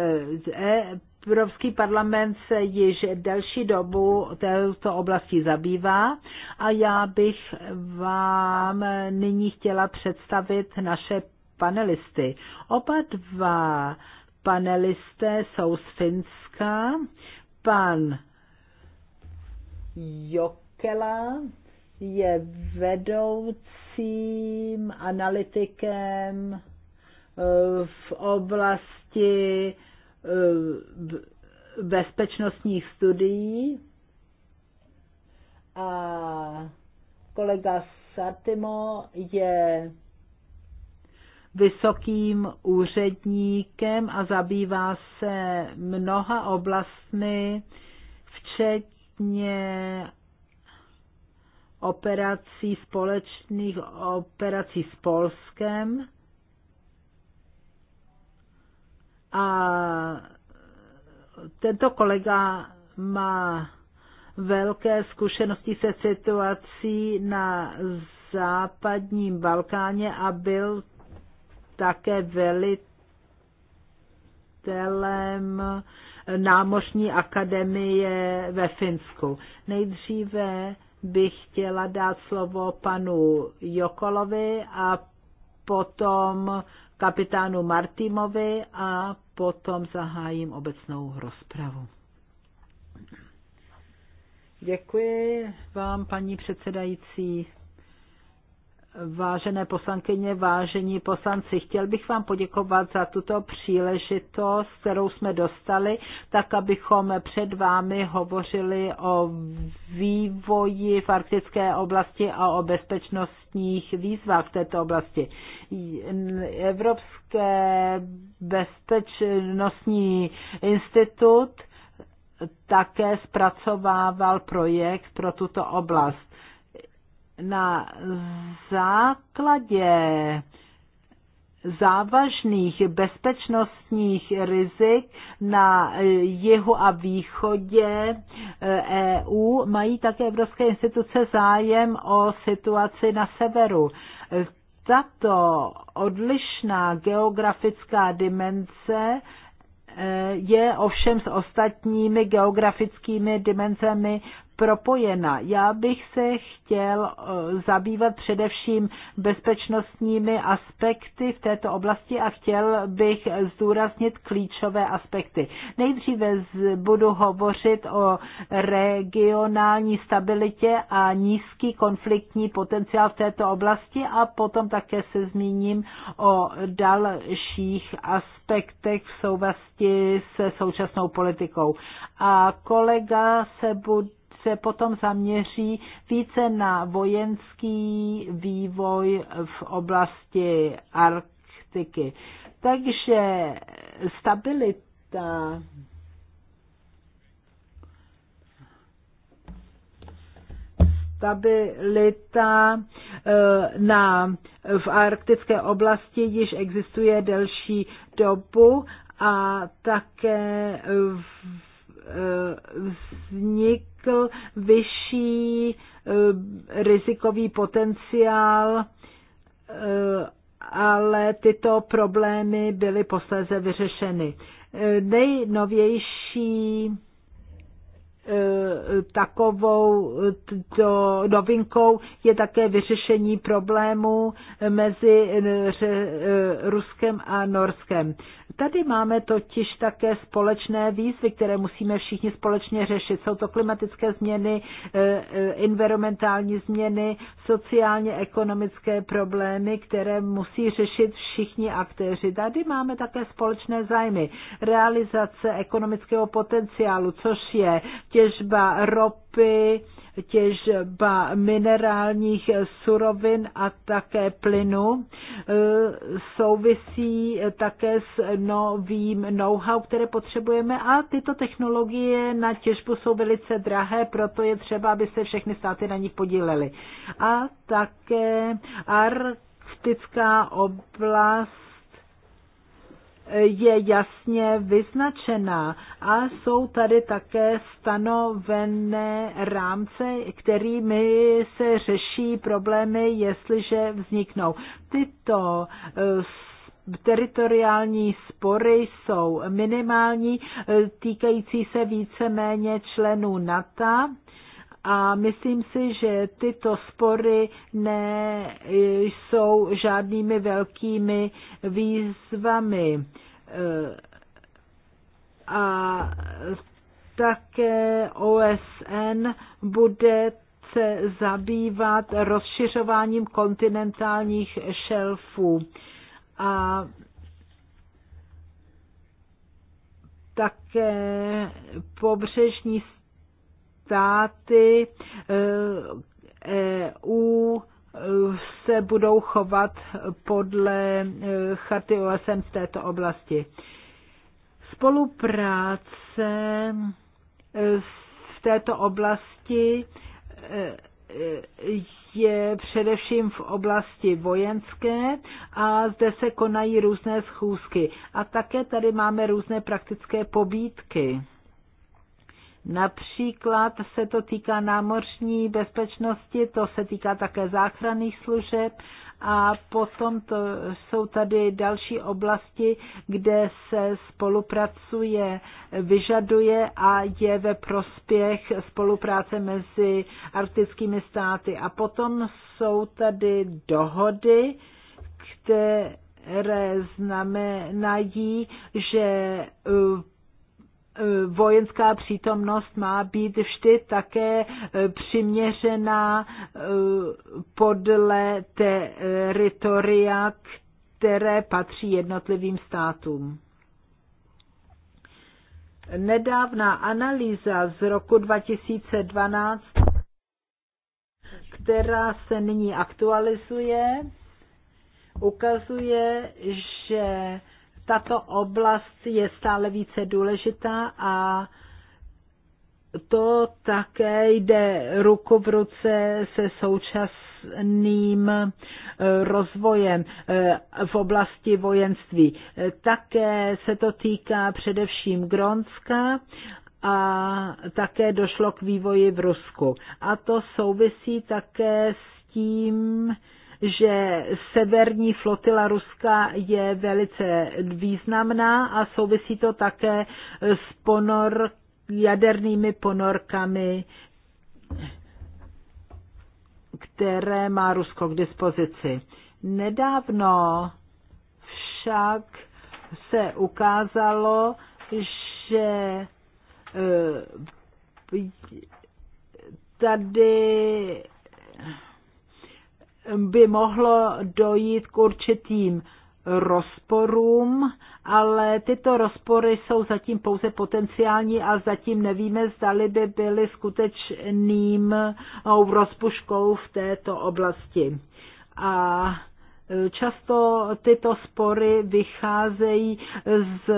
E, Evropský parlament se již delší dobu této oblasti zabývá a já bych vám nyní chtěla představit naše panelisty. Oba dva panelisté jsou z Finska, pan Jokela je vedoucím analytikem eh, v oblasti bezpečnostních studií a kolega Sartimo je vysokým úředníkem a zabývá se mnoha oblastmi, včetně operací společných operací s Polskem A tento kolega má velké zkušenosti se situací na západním Balkáně a byl také velitelem námořní akademie ve Finsku. Nejdříve bych chtěla dát slovo panu Jokolovi a potom kapitánu Martimovi a potom zahájím obecnou rozpravu. Děkuji vám, paní předsedající. Vážené poslankyně, vážení poslanci, chtěl bych vám poděkovat za tuto příležitost, kterou jsme dostali, tak abychom před vámi hovořili o vývoji v arktické oblasti a o bezpečnostních výzvách v této oblasti. Evropské bezpečnostní institut také zpracovával projekt pro tuto oblast na základě závažných bezpečnostních rizik na jihu a východě EU eh, e mají také evropské instituce zájem o situaci na severu. Tato odlišná geografická dimenze eh, je ovšem s ostatními geografickými dimenzemi propojena. Já bych se chtěl eh, zabývat především bezpečnostními aspekty v této oblasti a chtěl bych zdůraznit klíčové aspekty. Nejdříve budu hovořit o regionální stabilitě a nízký konfliktní potenciál v této oblasti a potom také se zmíním o dalších aspektech v souvislosti se současnou politikou. A kolega se bude se potom zaměří více na vojenský vývoj v oblasti Arktiky. Takže stabilita stabilita eh, na, v arktické oblasti již existuje delší dobu a také v vznikl vyšší eh, rizikový potenciál, eh, ale tyto problémy byly posléze vyřešeny. Eh, nejnovější takovou to novinkou je také vyřešení problému mezi Ruskem a Norskem. Tady máme totiž také společné výzvy, které musíme všichni společně řešit. Jsou to klimatické změny, eh, eh, environmentální změny, sociálně ekonomické problémy, které musí řešit všichni aktéři. Tady máme také společné zájmy. Realizace ekonomického potenciálu, což je těžba ropy, těžba minerálních surovin a také plynu e, souvisí také s novým know-how, které potřebujeme a tyto technologie na těžbu jsou velice drahé, proto je třeba, aby se všechny státy na nich podílely. A také arktická oblast je jasně vyznačená a jsou tady také stanovené rámce, kterými se řeší problémy, jestliže vzniknou. Tyto eh, teritoriální spory jsou minimální, eh, týkající se víceméně členů NATO a myslím si, že tyto spory ne jsou žádnými velkými výzvami. Eh, a také OSN bude se zabývat rozšiřováním kontinentálních šelfů. A také pobřežní státy eh, EU eh, se budou chovat podle eh, charty OSN v této oblasti. Spolupráce v této oblasti je především v oblasti vojenské a zde se konají různé schůzky. A také tady máme různé praktické pobídky. Například se to týká námořní bezpečnosti, to se týká také záchranných služeb a potom to jsou tady další oblasti, kde se spolupracuje, vyžaduje a je ve prospěch spolupráce mezi arktickými státy. A potom jsou tady dohody, které znamenají, že eh, vojenská přítomnost má být vždy také e, přiměřená e, podle teritoria, které patří jednotlivým státům. Nedávná analýza z roku 2012, která se nyní aktualizuje, ukazuje, že tato oblast je stále více důležitá a to také jde ruku v ruce se současným eh, rozvojem eh, v oblasti vojenství. Eh, také se to týká především Grónska a také došlo k vývoji v Rusku. A to souvisí také s tím, že severní flotila Ruska je velice významná a souvisí to také s ponor, jadernými ponorkami, které má Rusko k dispozici. Nedávno však se ukázalo, že eh, tady by mohlo dojít k určitým rozporům, ale tyto rozpory jsou zatím pouze potenciální a zatím nevíme, zdali by byly skutečným eh, rozpuškou v této oblasti. A eh, často tyto spory vycházejí z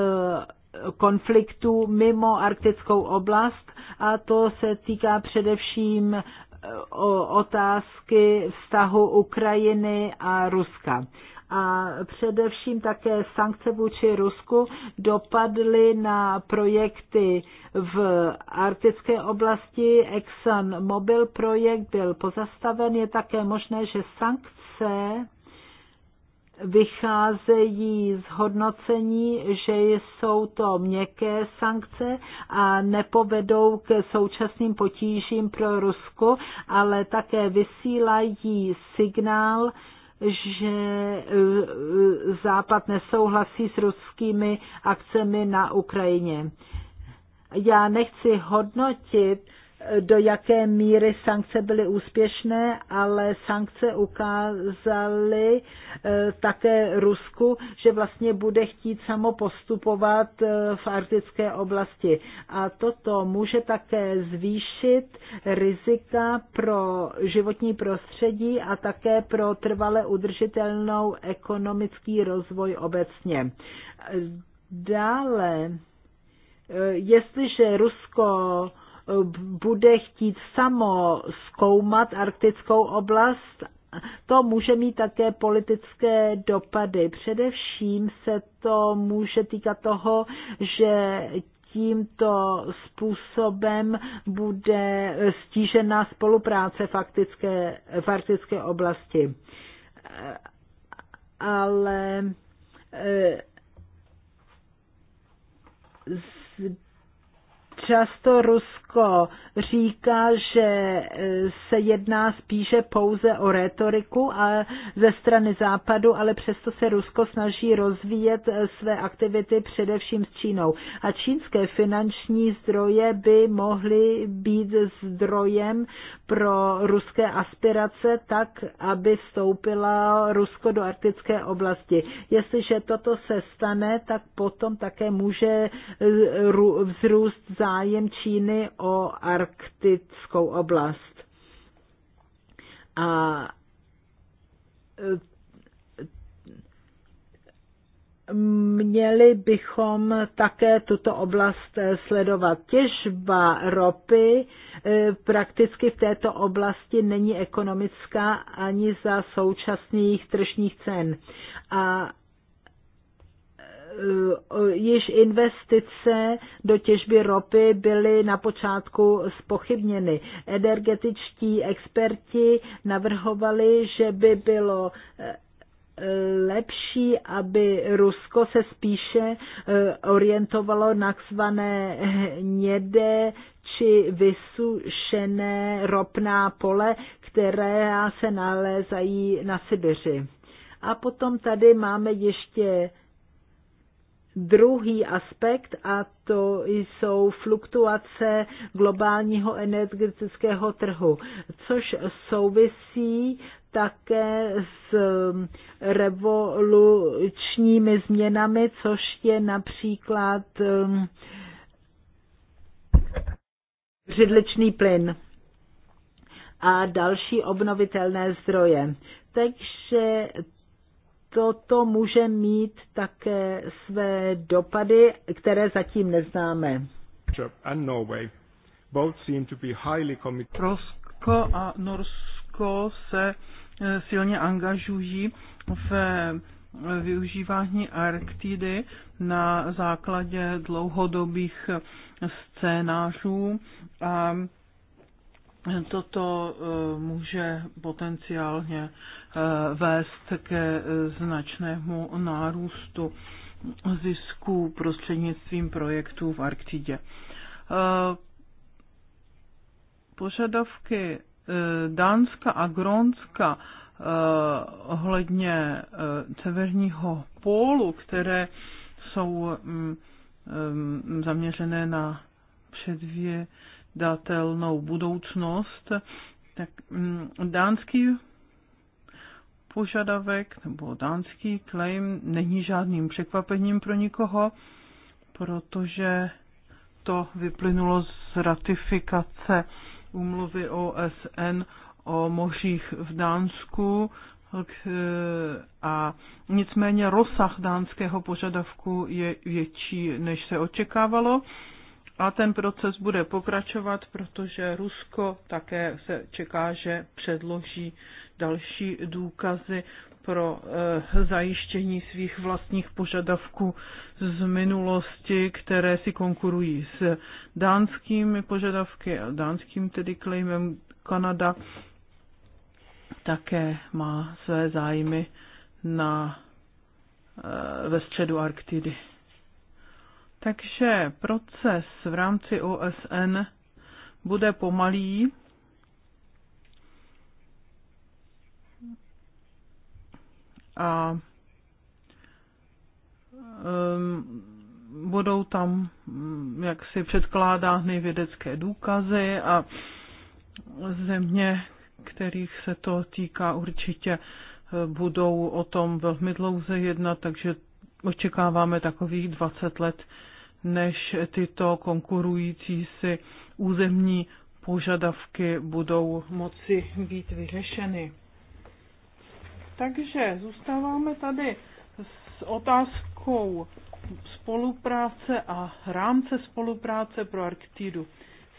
konfliktů mimo arktickou oblast a to se týká především otázky vztahu Ukrajiny a Ruska. A především také sankce vůči Rusku dopadly na projekty v arktické oblasti. Exxon Mobil projekt byl pozastaven. Je také možné, že sankce vycházejí z hodnocení, že jsou to měkké sankce a nepovedou k současným potížím pro Rusko, ale také vysílají signál, že e, e, Západ nesouhlasí s ruskými akcemi na Ukrajině. Já nechci hodnotit, do jaké míry sankce byly úspěšné, ale sankce ukázaly eh, také Rusku, že vlastně bude chtít samo postupovat eh, v arktické oblasti. A toto může také zvýšit rizika pro životní prostředí a také pro trvale udržitelnou ekonomický rozvoj obecně. Dále, eh, jestliže Rusko bude chtít samo zkoumat arktickou oblast, to může mít také politické dopady. Především se to může týkat toho, že tímto způsobem bude stížena spolupráce faktické, v arktické oblasti. Ale eh, Často Rusko říká, že eh, se jedná spíše pouze o retoriku a ze strany západu, ale přesto se Rusko snaží rozvíjet eh, své aktivity především s Čínou. A čínské finanční zdroje by mohly být zdrojem pro ruské aspirace tak, aby vstoupila Rusko do arktické oblasti. Jestliže toto se stane, tak potom také může eh, vzrůst zájem zájem Číny o arktickou oblast. A e, měli bychom také tuto oblast e, sledovat. Těžba ropy e, prakticky v této oblasti není ekonomická ani za současných tržních cen. A E, již investice do těžby ropy byly na počátku spochybněny. Energetičtí experti navrhovali, že by bylo e, lepší, aby Rusko se spíše e, orientovalo na zvané hnědé či vysušené ropná pole, které se nalézají na Sibiři. A potom tady máme ještě druhý aspekt a to jsou fluktuace globálního energetického trhu, což souvisí také s mm, revolučními změnami, což je například mm, břidličný plyn a další obnovitelné zdroje. Takže toto může mít také své dopady, které zatím neznáme. Rusko a Norsko se eh, silně angažují v eh, využívání Arktidy na základě dlouhodobých eh, scénářů a toto e, může potenciálně e, vést ke e, značnému nárůstu zisku prostřednictvím projektů v Arktidě. Požadavky Dánska a Grónska ohledně severního pólu, které jsou mm, mm, zaměřené na předvě předvídatelnou budoucnost, tak mm, dánský požadavek nebo dánský claim není žádným překvapením pro nikoho, protože to vyplynulo z ratifikace úmluvy OSN o mořích v Dánsku a nicméně rozsah dánského požadavku je větší, než se očekávalo a ten proces bude pokračovat, protože Rusko také se čeká, že předloží další důkazy pro eh, zajištění svých vlastních požadavků z minulosti, které si konkurují s dánskými požadavky a dánským tedy klejmem Kanada také má své zájmy na, eh, ve středu Arktidy. Takže proces v rámci OSN bude pomalý. A um, budou tam mm, jak si předkládány vědecké důkazy a země, kterých se to týká určitě, eh, budou o tom velmi dlouze jednat, takže očekáváme takových 20 let než tyto konkurující si územní požadavky budou moci být vyřešeny. Takže zůstáváme tady s otázkou spolupráce a rámce spolupráce pro Arktidu.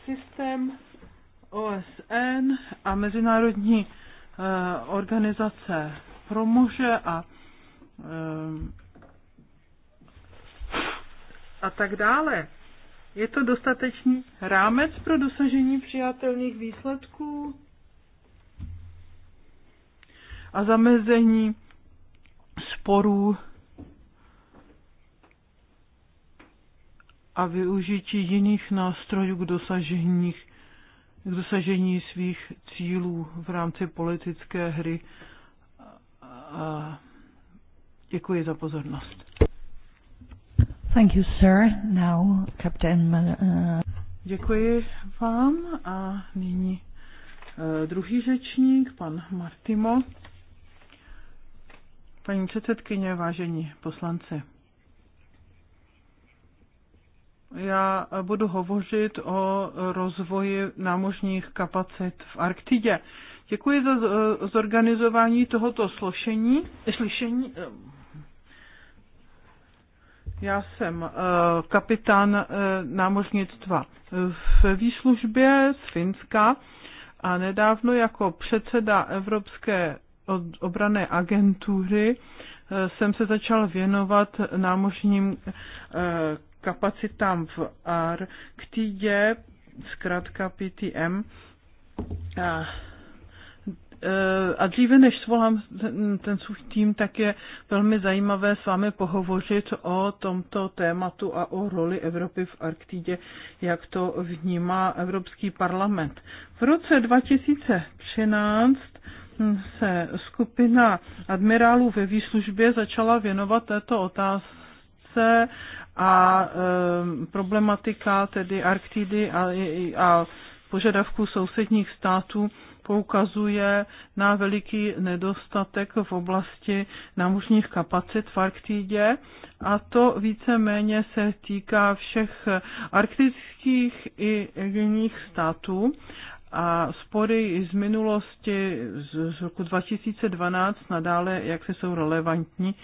Systém OSN a Mezinárodní eh, organizace pro muže a eh, a tak dále. Je to dostatečný rámec pro dosažení přijatelných výsledků a zamezení sporů a využití jiných nástrojů k dosažení, k dosažení svých cílů v rámci politické hry. A děkuji za pozornost. Thank you, sir. Now, Captain. Uh... Děkuji vám a nyní uh, druhý řečník, pan Martimo. Paní předsedkyně, vážení poslanci. Já budu hovořit o rozvoji námořních kapacit v Arktidě. Děkuji za zorganizování tohoto slošení, slyšení, eh, já jsem eh, kapitán eh, námořnictva v výslužbě z Finska a nedávno jako předseda Evropské obrané agentury eh, jsem se začal věnovat námořním kapacitám v Arktidě, zkrátka PTM. Eh, a dříve než svolám ten, svůj tým, tak je velmi zajímavé s vámi pohovořit o tomto tématu a o roli Evropy v Arktidě, jak to vnímá Evropský parlament. V roce 2013 hm, se skupina admirálů ve výslužbě začala věnovat této otázce a e, problematika tedy Arktidy a, a požadavků sousedních států poukazuje na veliký nedostatek v oblasti námořních kapacit v Arktidě a to víceméně se týká všech arktických i jiných států a spory z minulosti z roku 2012 nadále, jak se jsou relevantní,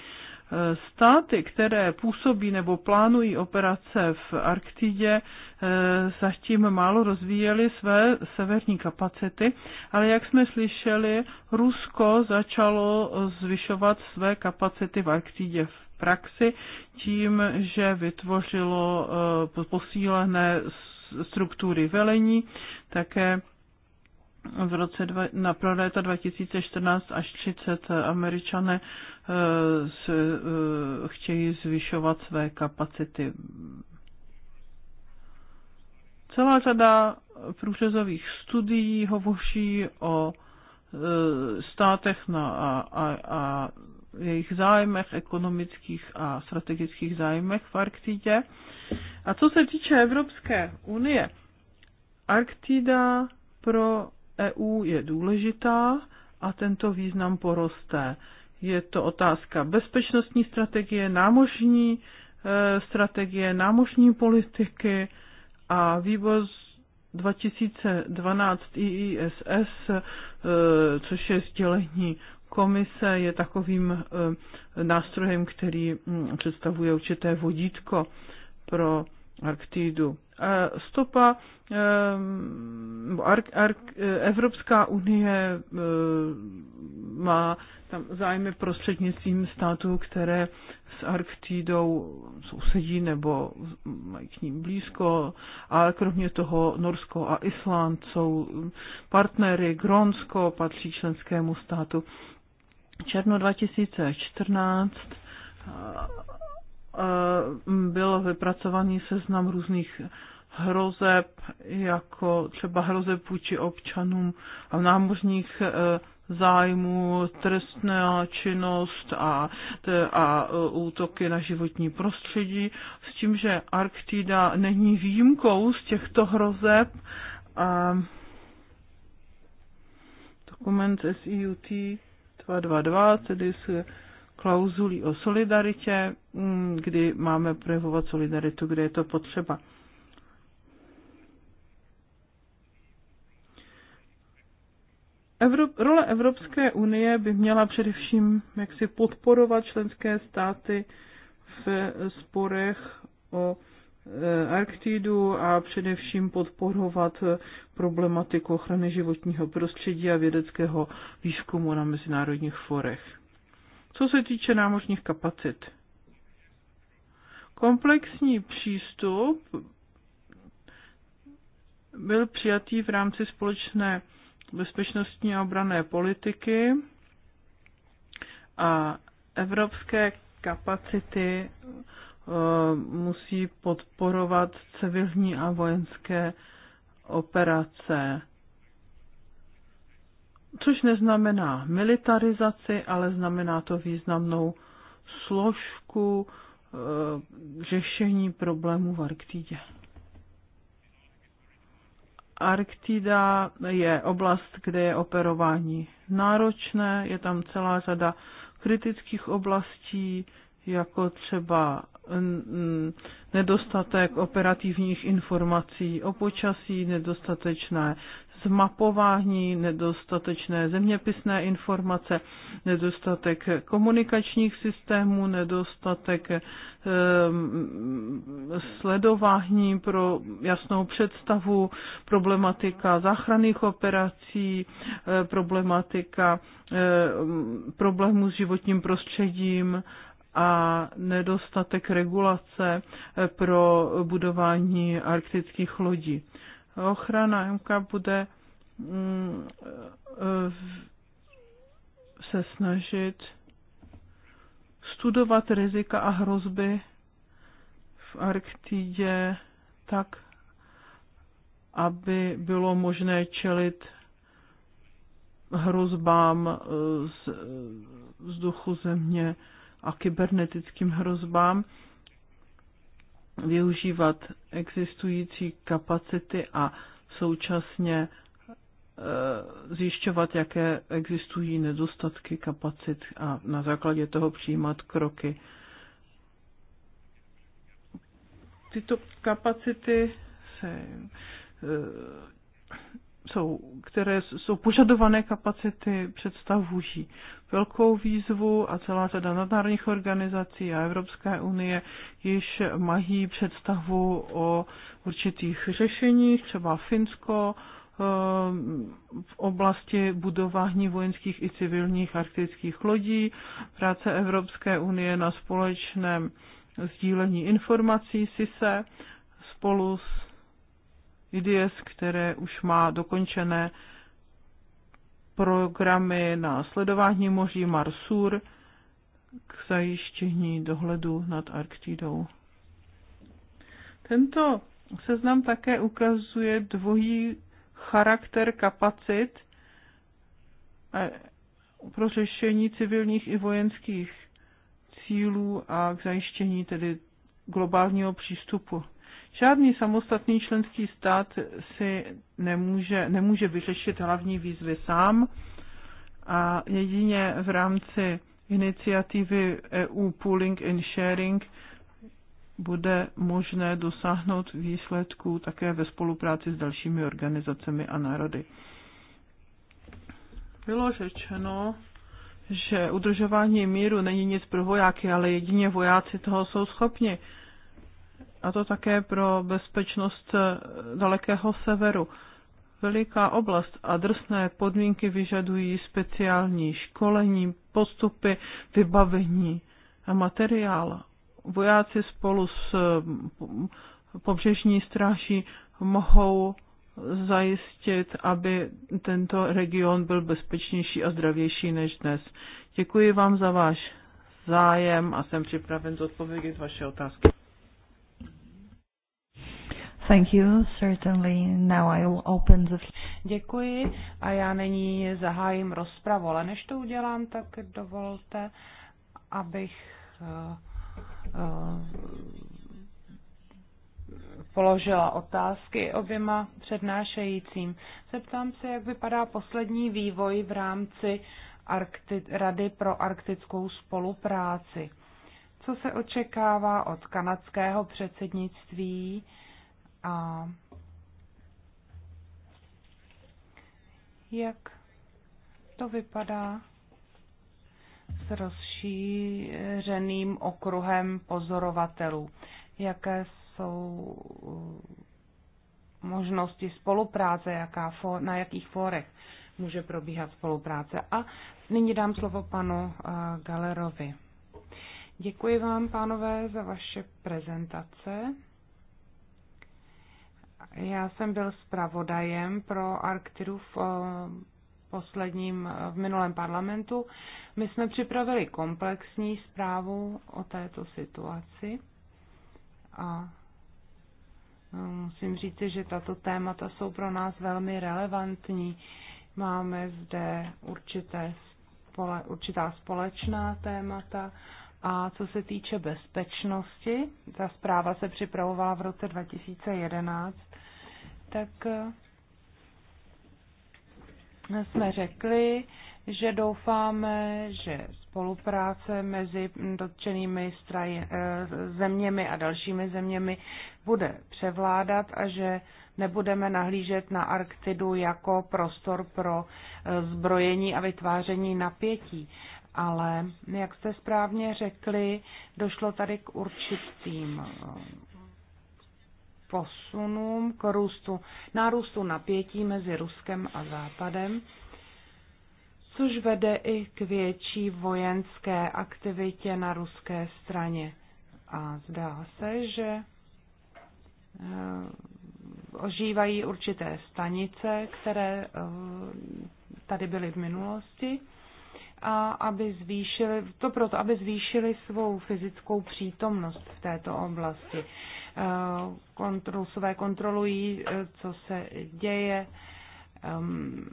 Státy, které působí nebo plánují operace v Arktidě, Eh, zatím málo rozvíjeli své severní kapacity, ale jak jsme slyšeli, Rusko začalo zvyšovat své kapacity v Arktidě v praxi tím, že vytvořilo eh, posílené struktury velení, také v roce dva, na pro léta 2014 až 30 američané e, e, chtějí zvyšovat své kapacity Celá řada průřezových studií hovoří o e, státech na, a, a, a jejich zájmech, ekonomických a strategických zájmech v Arktidě. A co se týče Evropské unie, Arktida pro EU je důležitá a tento význam poroste. Je to otázka bezpečnostní strategie, námořní e, strategie, námožní politiky, a vývoz 2012 IISS, e, což je sdělení komise, je takovým e, nástrojem, který mm, představuje určité vodítko pro Arktidu. Stopa eh, eh, Evropská unie eh, má tam zájmy prostřednictvím států, které s Arktidou sousedí nebo mají k ním blízko. A kromě toho Norsko a Island jsou partnery. Grónsko patří členskému státu. Černo 2014 Eh, byl vypracovaný seznam různých hrozeb, jako třeba hrozeb vůči občanům a námořních eh, zájmů, trestná činnost a, a eh, útoky na životní prostředí, s tím, že Arktida není výjimkou z těchto hrozeb. A dokument SEUT 222, tedy se klauzulí o solidaritě, mm, kdy máme projevovat solidaritu, kde je to potřeba. Evrop, role Evropské unie by měla především jaksi podporovat členské státy v sporech o eh, Arktidu a především podporovat problematiku ochrany životního prostředí a vědeckého výzkumu na mezinárodních forech. Co se týče námořních kapacit, komplexní přístup byl přijatý v rámci společné bezpečnostní a obrané politiky a evropské kapacity eh, musí podporovat civilní a vojenské operace což neznamená militarizaci, ale znamená to významnou složku e, řešení problémů v Arktidě. Arktida je oblast, kde je operování náročné, je tam celá řada kritických oblastí, jako třeba nedostatek operativních informací o počasí, nedostatečné zmapování, nedostatečné zeměpisné informace, nedostatek komunikačních systémů, nedostatek eh, sledování pro jasnou představu, problematika záchranných operací, eh, problematika eh, problémů s životním prostředím a nedostatek regulace pro budování arktických lodí. Ochrana MK bude mm, e, se snažit studovat rizika a hrozby v Arktidě tak, aby bylo možné čelit hrozbám e, z e, vzduchu země a kybernetickým hrozbám, využívat existující kapacity a současně e, zjišťovat, jaké existují nedostatky kapacit a na základě toho přijímat kroky. Tyto kapacity se e, jsou, které jsou požadované kapacity, představují velkou výzvu a celá řada nadnárodních organizací a Evropské unie již mají představu o určitých řešeních, třeba Finsko, ehm, v oblasti budování vojenských i civilních arktických lodí, práce Evropské unie na společném sdílení informací SISE spolu s IDS, které už má dokončené programy na sledování moří Marsur k zajištění dohledu nad Arktidou. Tento seznam také ukazuje dvojí charakter kapacit e, pro řešení civilních i vojenských cílů a k zajištění tedy globálního přístupu. Žádný samostatný členský stát si nemůže, nemůže vyřešit hlavní výzvy sám a jedině v rámci iniciativy EU Pooling and Sharing bude možné dosáhnout výsledků také ve spolupráci s dalšími organizacemi a národy. Bylo řečeno, že udržování míru není nic pro vojáky, ale jedině vojáci toho jsou schopni a to také pro bezpečnost eh, dalekého severu. Veliká oblast a drsné podmínky vyžadují speciální školení, postupy, vybavení a materiál. Vojáci spolu s eh, pobřežní stráží mohou zajistit, aby tento region byl bezpečnější a zdravější než dnes. Děkuji vám za váš zájem a jsem připraven zodpovědět vaše otázky. Thank you, certainly. Now I will open the... Děkuji a já nyní zahájím rozpravu, ale než to udělám, tak dovolte, abych uh, uh, položila otázky oběma přednášejícím. Zeptám se, jak vypadá poslední vývoj v rámci Arkti- Rady pro arktickou spolupráci. Co se očekává od kanadského předsednictví? A jak to vypadá s rozšířeným okruhem pozorovatelů? Jaké jsou uh, možnosti spolupráce, jaká, na jakých fórech může probíhat spolupráce. A nyní dám slovo panu uh, Galerovi. Děkuji vám, pánové, za vaše prezentace. Já jsem byl zpravodajem pro Arktidu v eh, posledním, eh, v minulém parlamentu. My jsme připravili komplexní zprávu o této situaci a eh, musím říci, že tato témata jsou pro nás velmi relevantní. Máme zde určité spole, určitá společná témata a co se týče bezpečnosti, ta zpráva se připravovala v roce 2011, tak eh, jsme řekli, že doufáme, že spolupráce mezi dotčenými straj, eh, zeměmi a dalšími zeměmi bude převládat a že nebudeme nahlížet na Arktidu jako prostor pro eh, zbrojení a vytváření napětí ale jak jste správně řekli, došlo tady k určitým eh, posunům, k růstu, nárůstu napětí mezi Ruskem a Západem, což vede i k větší vojenské aktivitě na ruské straně. A zdá se, že eh, ožívají určité stanice, které eh, tady byly v minulosti a aby zvýšili, to proto, aby zvýšili svou fyzickou přítomnost v této oblasti. Eh, své kontrolují, eh, co se děje, ehm,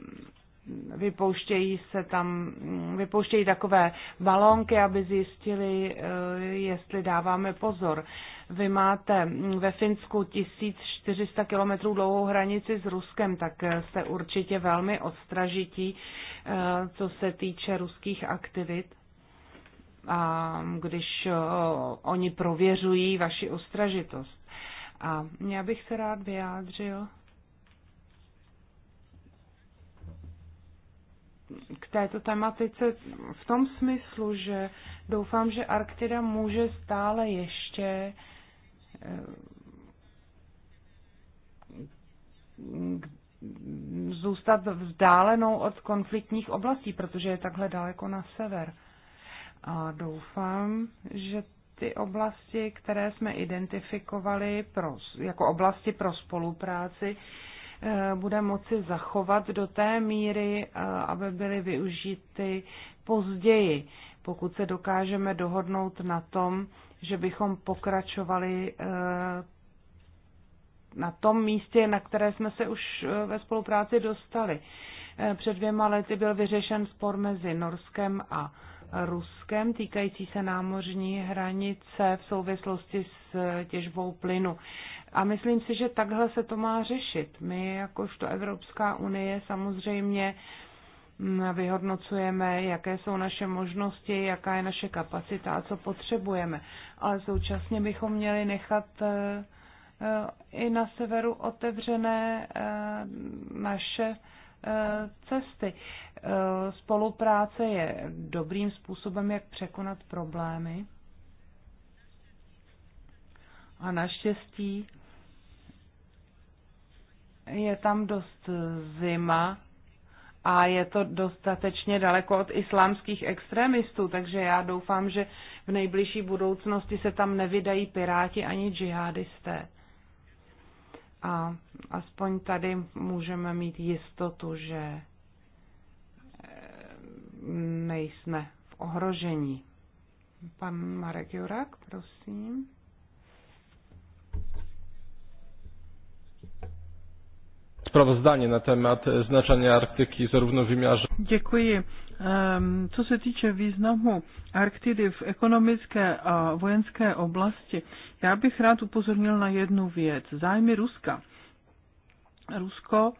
vypouštějí se tam, mm, vypouštějí takové balónky, aby zjistili, eh, jestli dáváme pozor. Vy máte mm, ve Finsku 1400 kilometrů dlouhou hranici s Ruskem, tak eh, jste určitě velmi odstražití, eh, co se týče ruských aktivit. A když oni prověřují vaši ostražitost. A já bych se rád vyjádřil k této tematice v tom smyslu, že doufám, že Arktida může stále ještě eh, zůstat vzdálenou od konfliktních oblastí, protože je takhle daleko na sever. A doufám, že ty oblasti, které jsme identifikovali pro, jako oblasti pro spolupráci, bude moci zachovat do té míry, eh, aby byly využity později, pokud se dokážeme dohodnout na tom, že bychom pokračovali eh, na tom místě, na které jsme se už eh, ve spolupráci dostali. Před dvěma lety byl vyřešen spor mezi Norskem a Ruskem týkající se námořní hranice v souvislosti s těžbou plynu. A myslím si, že takhle se to má řešit. My, jakožto Evropská unie, samozřejmě mm, vyhodnocujeme, jaké jsou naše možnosti, jaká je naše kapacita a co potřebujeme. Ale současně bychom měli nechat eh, eh, i na severu otevřené eh, naše cesty. Spolupráce je dobrým způsobem, jak překonat problémy. A naštěstí je tam dost zima a je to dostatečně daleko od islámských extremistů, takže já doufám, že v nejbližší budoucnosti se tam nevydají piráti ani džihadisté. A aspoň tady můžeme mít jistotu, že eh, nejsme v ohrožení. Pan Marek Jurak, prosím. sprawozdanie na temat znaczenia Arktyki zarówno w wymiarze. Děkuji. Co se týče významu Arktidy v ekonomické a vojenské oblasti, já bych rád upozornil na jednu věc. Zájmy Ruska. Rusko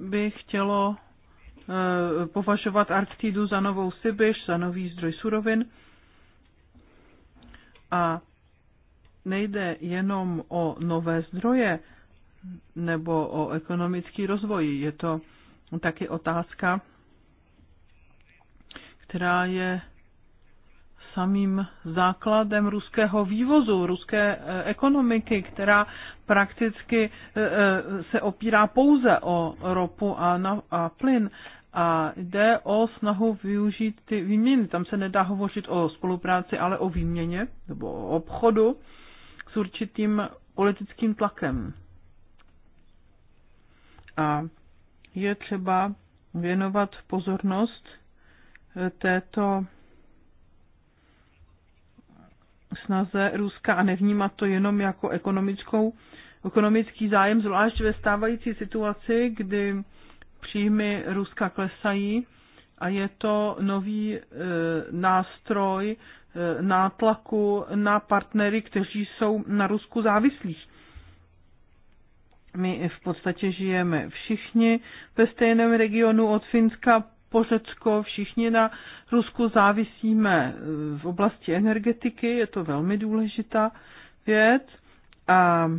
by chtělo eh, považovat Arktidu za novou Sibiš, za nový zdroj surovin. A nejde jenom o nové zdroje, nebo o ekonomický rozvoj. Je to taky otázka, která je samým základem ruského vývozu, ruské eh, ekonomiky, která prakticky eh, eh, se opírá pouze o ropu a, na, a plyn. A jde o snahu využít ty výměny. Tam se nedá hovořit o spolupráci, ale o výměně nebo o obchodu s určitým politickým tlakem. A je třeba věnovat pozornost eh, této snaze Ruska a nevnímat to jenom jako ekonomickou, ekonomický zájem, zvlášť ve stávající situaci, kdy příjmy Ruska klesají a je to nový e, nástroj e, nátlaku na partnery, kteří jsou na Rusku závislí. My v podstatě žijeme všichni ve stejném regionu od Finska po Řecko, všichni na Rusku závisíme eh, v oblasti energetiky, je to velmi důležitá věc. A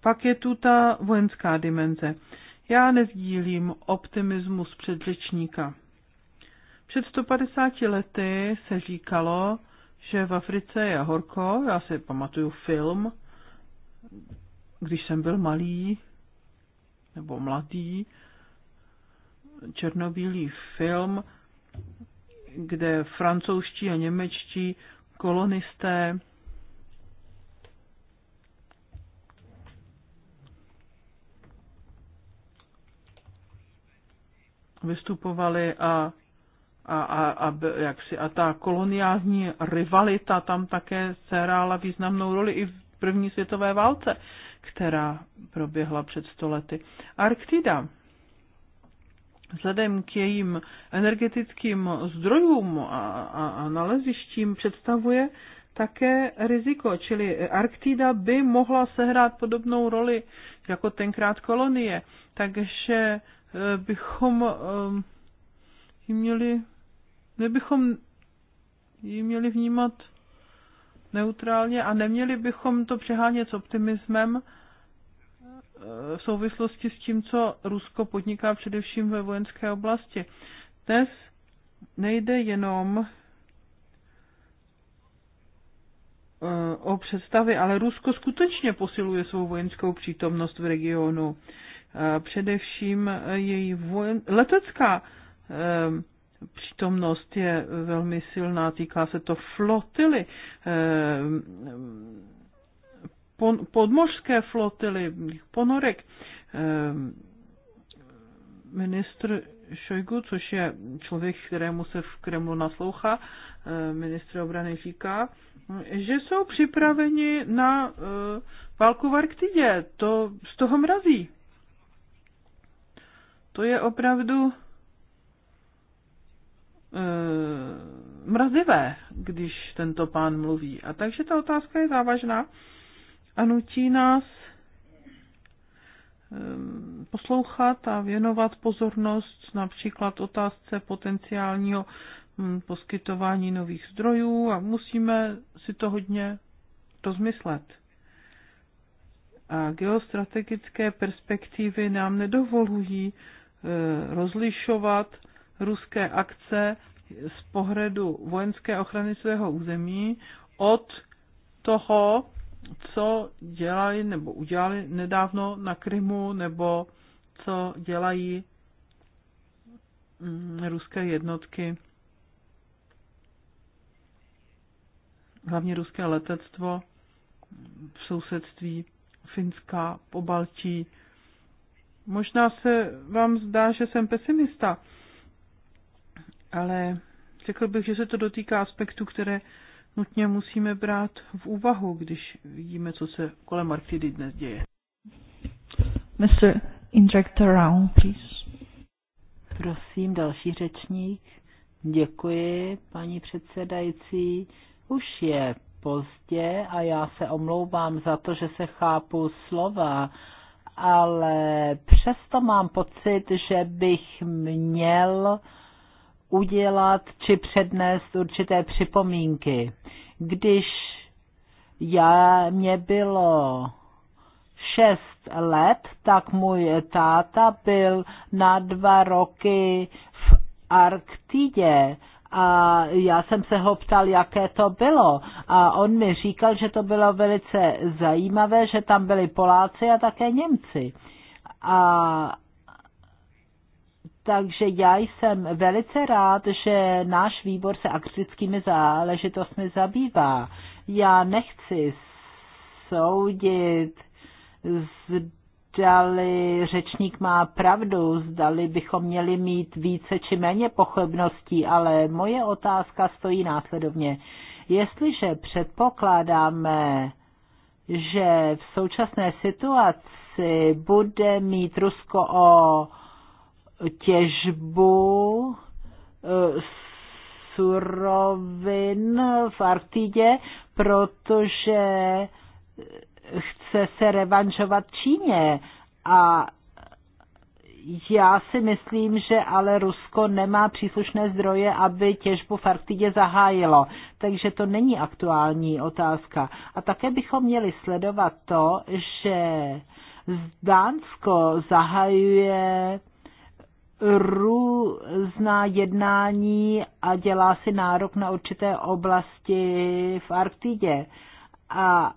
pak je tu ta vojenská dimenze. Já nezdílím optimismus předřečníka. Před 150 lety se říkalo, že v Africe je horko, já si pamatuju film, když jsem byl malý nebo mladý, černobílý film, kde francouzští a němečtí kolonisté vystupovali a, a, a, a, jaksi, a ta koloniální rivalita tam také sehrála významnou roli i v první světové válce která proběhla před stolety. Arktida vzhledem k jejím energetickým zdrojům a, a, a nalezištím představuje také riziko, čili Arktida by mohla sehrát podobnou roli jako tenkrát kolonie, takže eh, bychom eh, ji měli, nebychom ji měli vnímat neutrálně a neměli bychom to přehánět s optimismem, v souvislosti s tím, co Rusko podniká především ve vojenské oblasti. Dnes nejde jenom eh, o představy, ale Rusko skutečně posiluje svou vojenskou přítomnost v regionu. Eh, především eh, její vojen... letecká přítomnost je velmi silná, týká se to flotily podmořské flotily, ponorek. Ehm, ministr Šojgu, což je člověk, kterému se v Kremlu naslouchá, ehm, ministr obrany říká, že jsou připraveni na eh, válku v Arktidě. To z toho mrazí. To je opravdu eh, mrazivé, když tento pán mluví. A takže ta otázka je závažná a nutí nás ehm, poslouchat a věnovat pozornost například otázce potenciálního hm, poskytování nových zdrojů a musíme si to hodně rozmyslet. A geostrategické perspektivy nám nedovolují eh, rozlišovat ruské akce z pohledu vojenské ochrany svého území od toho, co dělali nebo udělali nedávno na Krymu, nebo co dělají mm, ruské jednotky, hlavně ruské letectvo v sousedství Finska, Pobaltí. Možná se vám zdá, že jsem pesimista, ale řekl bych, že se to dotýká aspektů, které nutně musíme brát v úvahu, když vidíme, co se kolem Arktidy dnes děje. Mr. Injector Round, please. Prosím, další řečník. Děkuji, paní předsedající. Už je pozdě a já se omlouvám za to, že se chápu slova, ale přesto mám pocit, že bych měl uh, udělat či přednést určité připomínky. Když já, mě bylo šest let, tak můj táta byl na dva roky v Arktidě a já jsem se ho ptal, jaké to bylo. A on mi říkal, že to bylo velice zajímavé, že tam byli Poláci a také Němci. A takže já jsem velice rád, že náš výbor se akřickými záležitostmi zabývá. Já nechci soudit, zdali řečník má pravdu, zdali bychom měli mít více či méně pochybností, ale moje otázka stojí následovně. Jestliže předpokládáme, že v současné situaci bude mít Rusko o těžbu eh, surovin v Artidě, protože chce se revanžovat Číně. A já si myslím, že ale Rusko nemá příslušné zdroje, aby těžbu v Arktidě zahájilo. Takže to není aktuální otázka. A také bychom měli sledovat to, že Dánsko zahajuje různá jednání a dělá si nárok na určité oblasti v Arktidě. A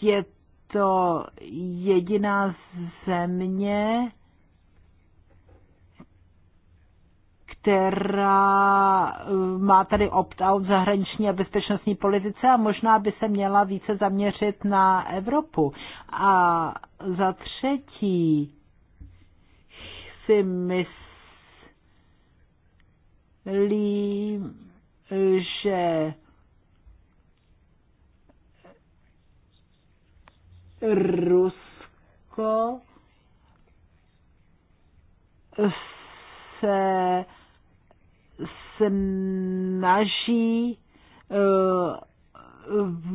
je to jediná země, která eh, má tady opt-out v zahraniční a bezpečnostní politice a možná by se měla více zaměřit na Evropu. A za třetí si myslím, že Rusko se snaží eh,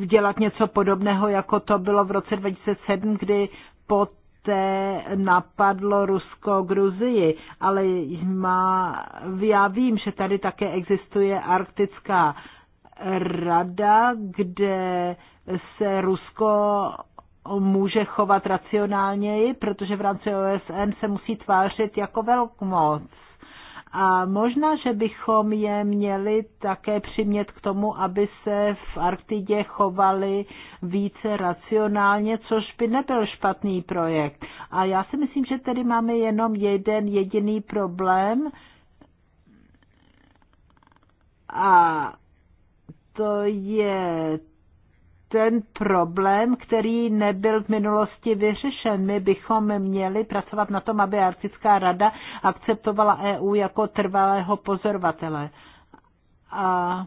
dělat něco podobného, jako to bylo v roce 2007, kdy poté napadlo Rusko Gruzii, ale má, já vím, že tady také existuje arktická rada, kde se Rusko může chovat racionálněji, protože v rámci OSN se musí tvářit jako velkmoc. A možná, že bychom je měli také přimět k tomu, aby se v Arktidě chovali více racionálně, což by nebyl špatný projekt. A já si myslím, že tedy máme jenom jeden jediný problém. A to je ten problém, který nebyl v minulosti vyřešen. My bychom měli pracovat na tom, aby Arktická rada akceptovala EU jako trvalého pozorovatele. A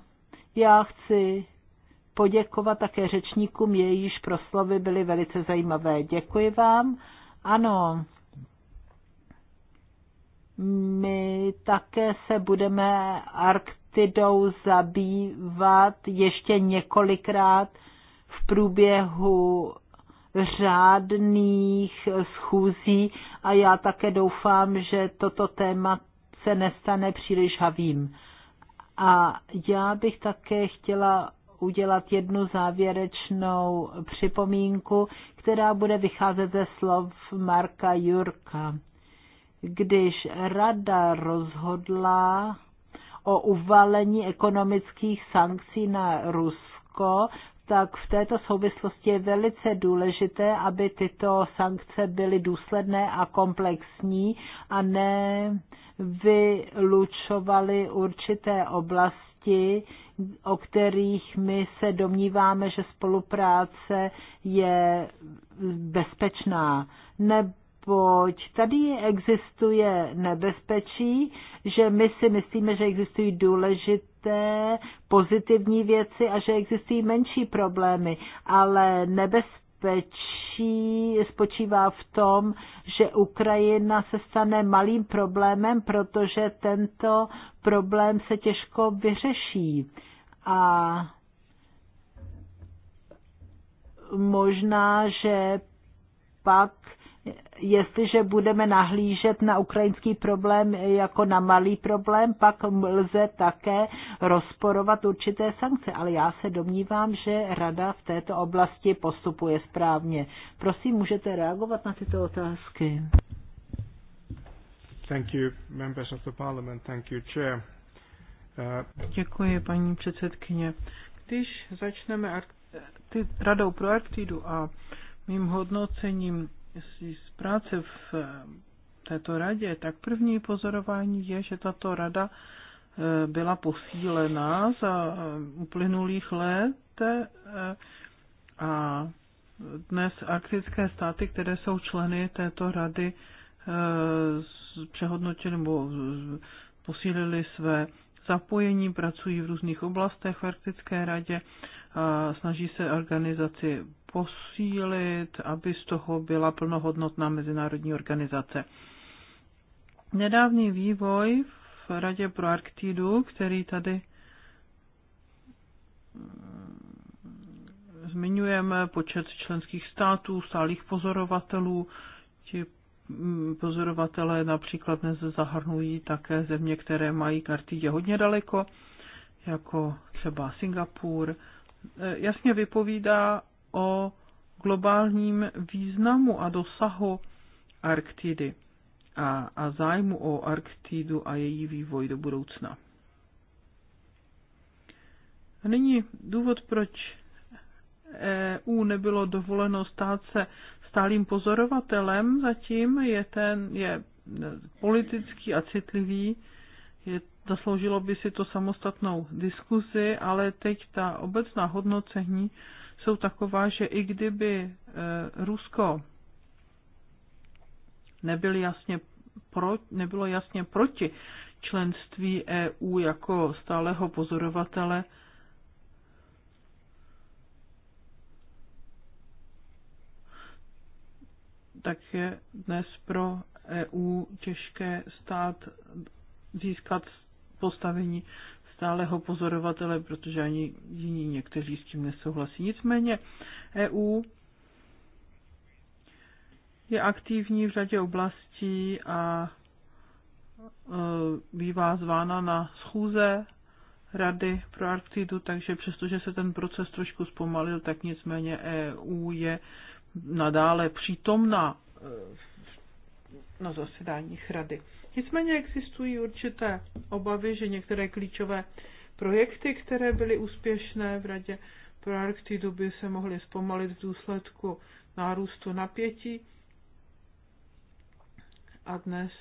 já chci poděkovat také řečníkům, jejíž proslovy byly velice zajímavé. Děkuji vám. Ano, my také se budeme Arktidou zabývat ještě několikrát průběhu řádných schůzí a já také doufám, že toto téma se nestane příliš havým. A já bych také chtěla udělat jednu závěrečnou připomínku, která bude vycházet ze slov Marka Jurka. Když rada rozhodla o uvalení ekonomických sankcí na Rusko, tak v této souvislosti je velice důležité, aby tyto sankce byly důsledné a komplexní a ne vylučovaly určité oblasti, o kterých my se domníváme, že spolupráce je bezpečná. Nebo neboť tady existuje nebezpečí, že my si myslíme, že existují důležité pozitivní věci a že existují menší problémy, ale nebezpečí spočívá v tom, že Ukrajina se stane malým problémem, protože tento problém se těžko vyřeší. A možná, že pak jestliže budeme nahlížet na ukrajinský problém jako na malý problém, pak lze také rozporovat určité sankce. Ale já se domnívám, že rada v této oblasti postupuje správně. Prosím, můžete reagovat na tyto otázky. Thank you, members of the parliament. Thank you, chair. Uh... Děkuji, paní předsedkyně. Když začneme radou pro Arktidu a mým hodnocením z práce v eh, této radě, tak první pozorování je, že tato rada eh, byla posílená za eh, uplynulých let a dnes arktické státy, které jsou členy této rady, přehodnotili nebo posílili své zapojení, pracují v různých oblastech v Arktické radě, a snaží se organizaci posílit, aby z toho byla plnohodnotná mezinárodní organizace. Nedávný vývoj v Radě pro Arktidu, který tady mm, zmiňujeme, počet členských států, stálých pozorovatelů, ti mm, pozorovatelé například dnes zahrnují také země, které mají Arktidě hodně daleko, jako třeba Singapur, e, jasně vypovídá o globálním významu a dosahu Arktidy a, a zájmu o Arktidu a její vývoj do budoucna. A nyní důvod, proč EU nebylo dovoleno stát se stálým pozorovatelem zatím, je ten je politický a citlivý. Je, zasloužilo by si to samostatnou diskuzi, ale teď ta obecná hodnocení jsou taková, že i kdyby eh, Rusko nebylo jasně pro, nebylo jasně proti členství EU jako stáleho pozorovatele, tak je dnes pro EU těžké stát získat postavení stáleho pozorovatele, protože ani jiní někteří s tím nesouhlasí. Nicméně EU je aktivní v řadě oblastí a e, bývá zvána na schůze Rady pro Arktidu, takže přestože se ten proces trošku zpomalil, tak nicméně EU je nadále přítomna e, na zasedáních Rady. Nicméně existují určité obavy, že některé klíčové projekty, které byly úspěšné v Radě pro Arktidu, by se mohly zpomalit v důsledku nárůstu napětí. A dnes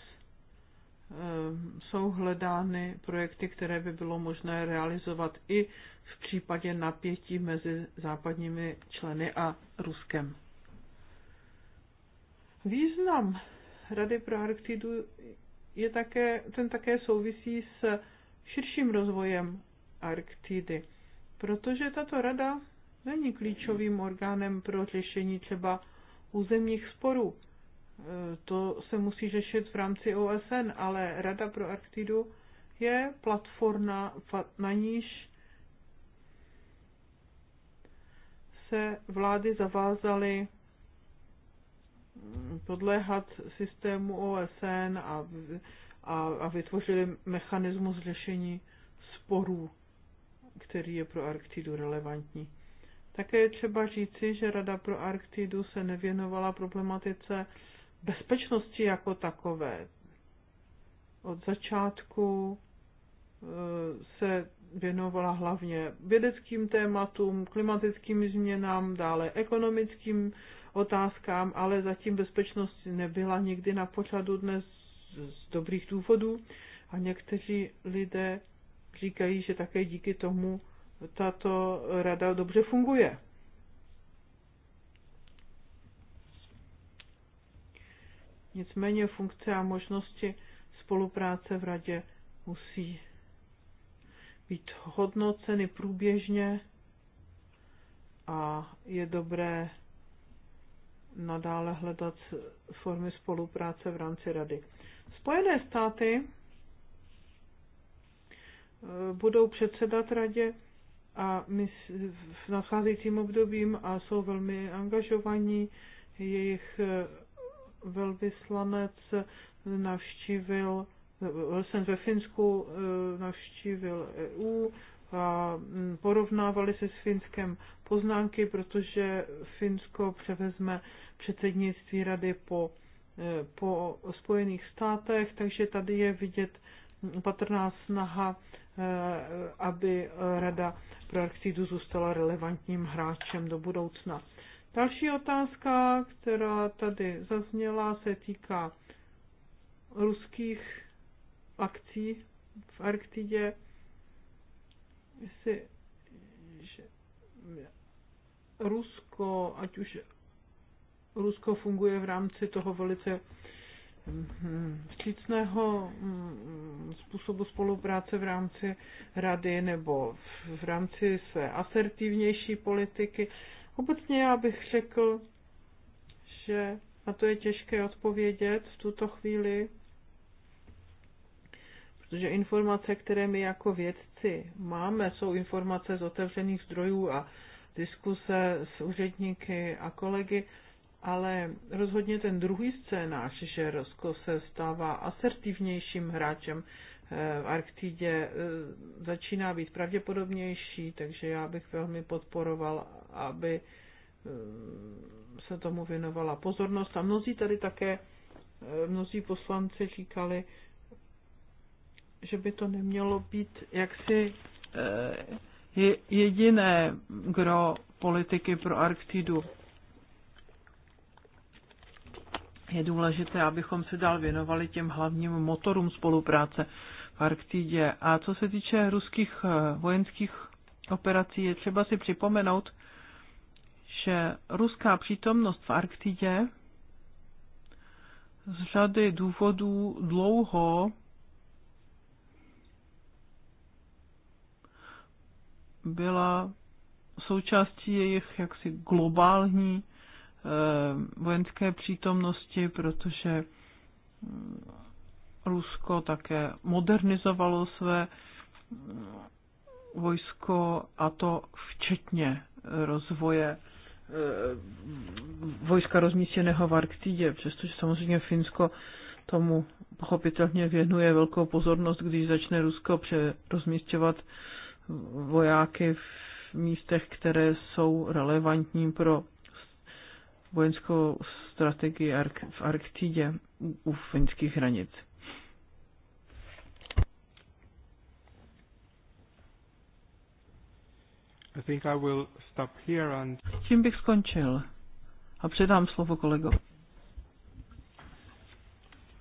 ehm, jsou hledány projekty, které by bylo možné realizovat i v případě napětí mezi západními členy a Ruskem. Význam Rady pro Arktidu je také, ten také souvisí s širším rozvojem Arktidy, protože tato rada není klíčovým orgánem pro řešení třeba územních sporů. E, to se musí řešit v rámci OSN, ale Rada pro Arktidu je platforma, na níž se vlády zavázaly podléhat systému OSN a, a, a vytvořili mechanismus řešení sporů, který je pro Arktidu relevantní. Také je třeba říci, že Rada pro Arktidu se nevěnovala problematice bezpečnosti jako takové. Od začátku e, se věnovala hlavně vědeckým tématům, klimatickým změnám, dále ekonomickým otázkám, ale zatím bezpečnost nebyla nikdy na pořadu dnes z dobrých důvodů a někteří lidé říkají, že také díky tomu tato rada dobře funguje. Nicméně funkce a možnosti spolupráce v radě musí být hodnoceny průběžně a je dobré nadále hledat formy spolupráce v rámci rady. Spojené státy eh, budou předsedat radě a my v nadcházejícím obdobím a jsou velmi angažovaní. Jejich eh, velvyslanec navštívil jsem ve Finsku eh, navštívil EU a mm, porovnávali se s Finskem poznámky, protože Finsko převezme předsednictví rady po, eh, po Spojených státech, takže tady je vidět patrná snaha, eh, aby Rada pro Arktidu zůstala relevantním hráčem do budoucna. Další otázka, která tady zazněla, se týká ruských akcí v Arktidě, jestli že Rusko, ať už Rusko funguje v rámci toho velice hm, vstřícného hm, způsobu spolupráce v rámci rady nebo v rámci své asertivnější politiky. Obecně já bych řekl, že na to je těžké odpovědět v tuto chvíli, protože informace, které my jako vědci máme, jsou informace z otevřených zdrojů a diskuse s úředníky a kolegy, ale rozhodně ten druhý scénář, že Rusko se stává asertivnějším hráčem eh, v Arktidě, eh, začíná být pravděpodobnější, takže já bych velmi podporoval, aby eh, se tomu věnovala pozornost. A mnozí tady také, mnozí poslanci říkali, že by to nemělo být jaksi eh, jediné gro politiky pro Arktidu. Je důležité, abychom se dál věnovali těm hlavním motorům spolupráce v Arktidě. A co se týče ruských eh, vojenských operací, je třeba si připomenout, že ruská přítomnost v Arktidě z řady důvodů dlouho byla součástí jejich jaksi globální eh, vojenské přítomnosti, protože eh, Rusko také modernizovalo své eh, vojsko a to včetně rozvoje vojska rozmístěného v Arktidě, přestože samozřejmě Finsko tomu pochopitelně věnuje velkou pozornost, když začne Rusko rozmístěvat vojáky v místech, které jsou relevantní pro vojenskou strategii v Arktidě u finských hranic. I think I will stop here and... Tím bych skončil a předám slovo kolegovi.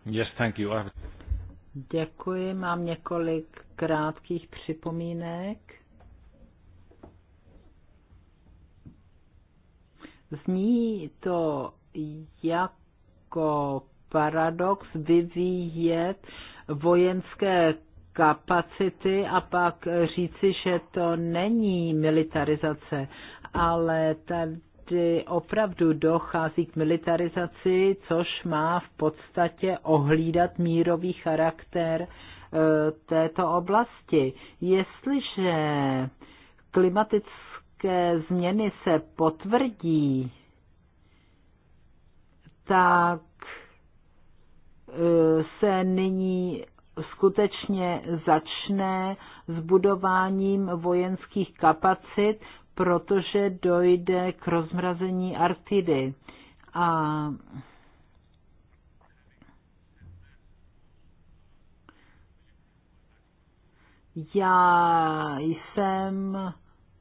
Yes, thank you. Děkuji, mám několik krátkých připomínek. Zní to jako paradox vyvíjet vojenské kapacity a pak říci, že to není militarizace, ale tady opravdu dochází k militarizaci, což má v podstatě ohlídat mírový charakter uh, této oblasti. Jestliže klimatické změny se potvrdí, tak e, se nyní skutečně začne s budováním vojenských kapacit, protože dojde k rozmrazení Arktidy. A Já jsem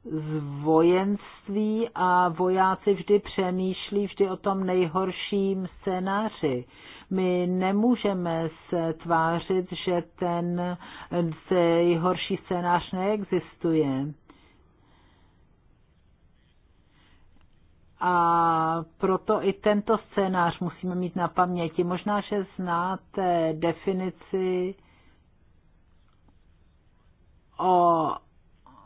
z vojenství a vojáci vždy přemýšlí vždy o tom nejhorším scénáři. My nemůžeme se tvářit, že ten nejhorší scénář neexistuje. a proto i tento scénář musíme mít na paměti. Možná, že znáte definici o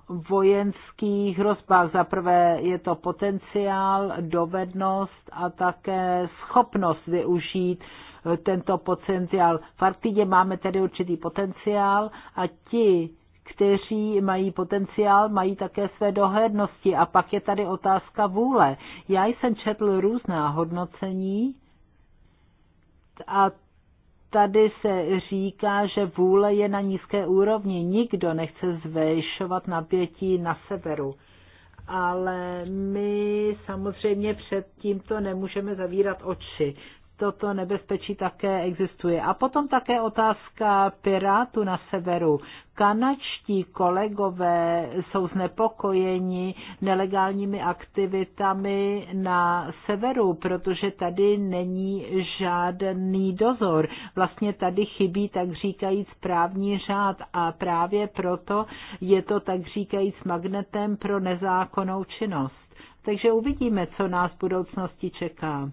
vojenských hrozbách. Za prvé je to potenciál, dovednost a také schopnost využít eh, tento potenciál. V Arktidě máme tedy určitý potenciál a ti, kteří mají potenciál, mají také své dohlednosti. A pak je tady otázka vůle. Já jsem četl různá hodnocení a tady se říká, že vůle je na nízké úrovni. Nikdo nechce zvejšovat napětí na severu. Ale my samozřejmě před tímto nemůžeme zavírat oči toto nebezpečí také existuje. A potom také otázka pirátů na severu. Kanačtí kolegové jsou znepokojeni nelegálními aktivitami na severu, protože tady není žádný dozor. Vlastně tady chybí, tak říkajíc, právní řád a právě proto je to, tak říkajíc, magnetem pro nezákonnou činnost. Takže uvidíme, co nás v budoucnosti čeká.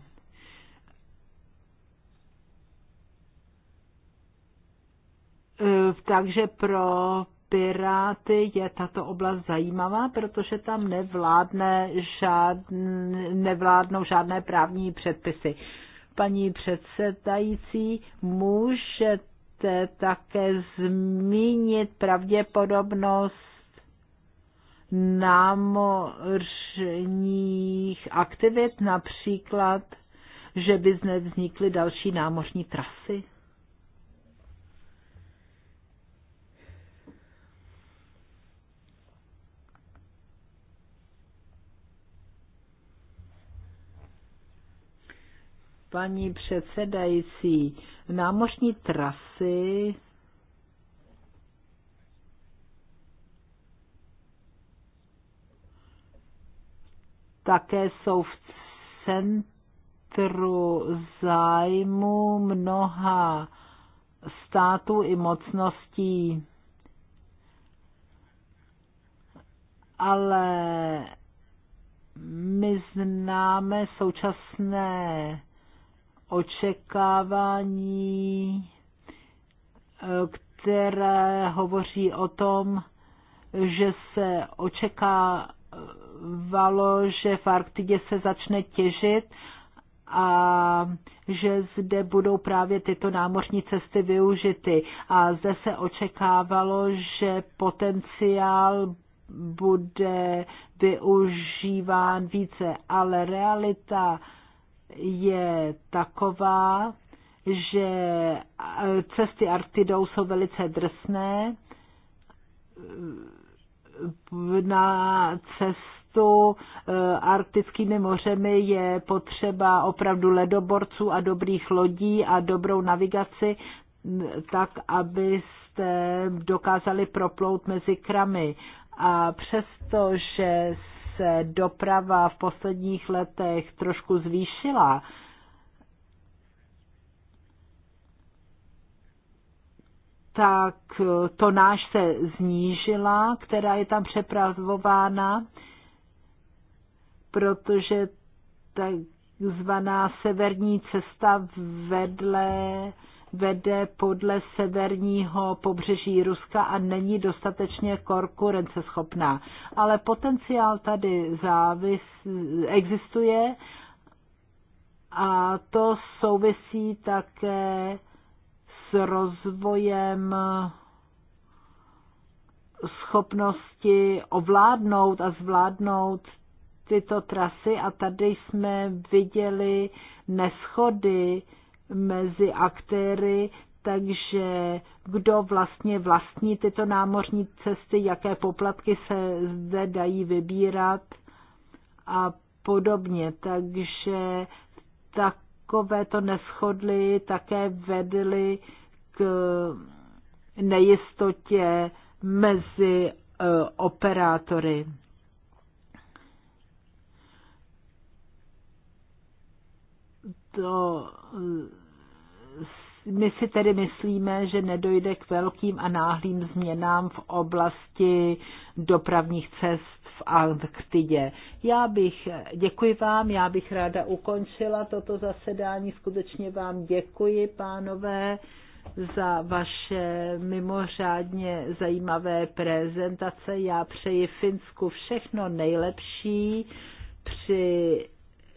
E, takže pro Piráty je tato oblast zajímavá, protože tam nevládne žádn, nevládnou žádné právní předpisy. Paní předsedající, můžete také zmínit pravděpodobnost námořních aktivit, například, že by zde vznikly další námořní trasy? paní předsedající. Námořní trasy také jsou v centru zájmu mnoha států i mocností. Ale my známe současné očekávání, eh, které hovoří o tom, že se očekávalo, že v Arktidě se začne těžit a že zde budou právě tyto námořní cesty využity. A zde se očekávalo, že potenciál bude využíván více, ale realita je taková, že cesty Artidou jsou velice drsné. Na cestu eh, arktickými mořemi je potřeba opravdu ledoborců a dobrých lodí a dobrou navigaci, tak abyste dokázali proplout mezi kramy. A přesto, že se doprava v posledních letech trošku zvýšila, tak to náš se znížila, která je tam přepravována, protože takzvaná severní cesta vedle vede podle severního pobřeží Ruska a není dostatečně konkurenceschopná. Ale potenciál tady závis, existuje a to souvisí také s rozvojem schopnosti ovládnout a zvládnout tyto trasy a tady jsme viděli neschody mezi aktéry, takže kdo vlastně vlastní tyto námořní cesty, jaké poplatky se zde dají vybírat a podobně. Takže takovéto neschodly také vedly k nejistotě mezi eh, operátory. to eh, my si tedy myslíme, že nedojde k velkým a náhlým změnám v oblasti dopravních cest v Antarktidě. Já bych, děkuji vám, já bych ráda ukončila toto zasedání. Skutečně vám děkuji, pánové, za vaše mimořádně zajímavé prezentace. Já přeji Finsku všechno nejlepší při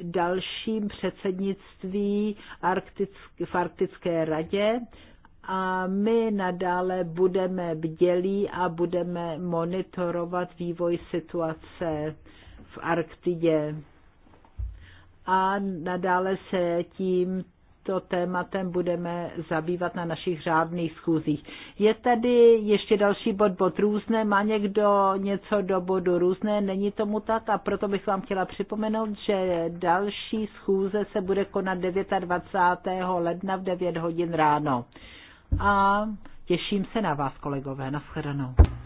dalším předsednictví v Arktické radě a my nadále budeme bdělí a budeme monitorovat vývoj situace v Arktidě. A nadále se tím tímto tématem budeme zabývat na našich řádných schůzích. Je tady ještě další bod, bod různé, má někdo něco do bodu různé, není tomu tak a proto bych vám chtěla připomenout, že další schůze se bude konat 29. ledna v 9 hodin ráno. A těším se na vás, kolegové, na shledanou.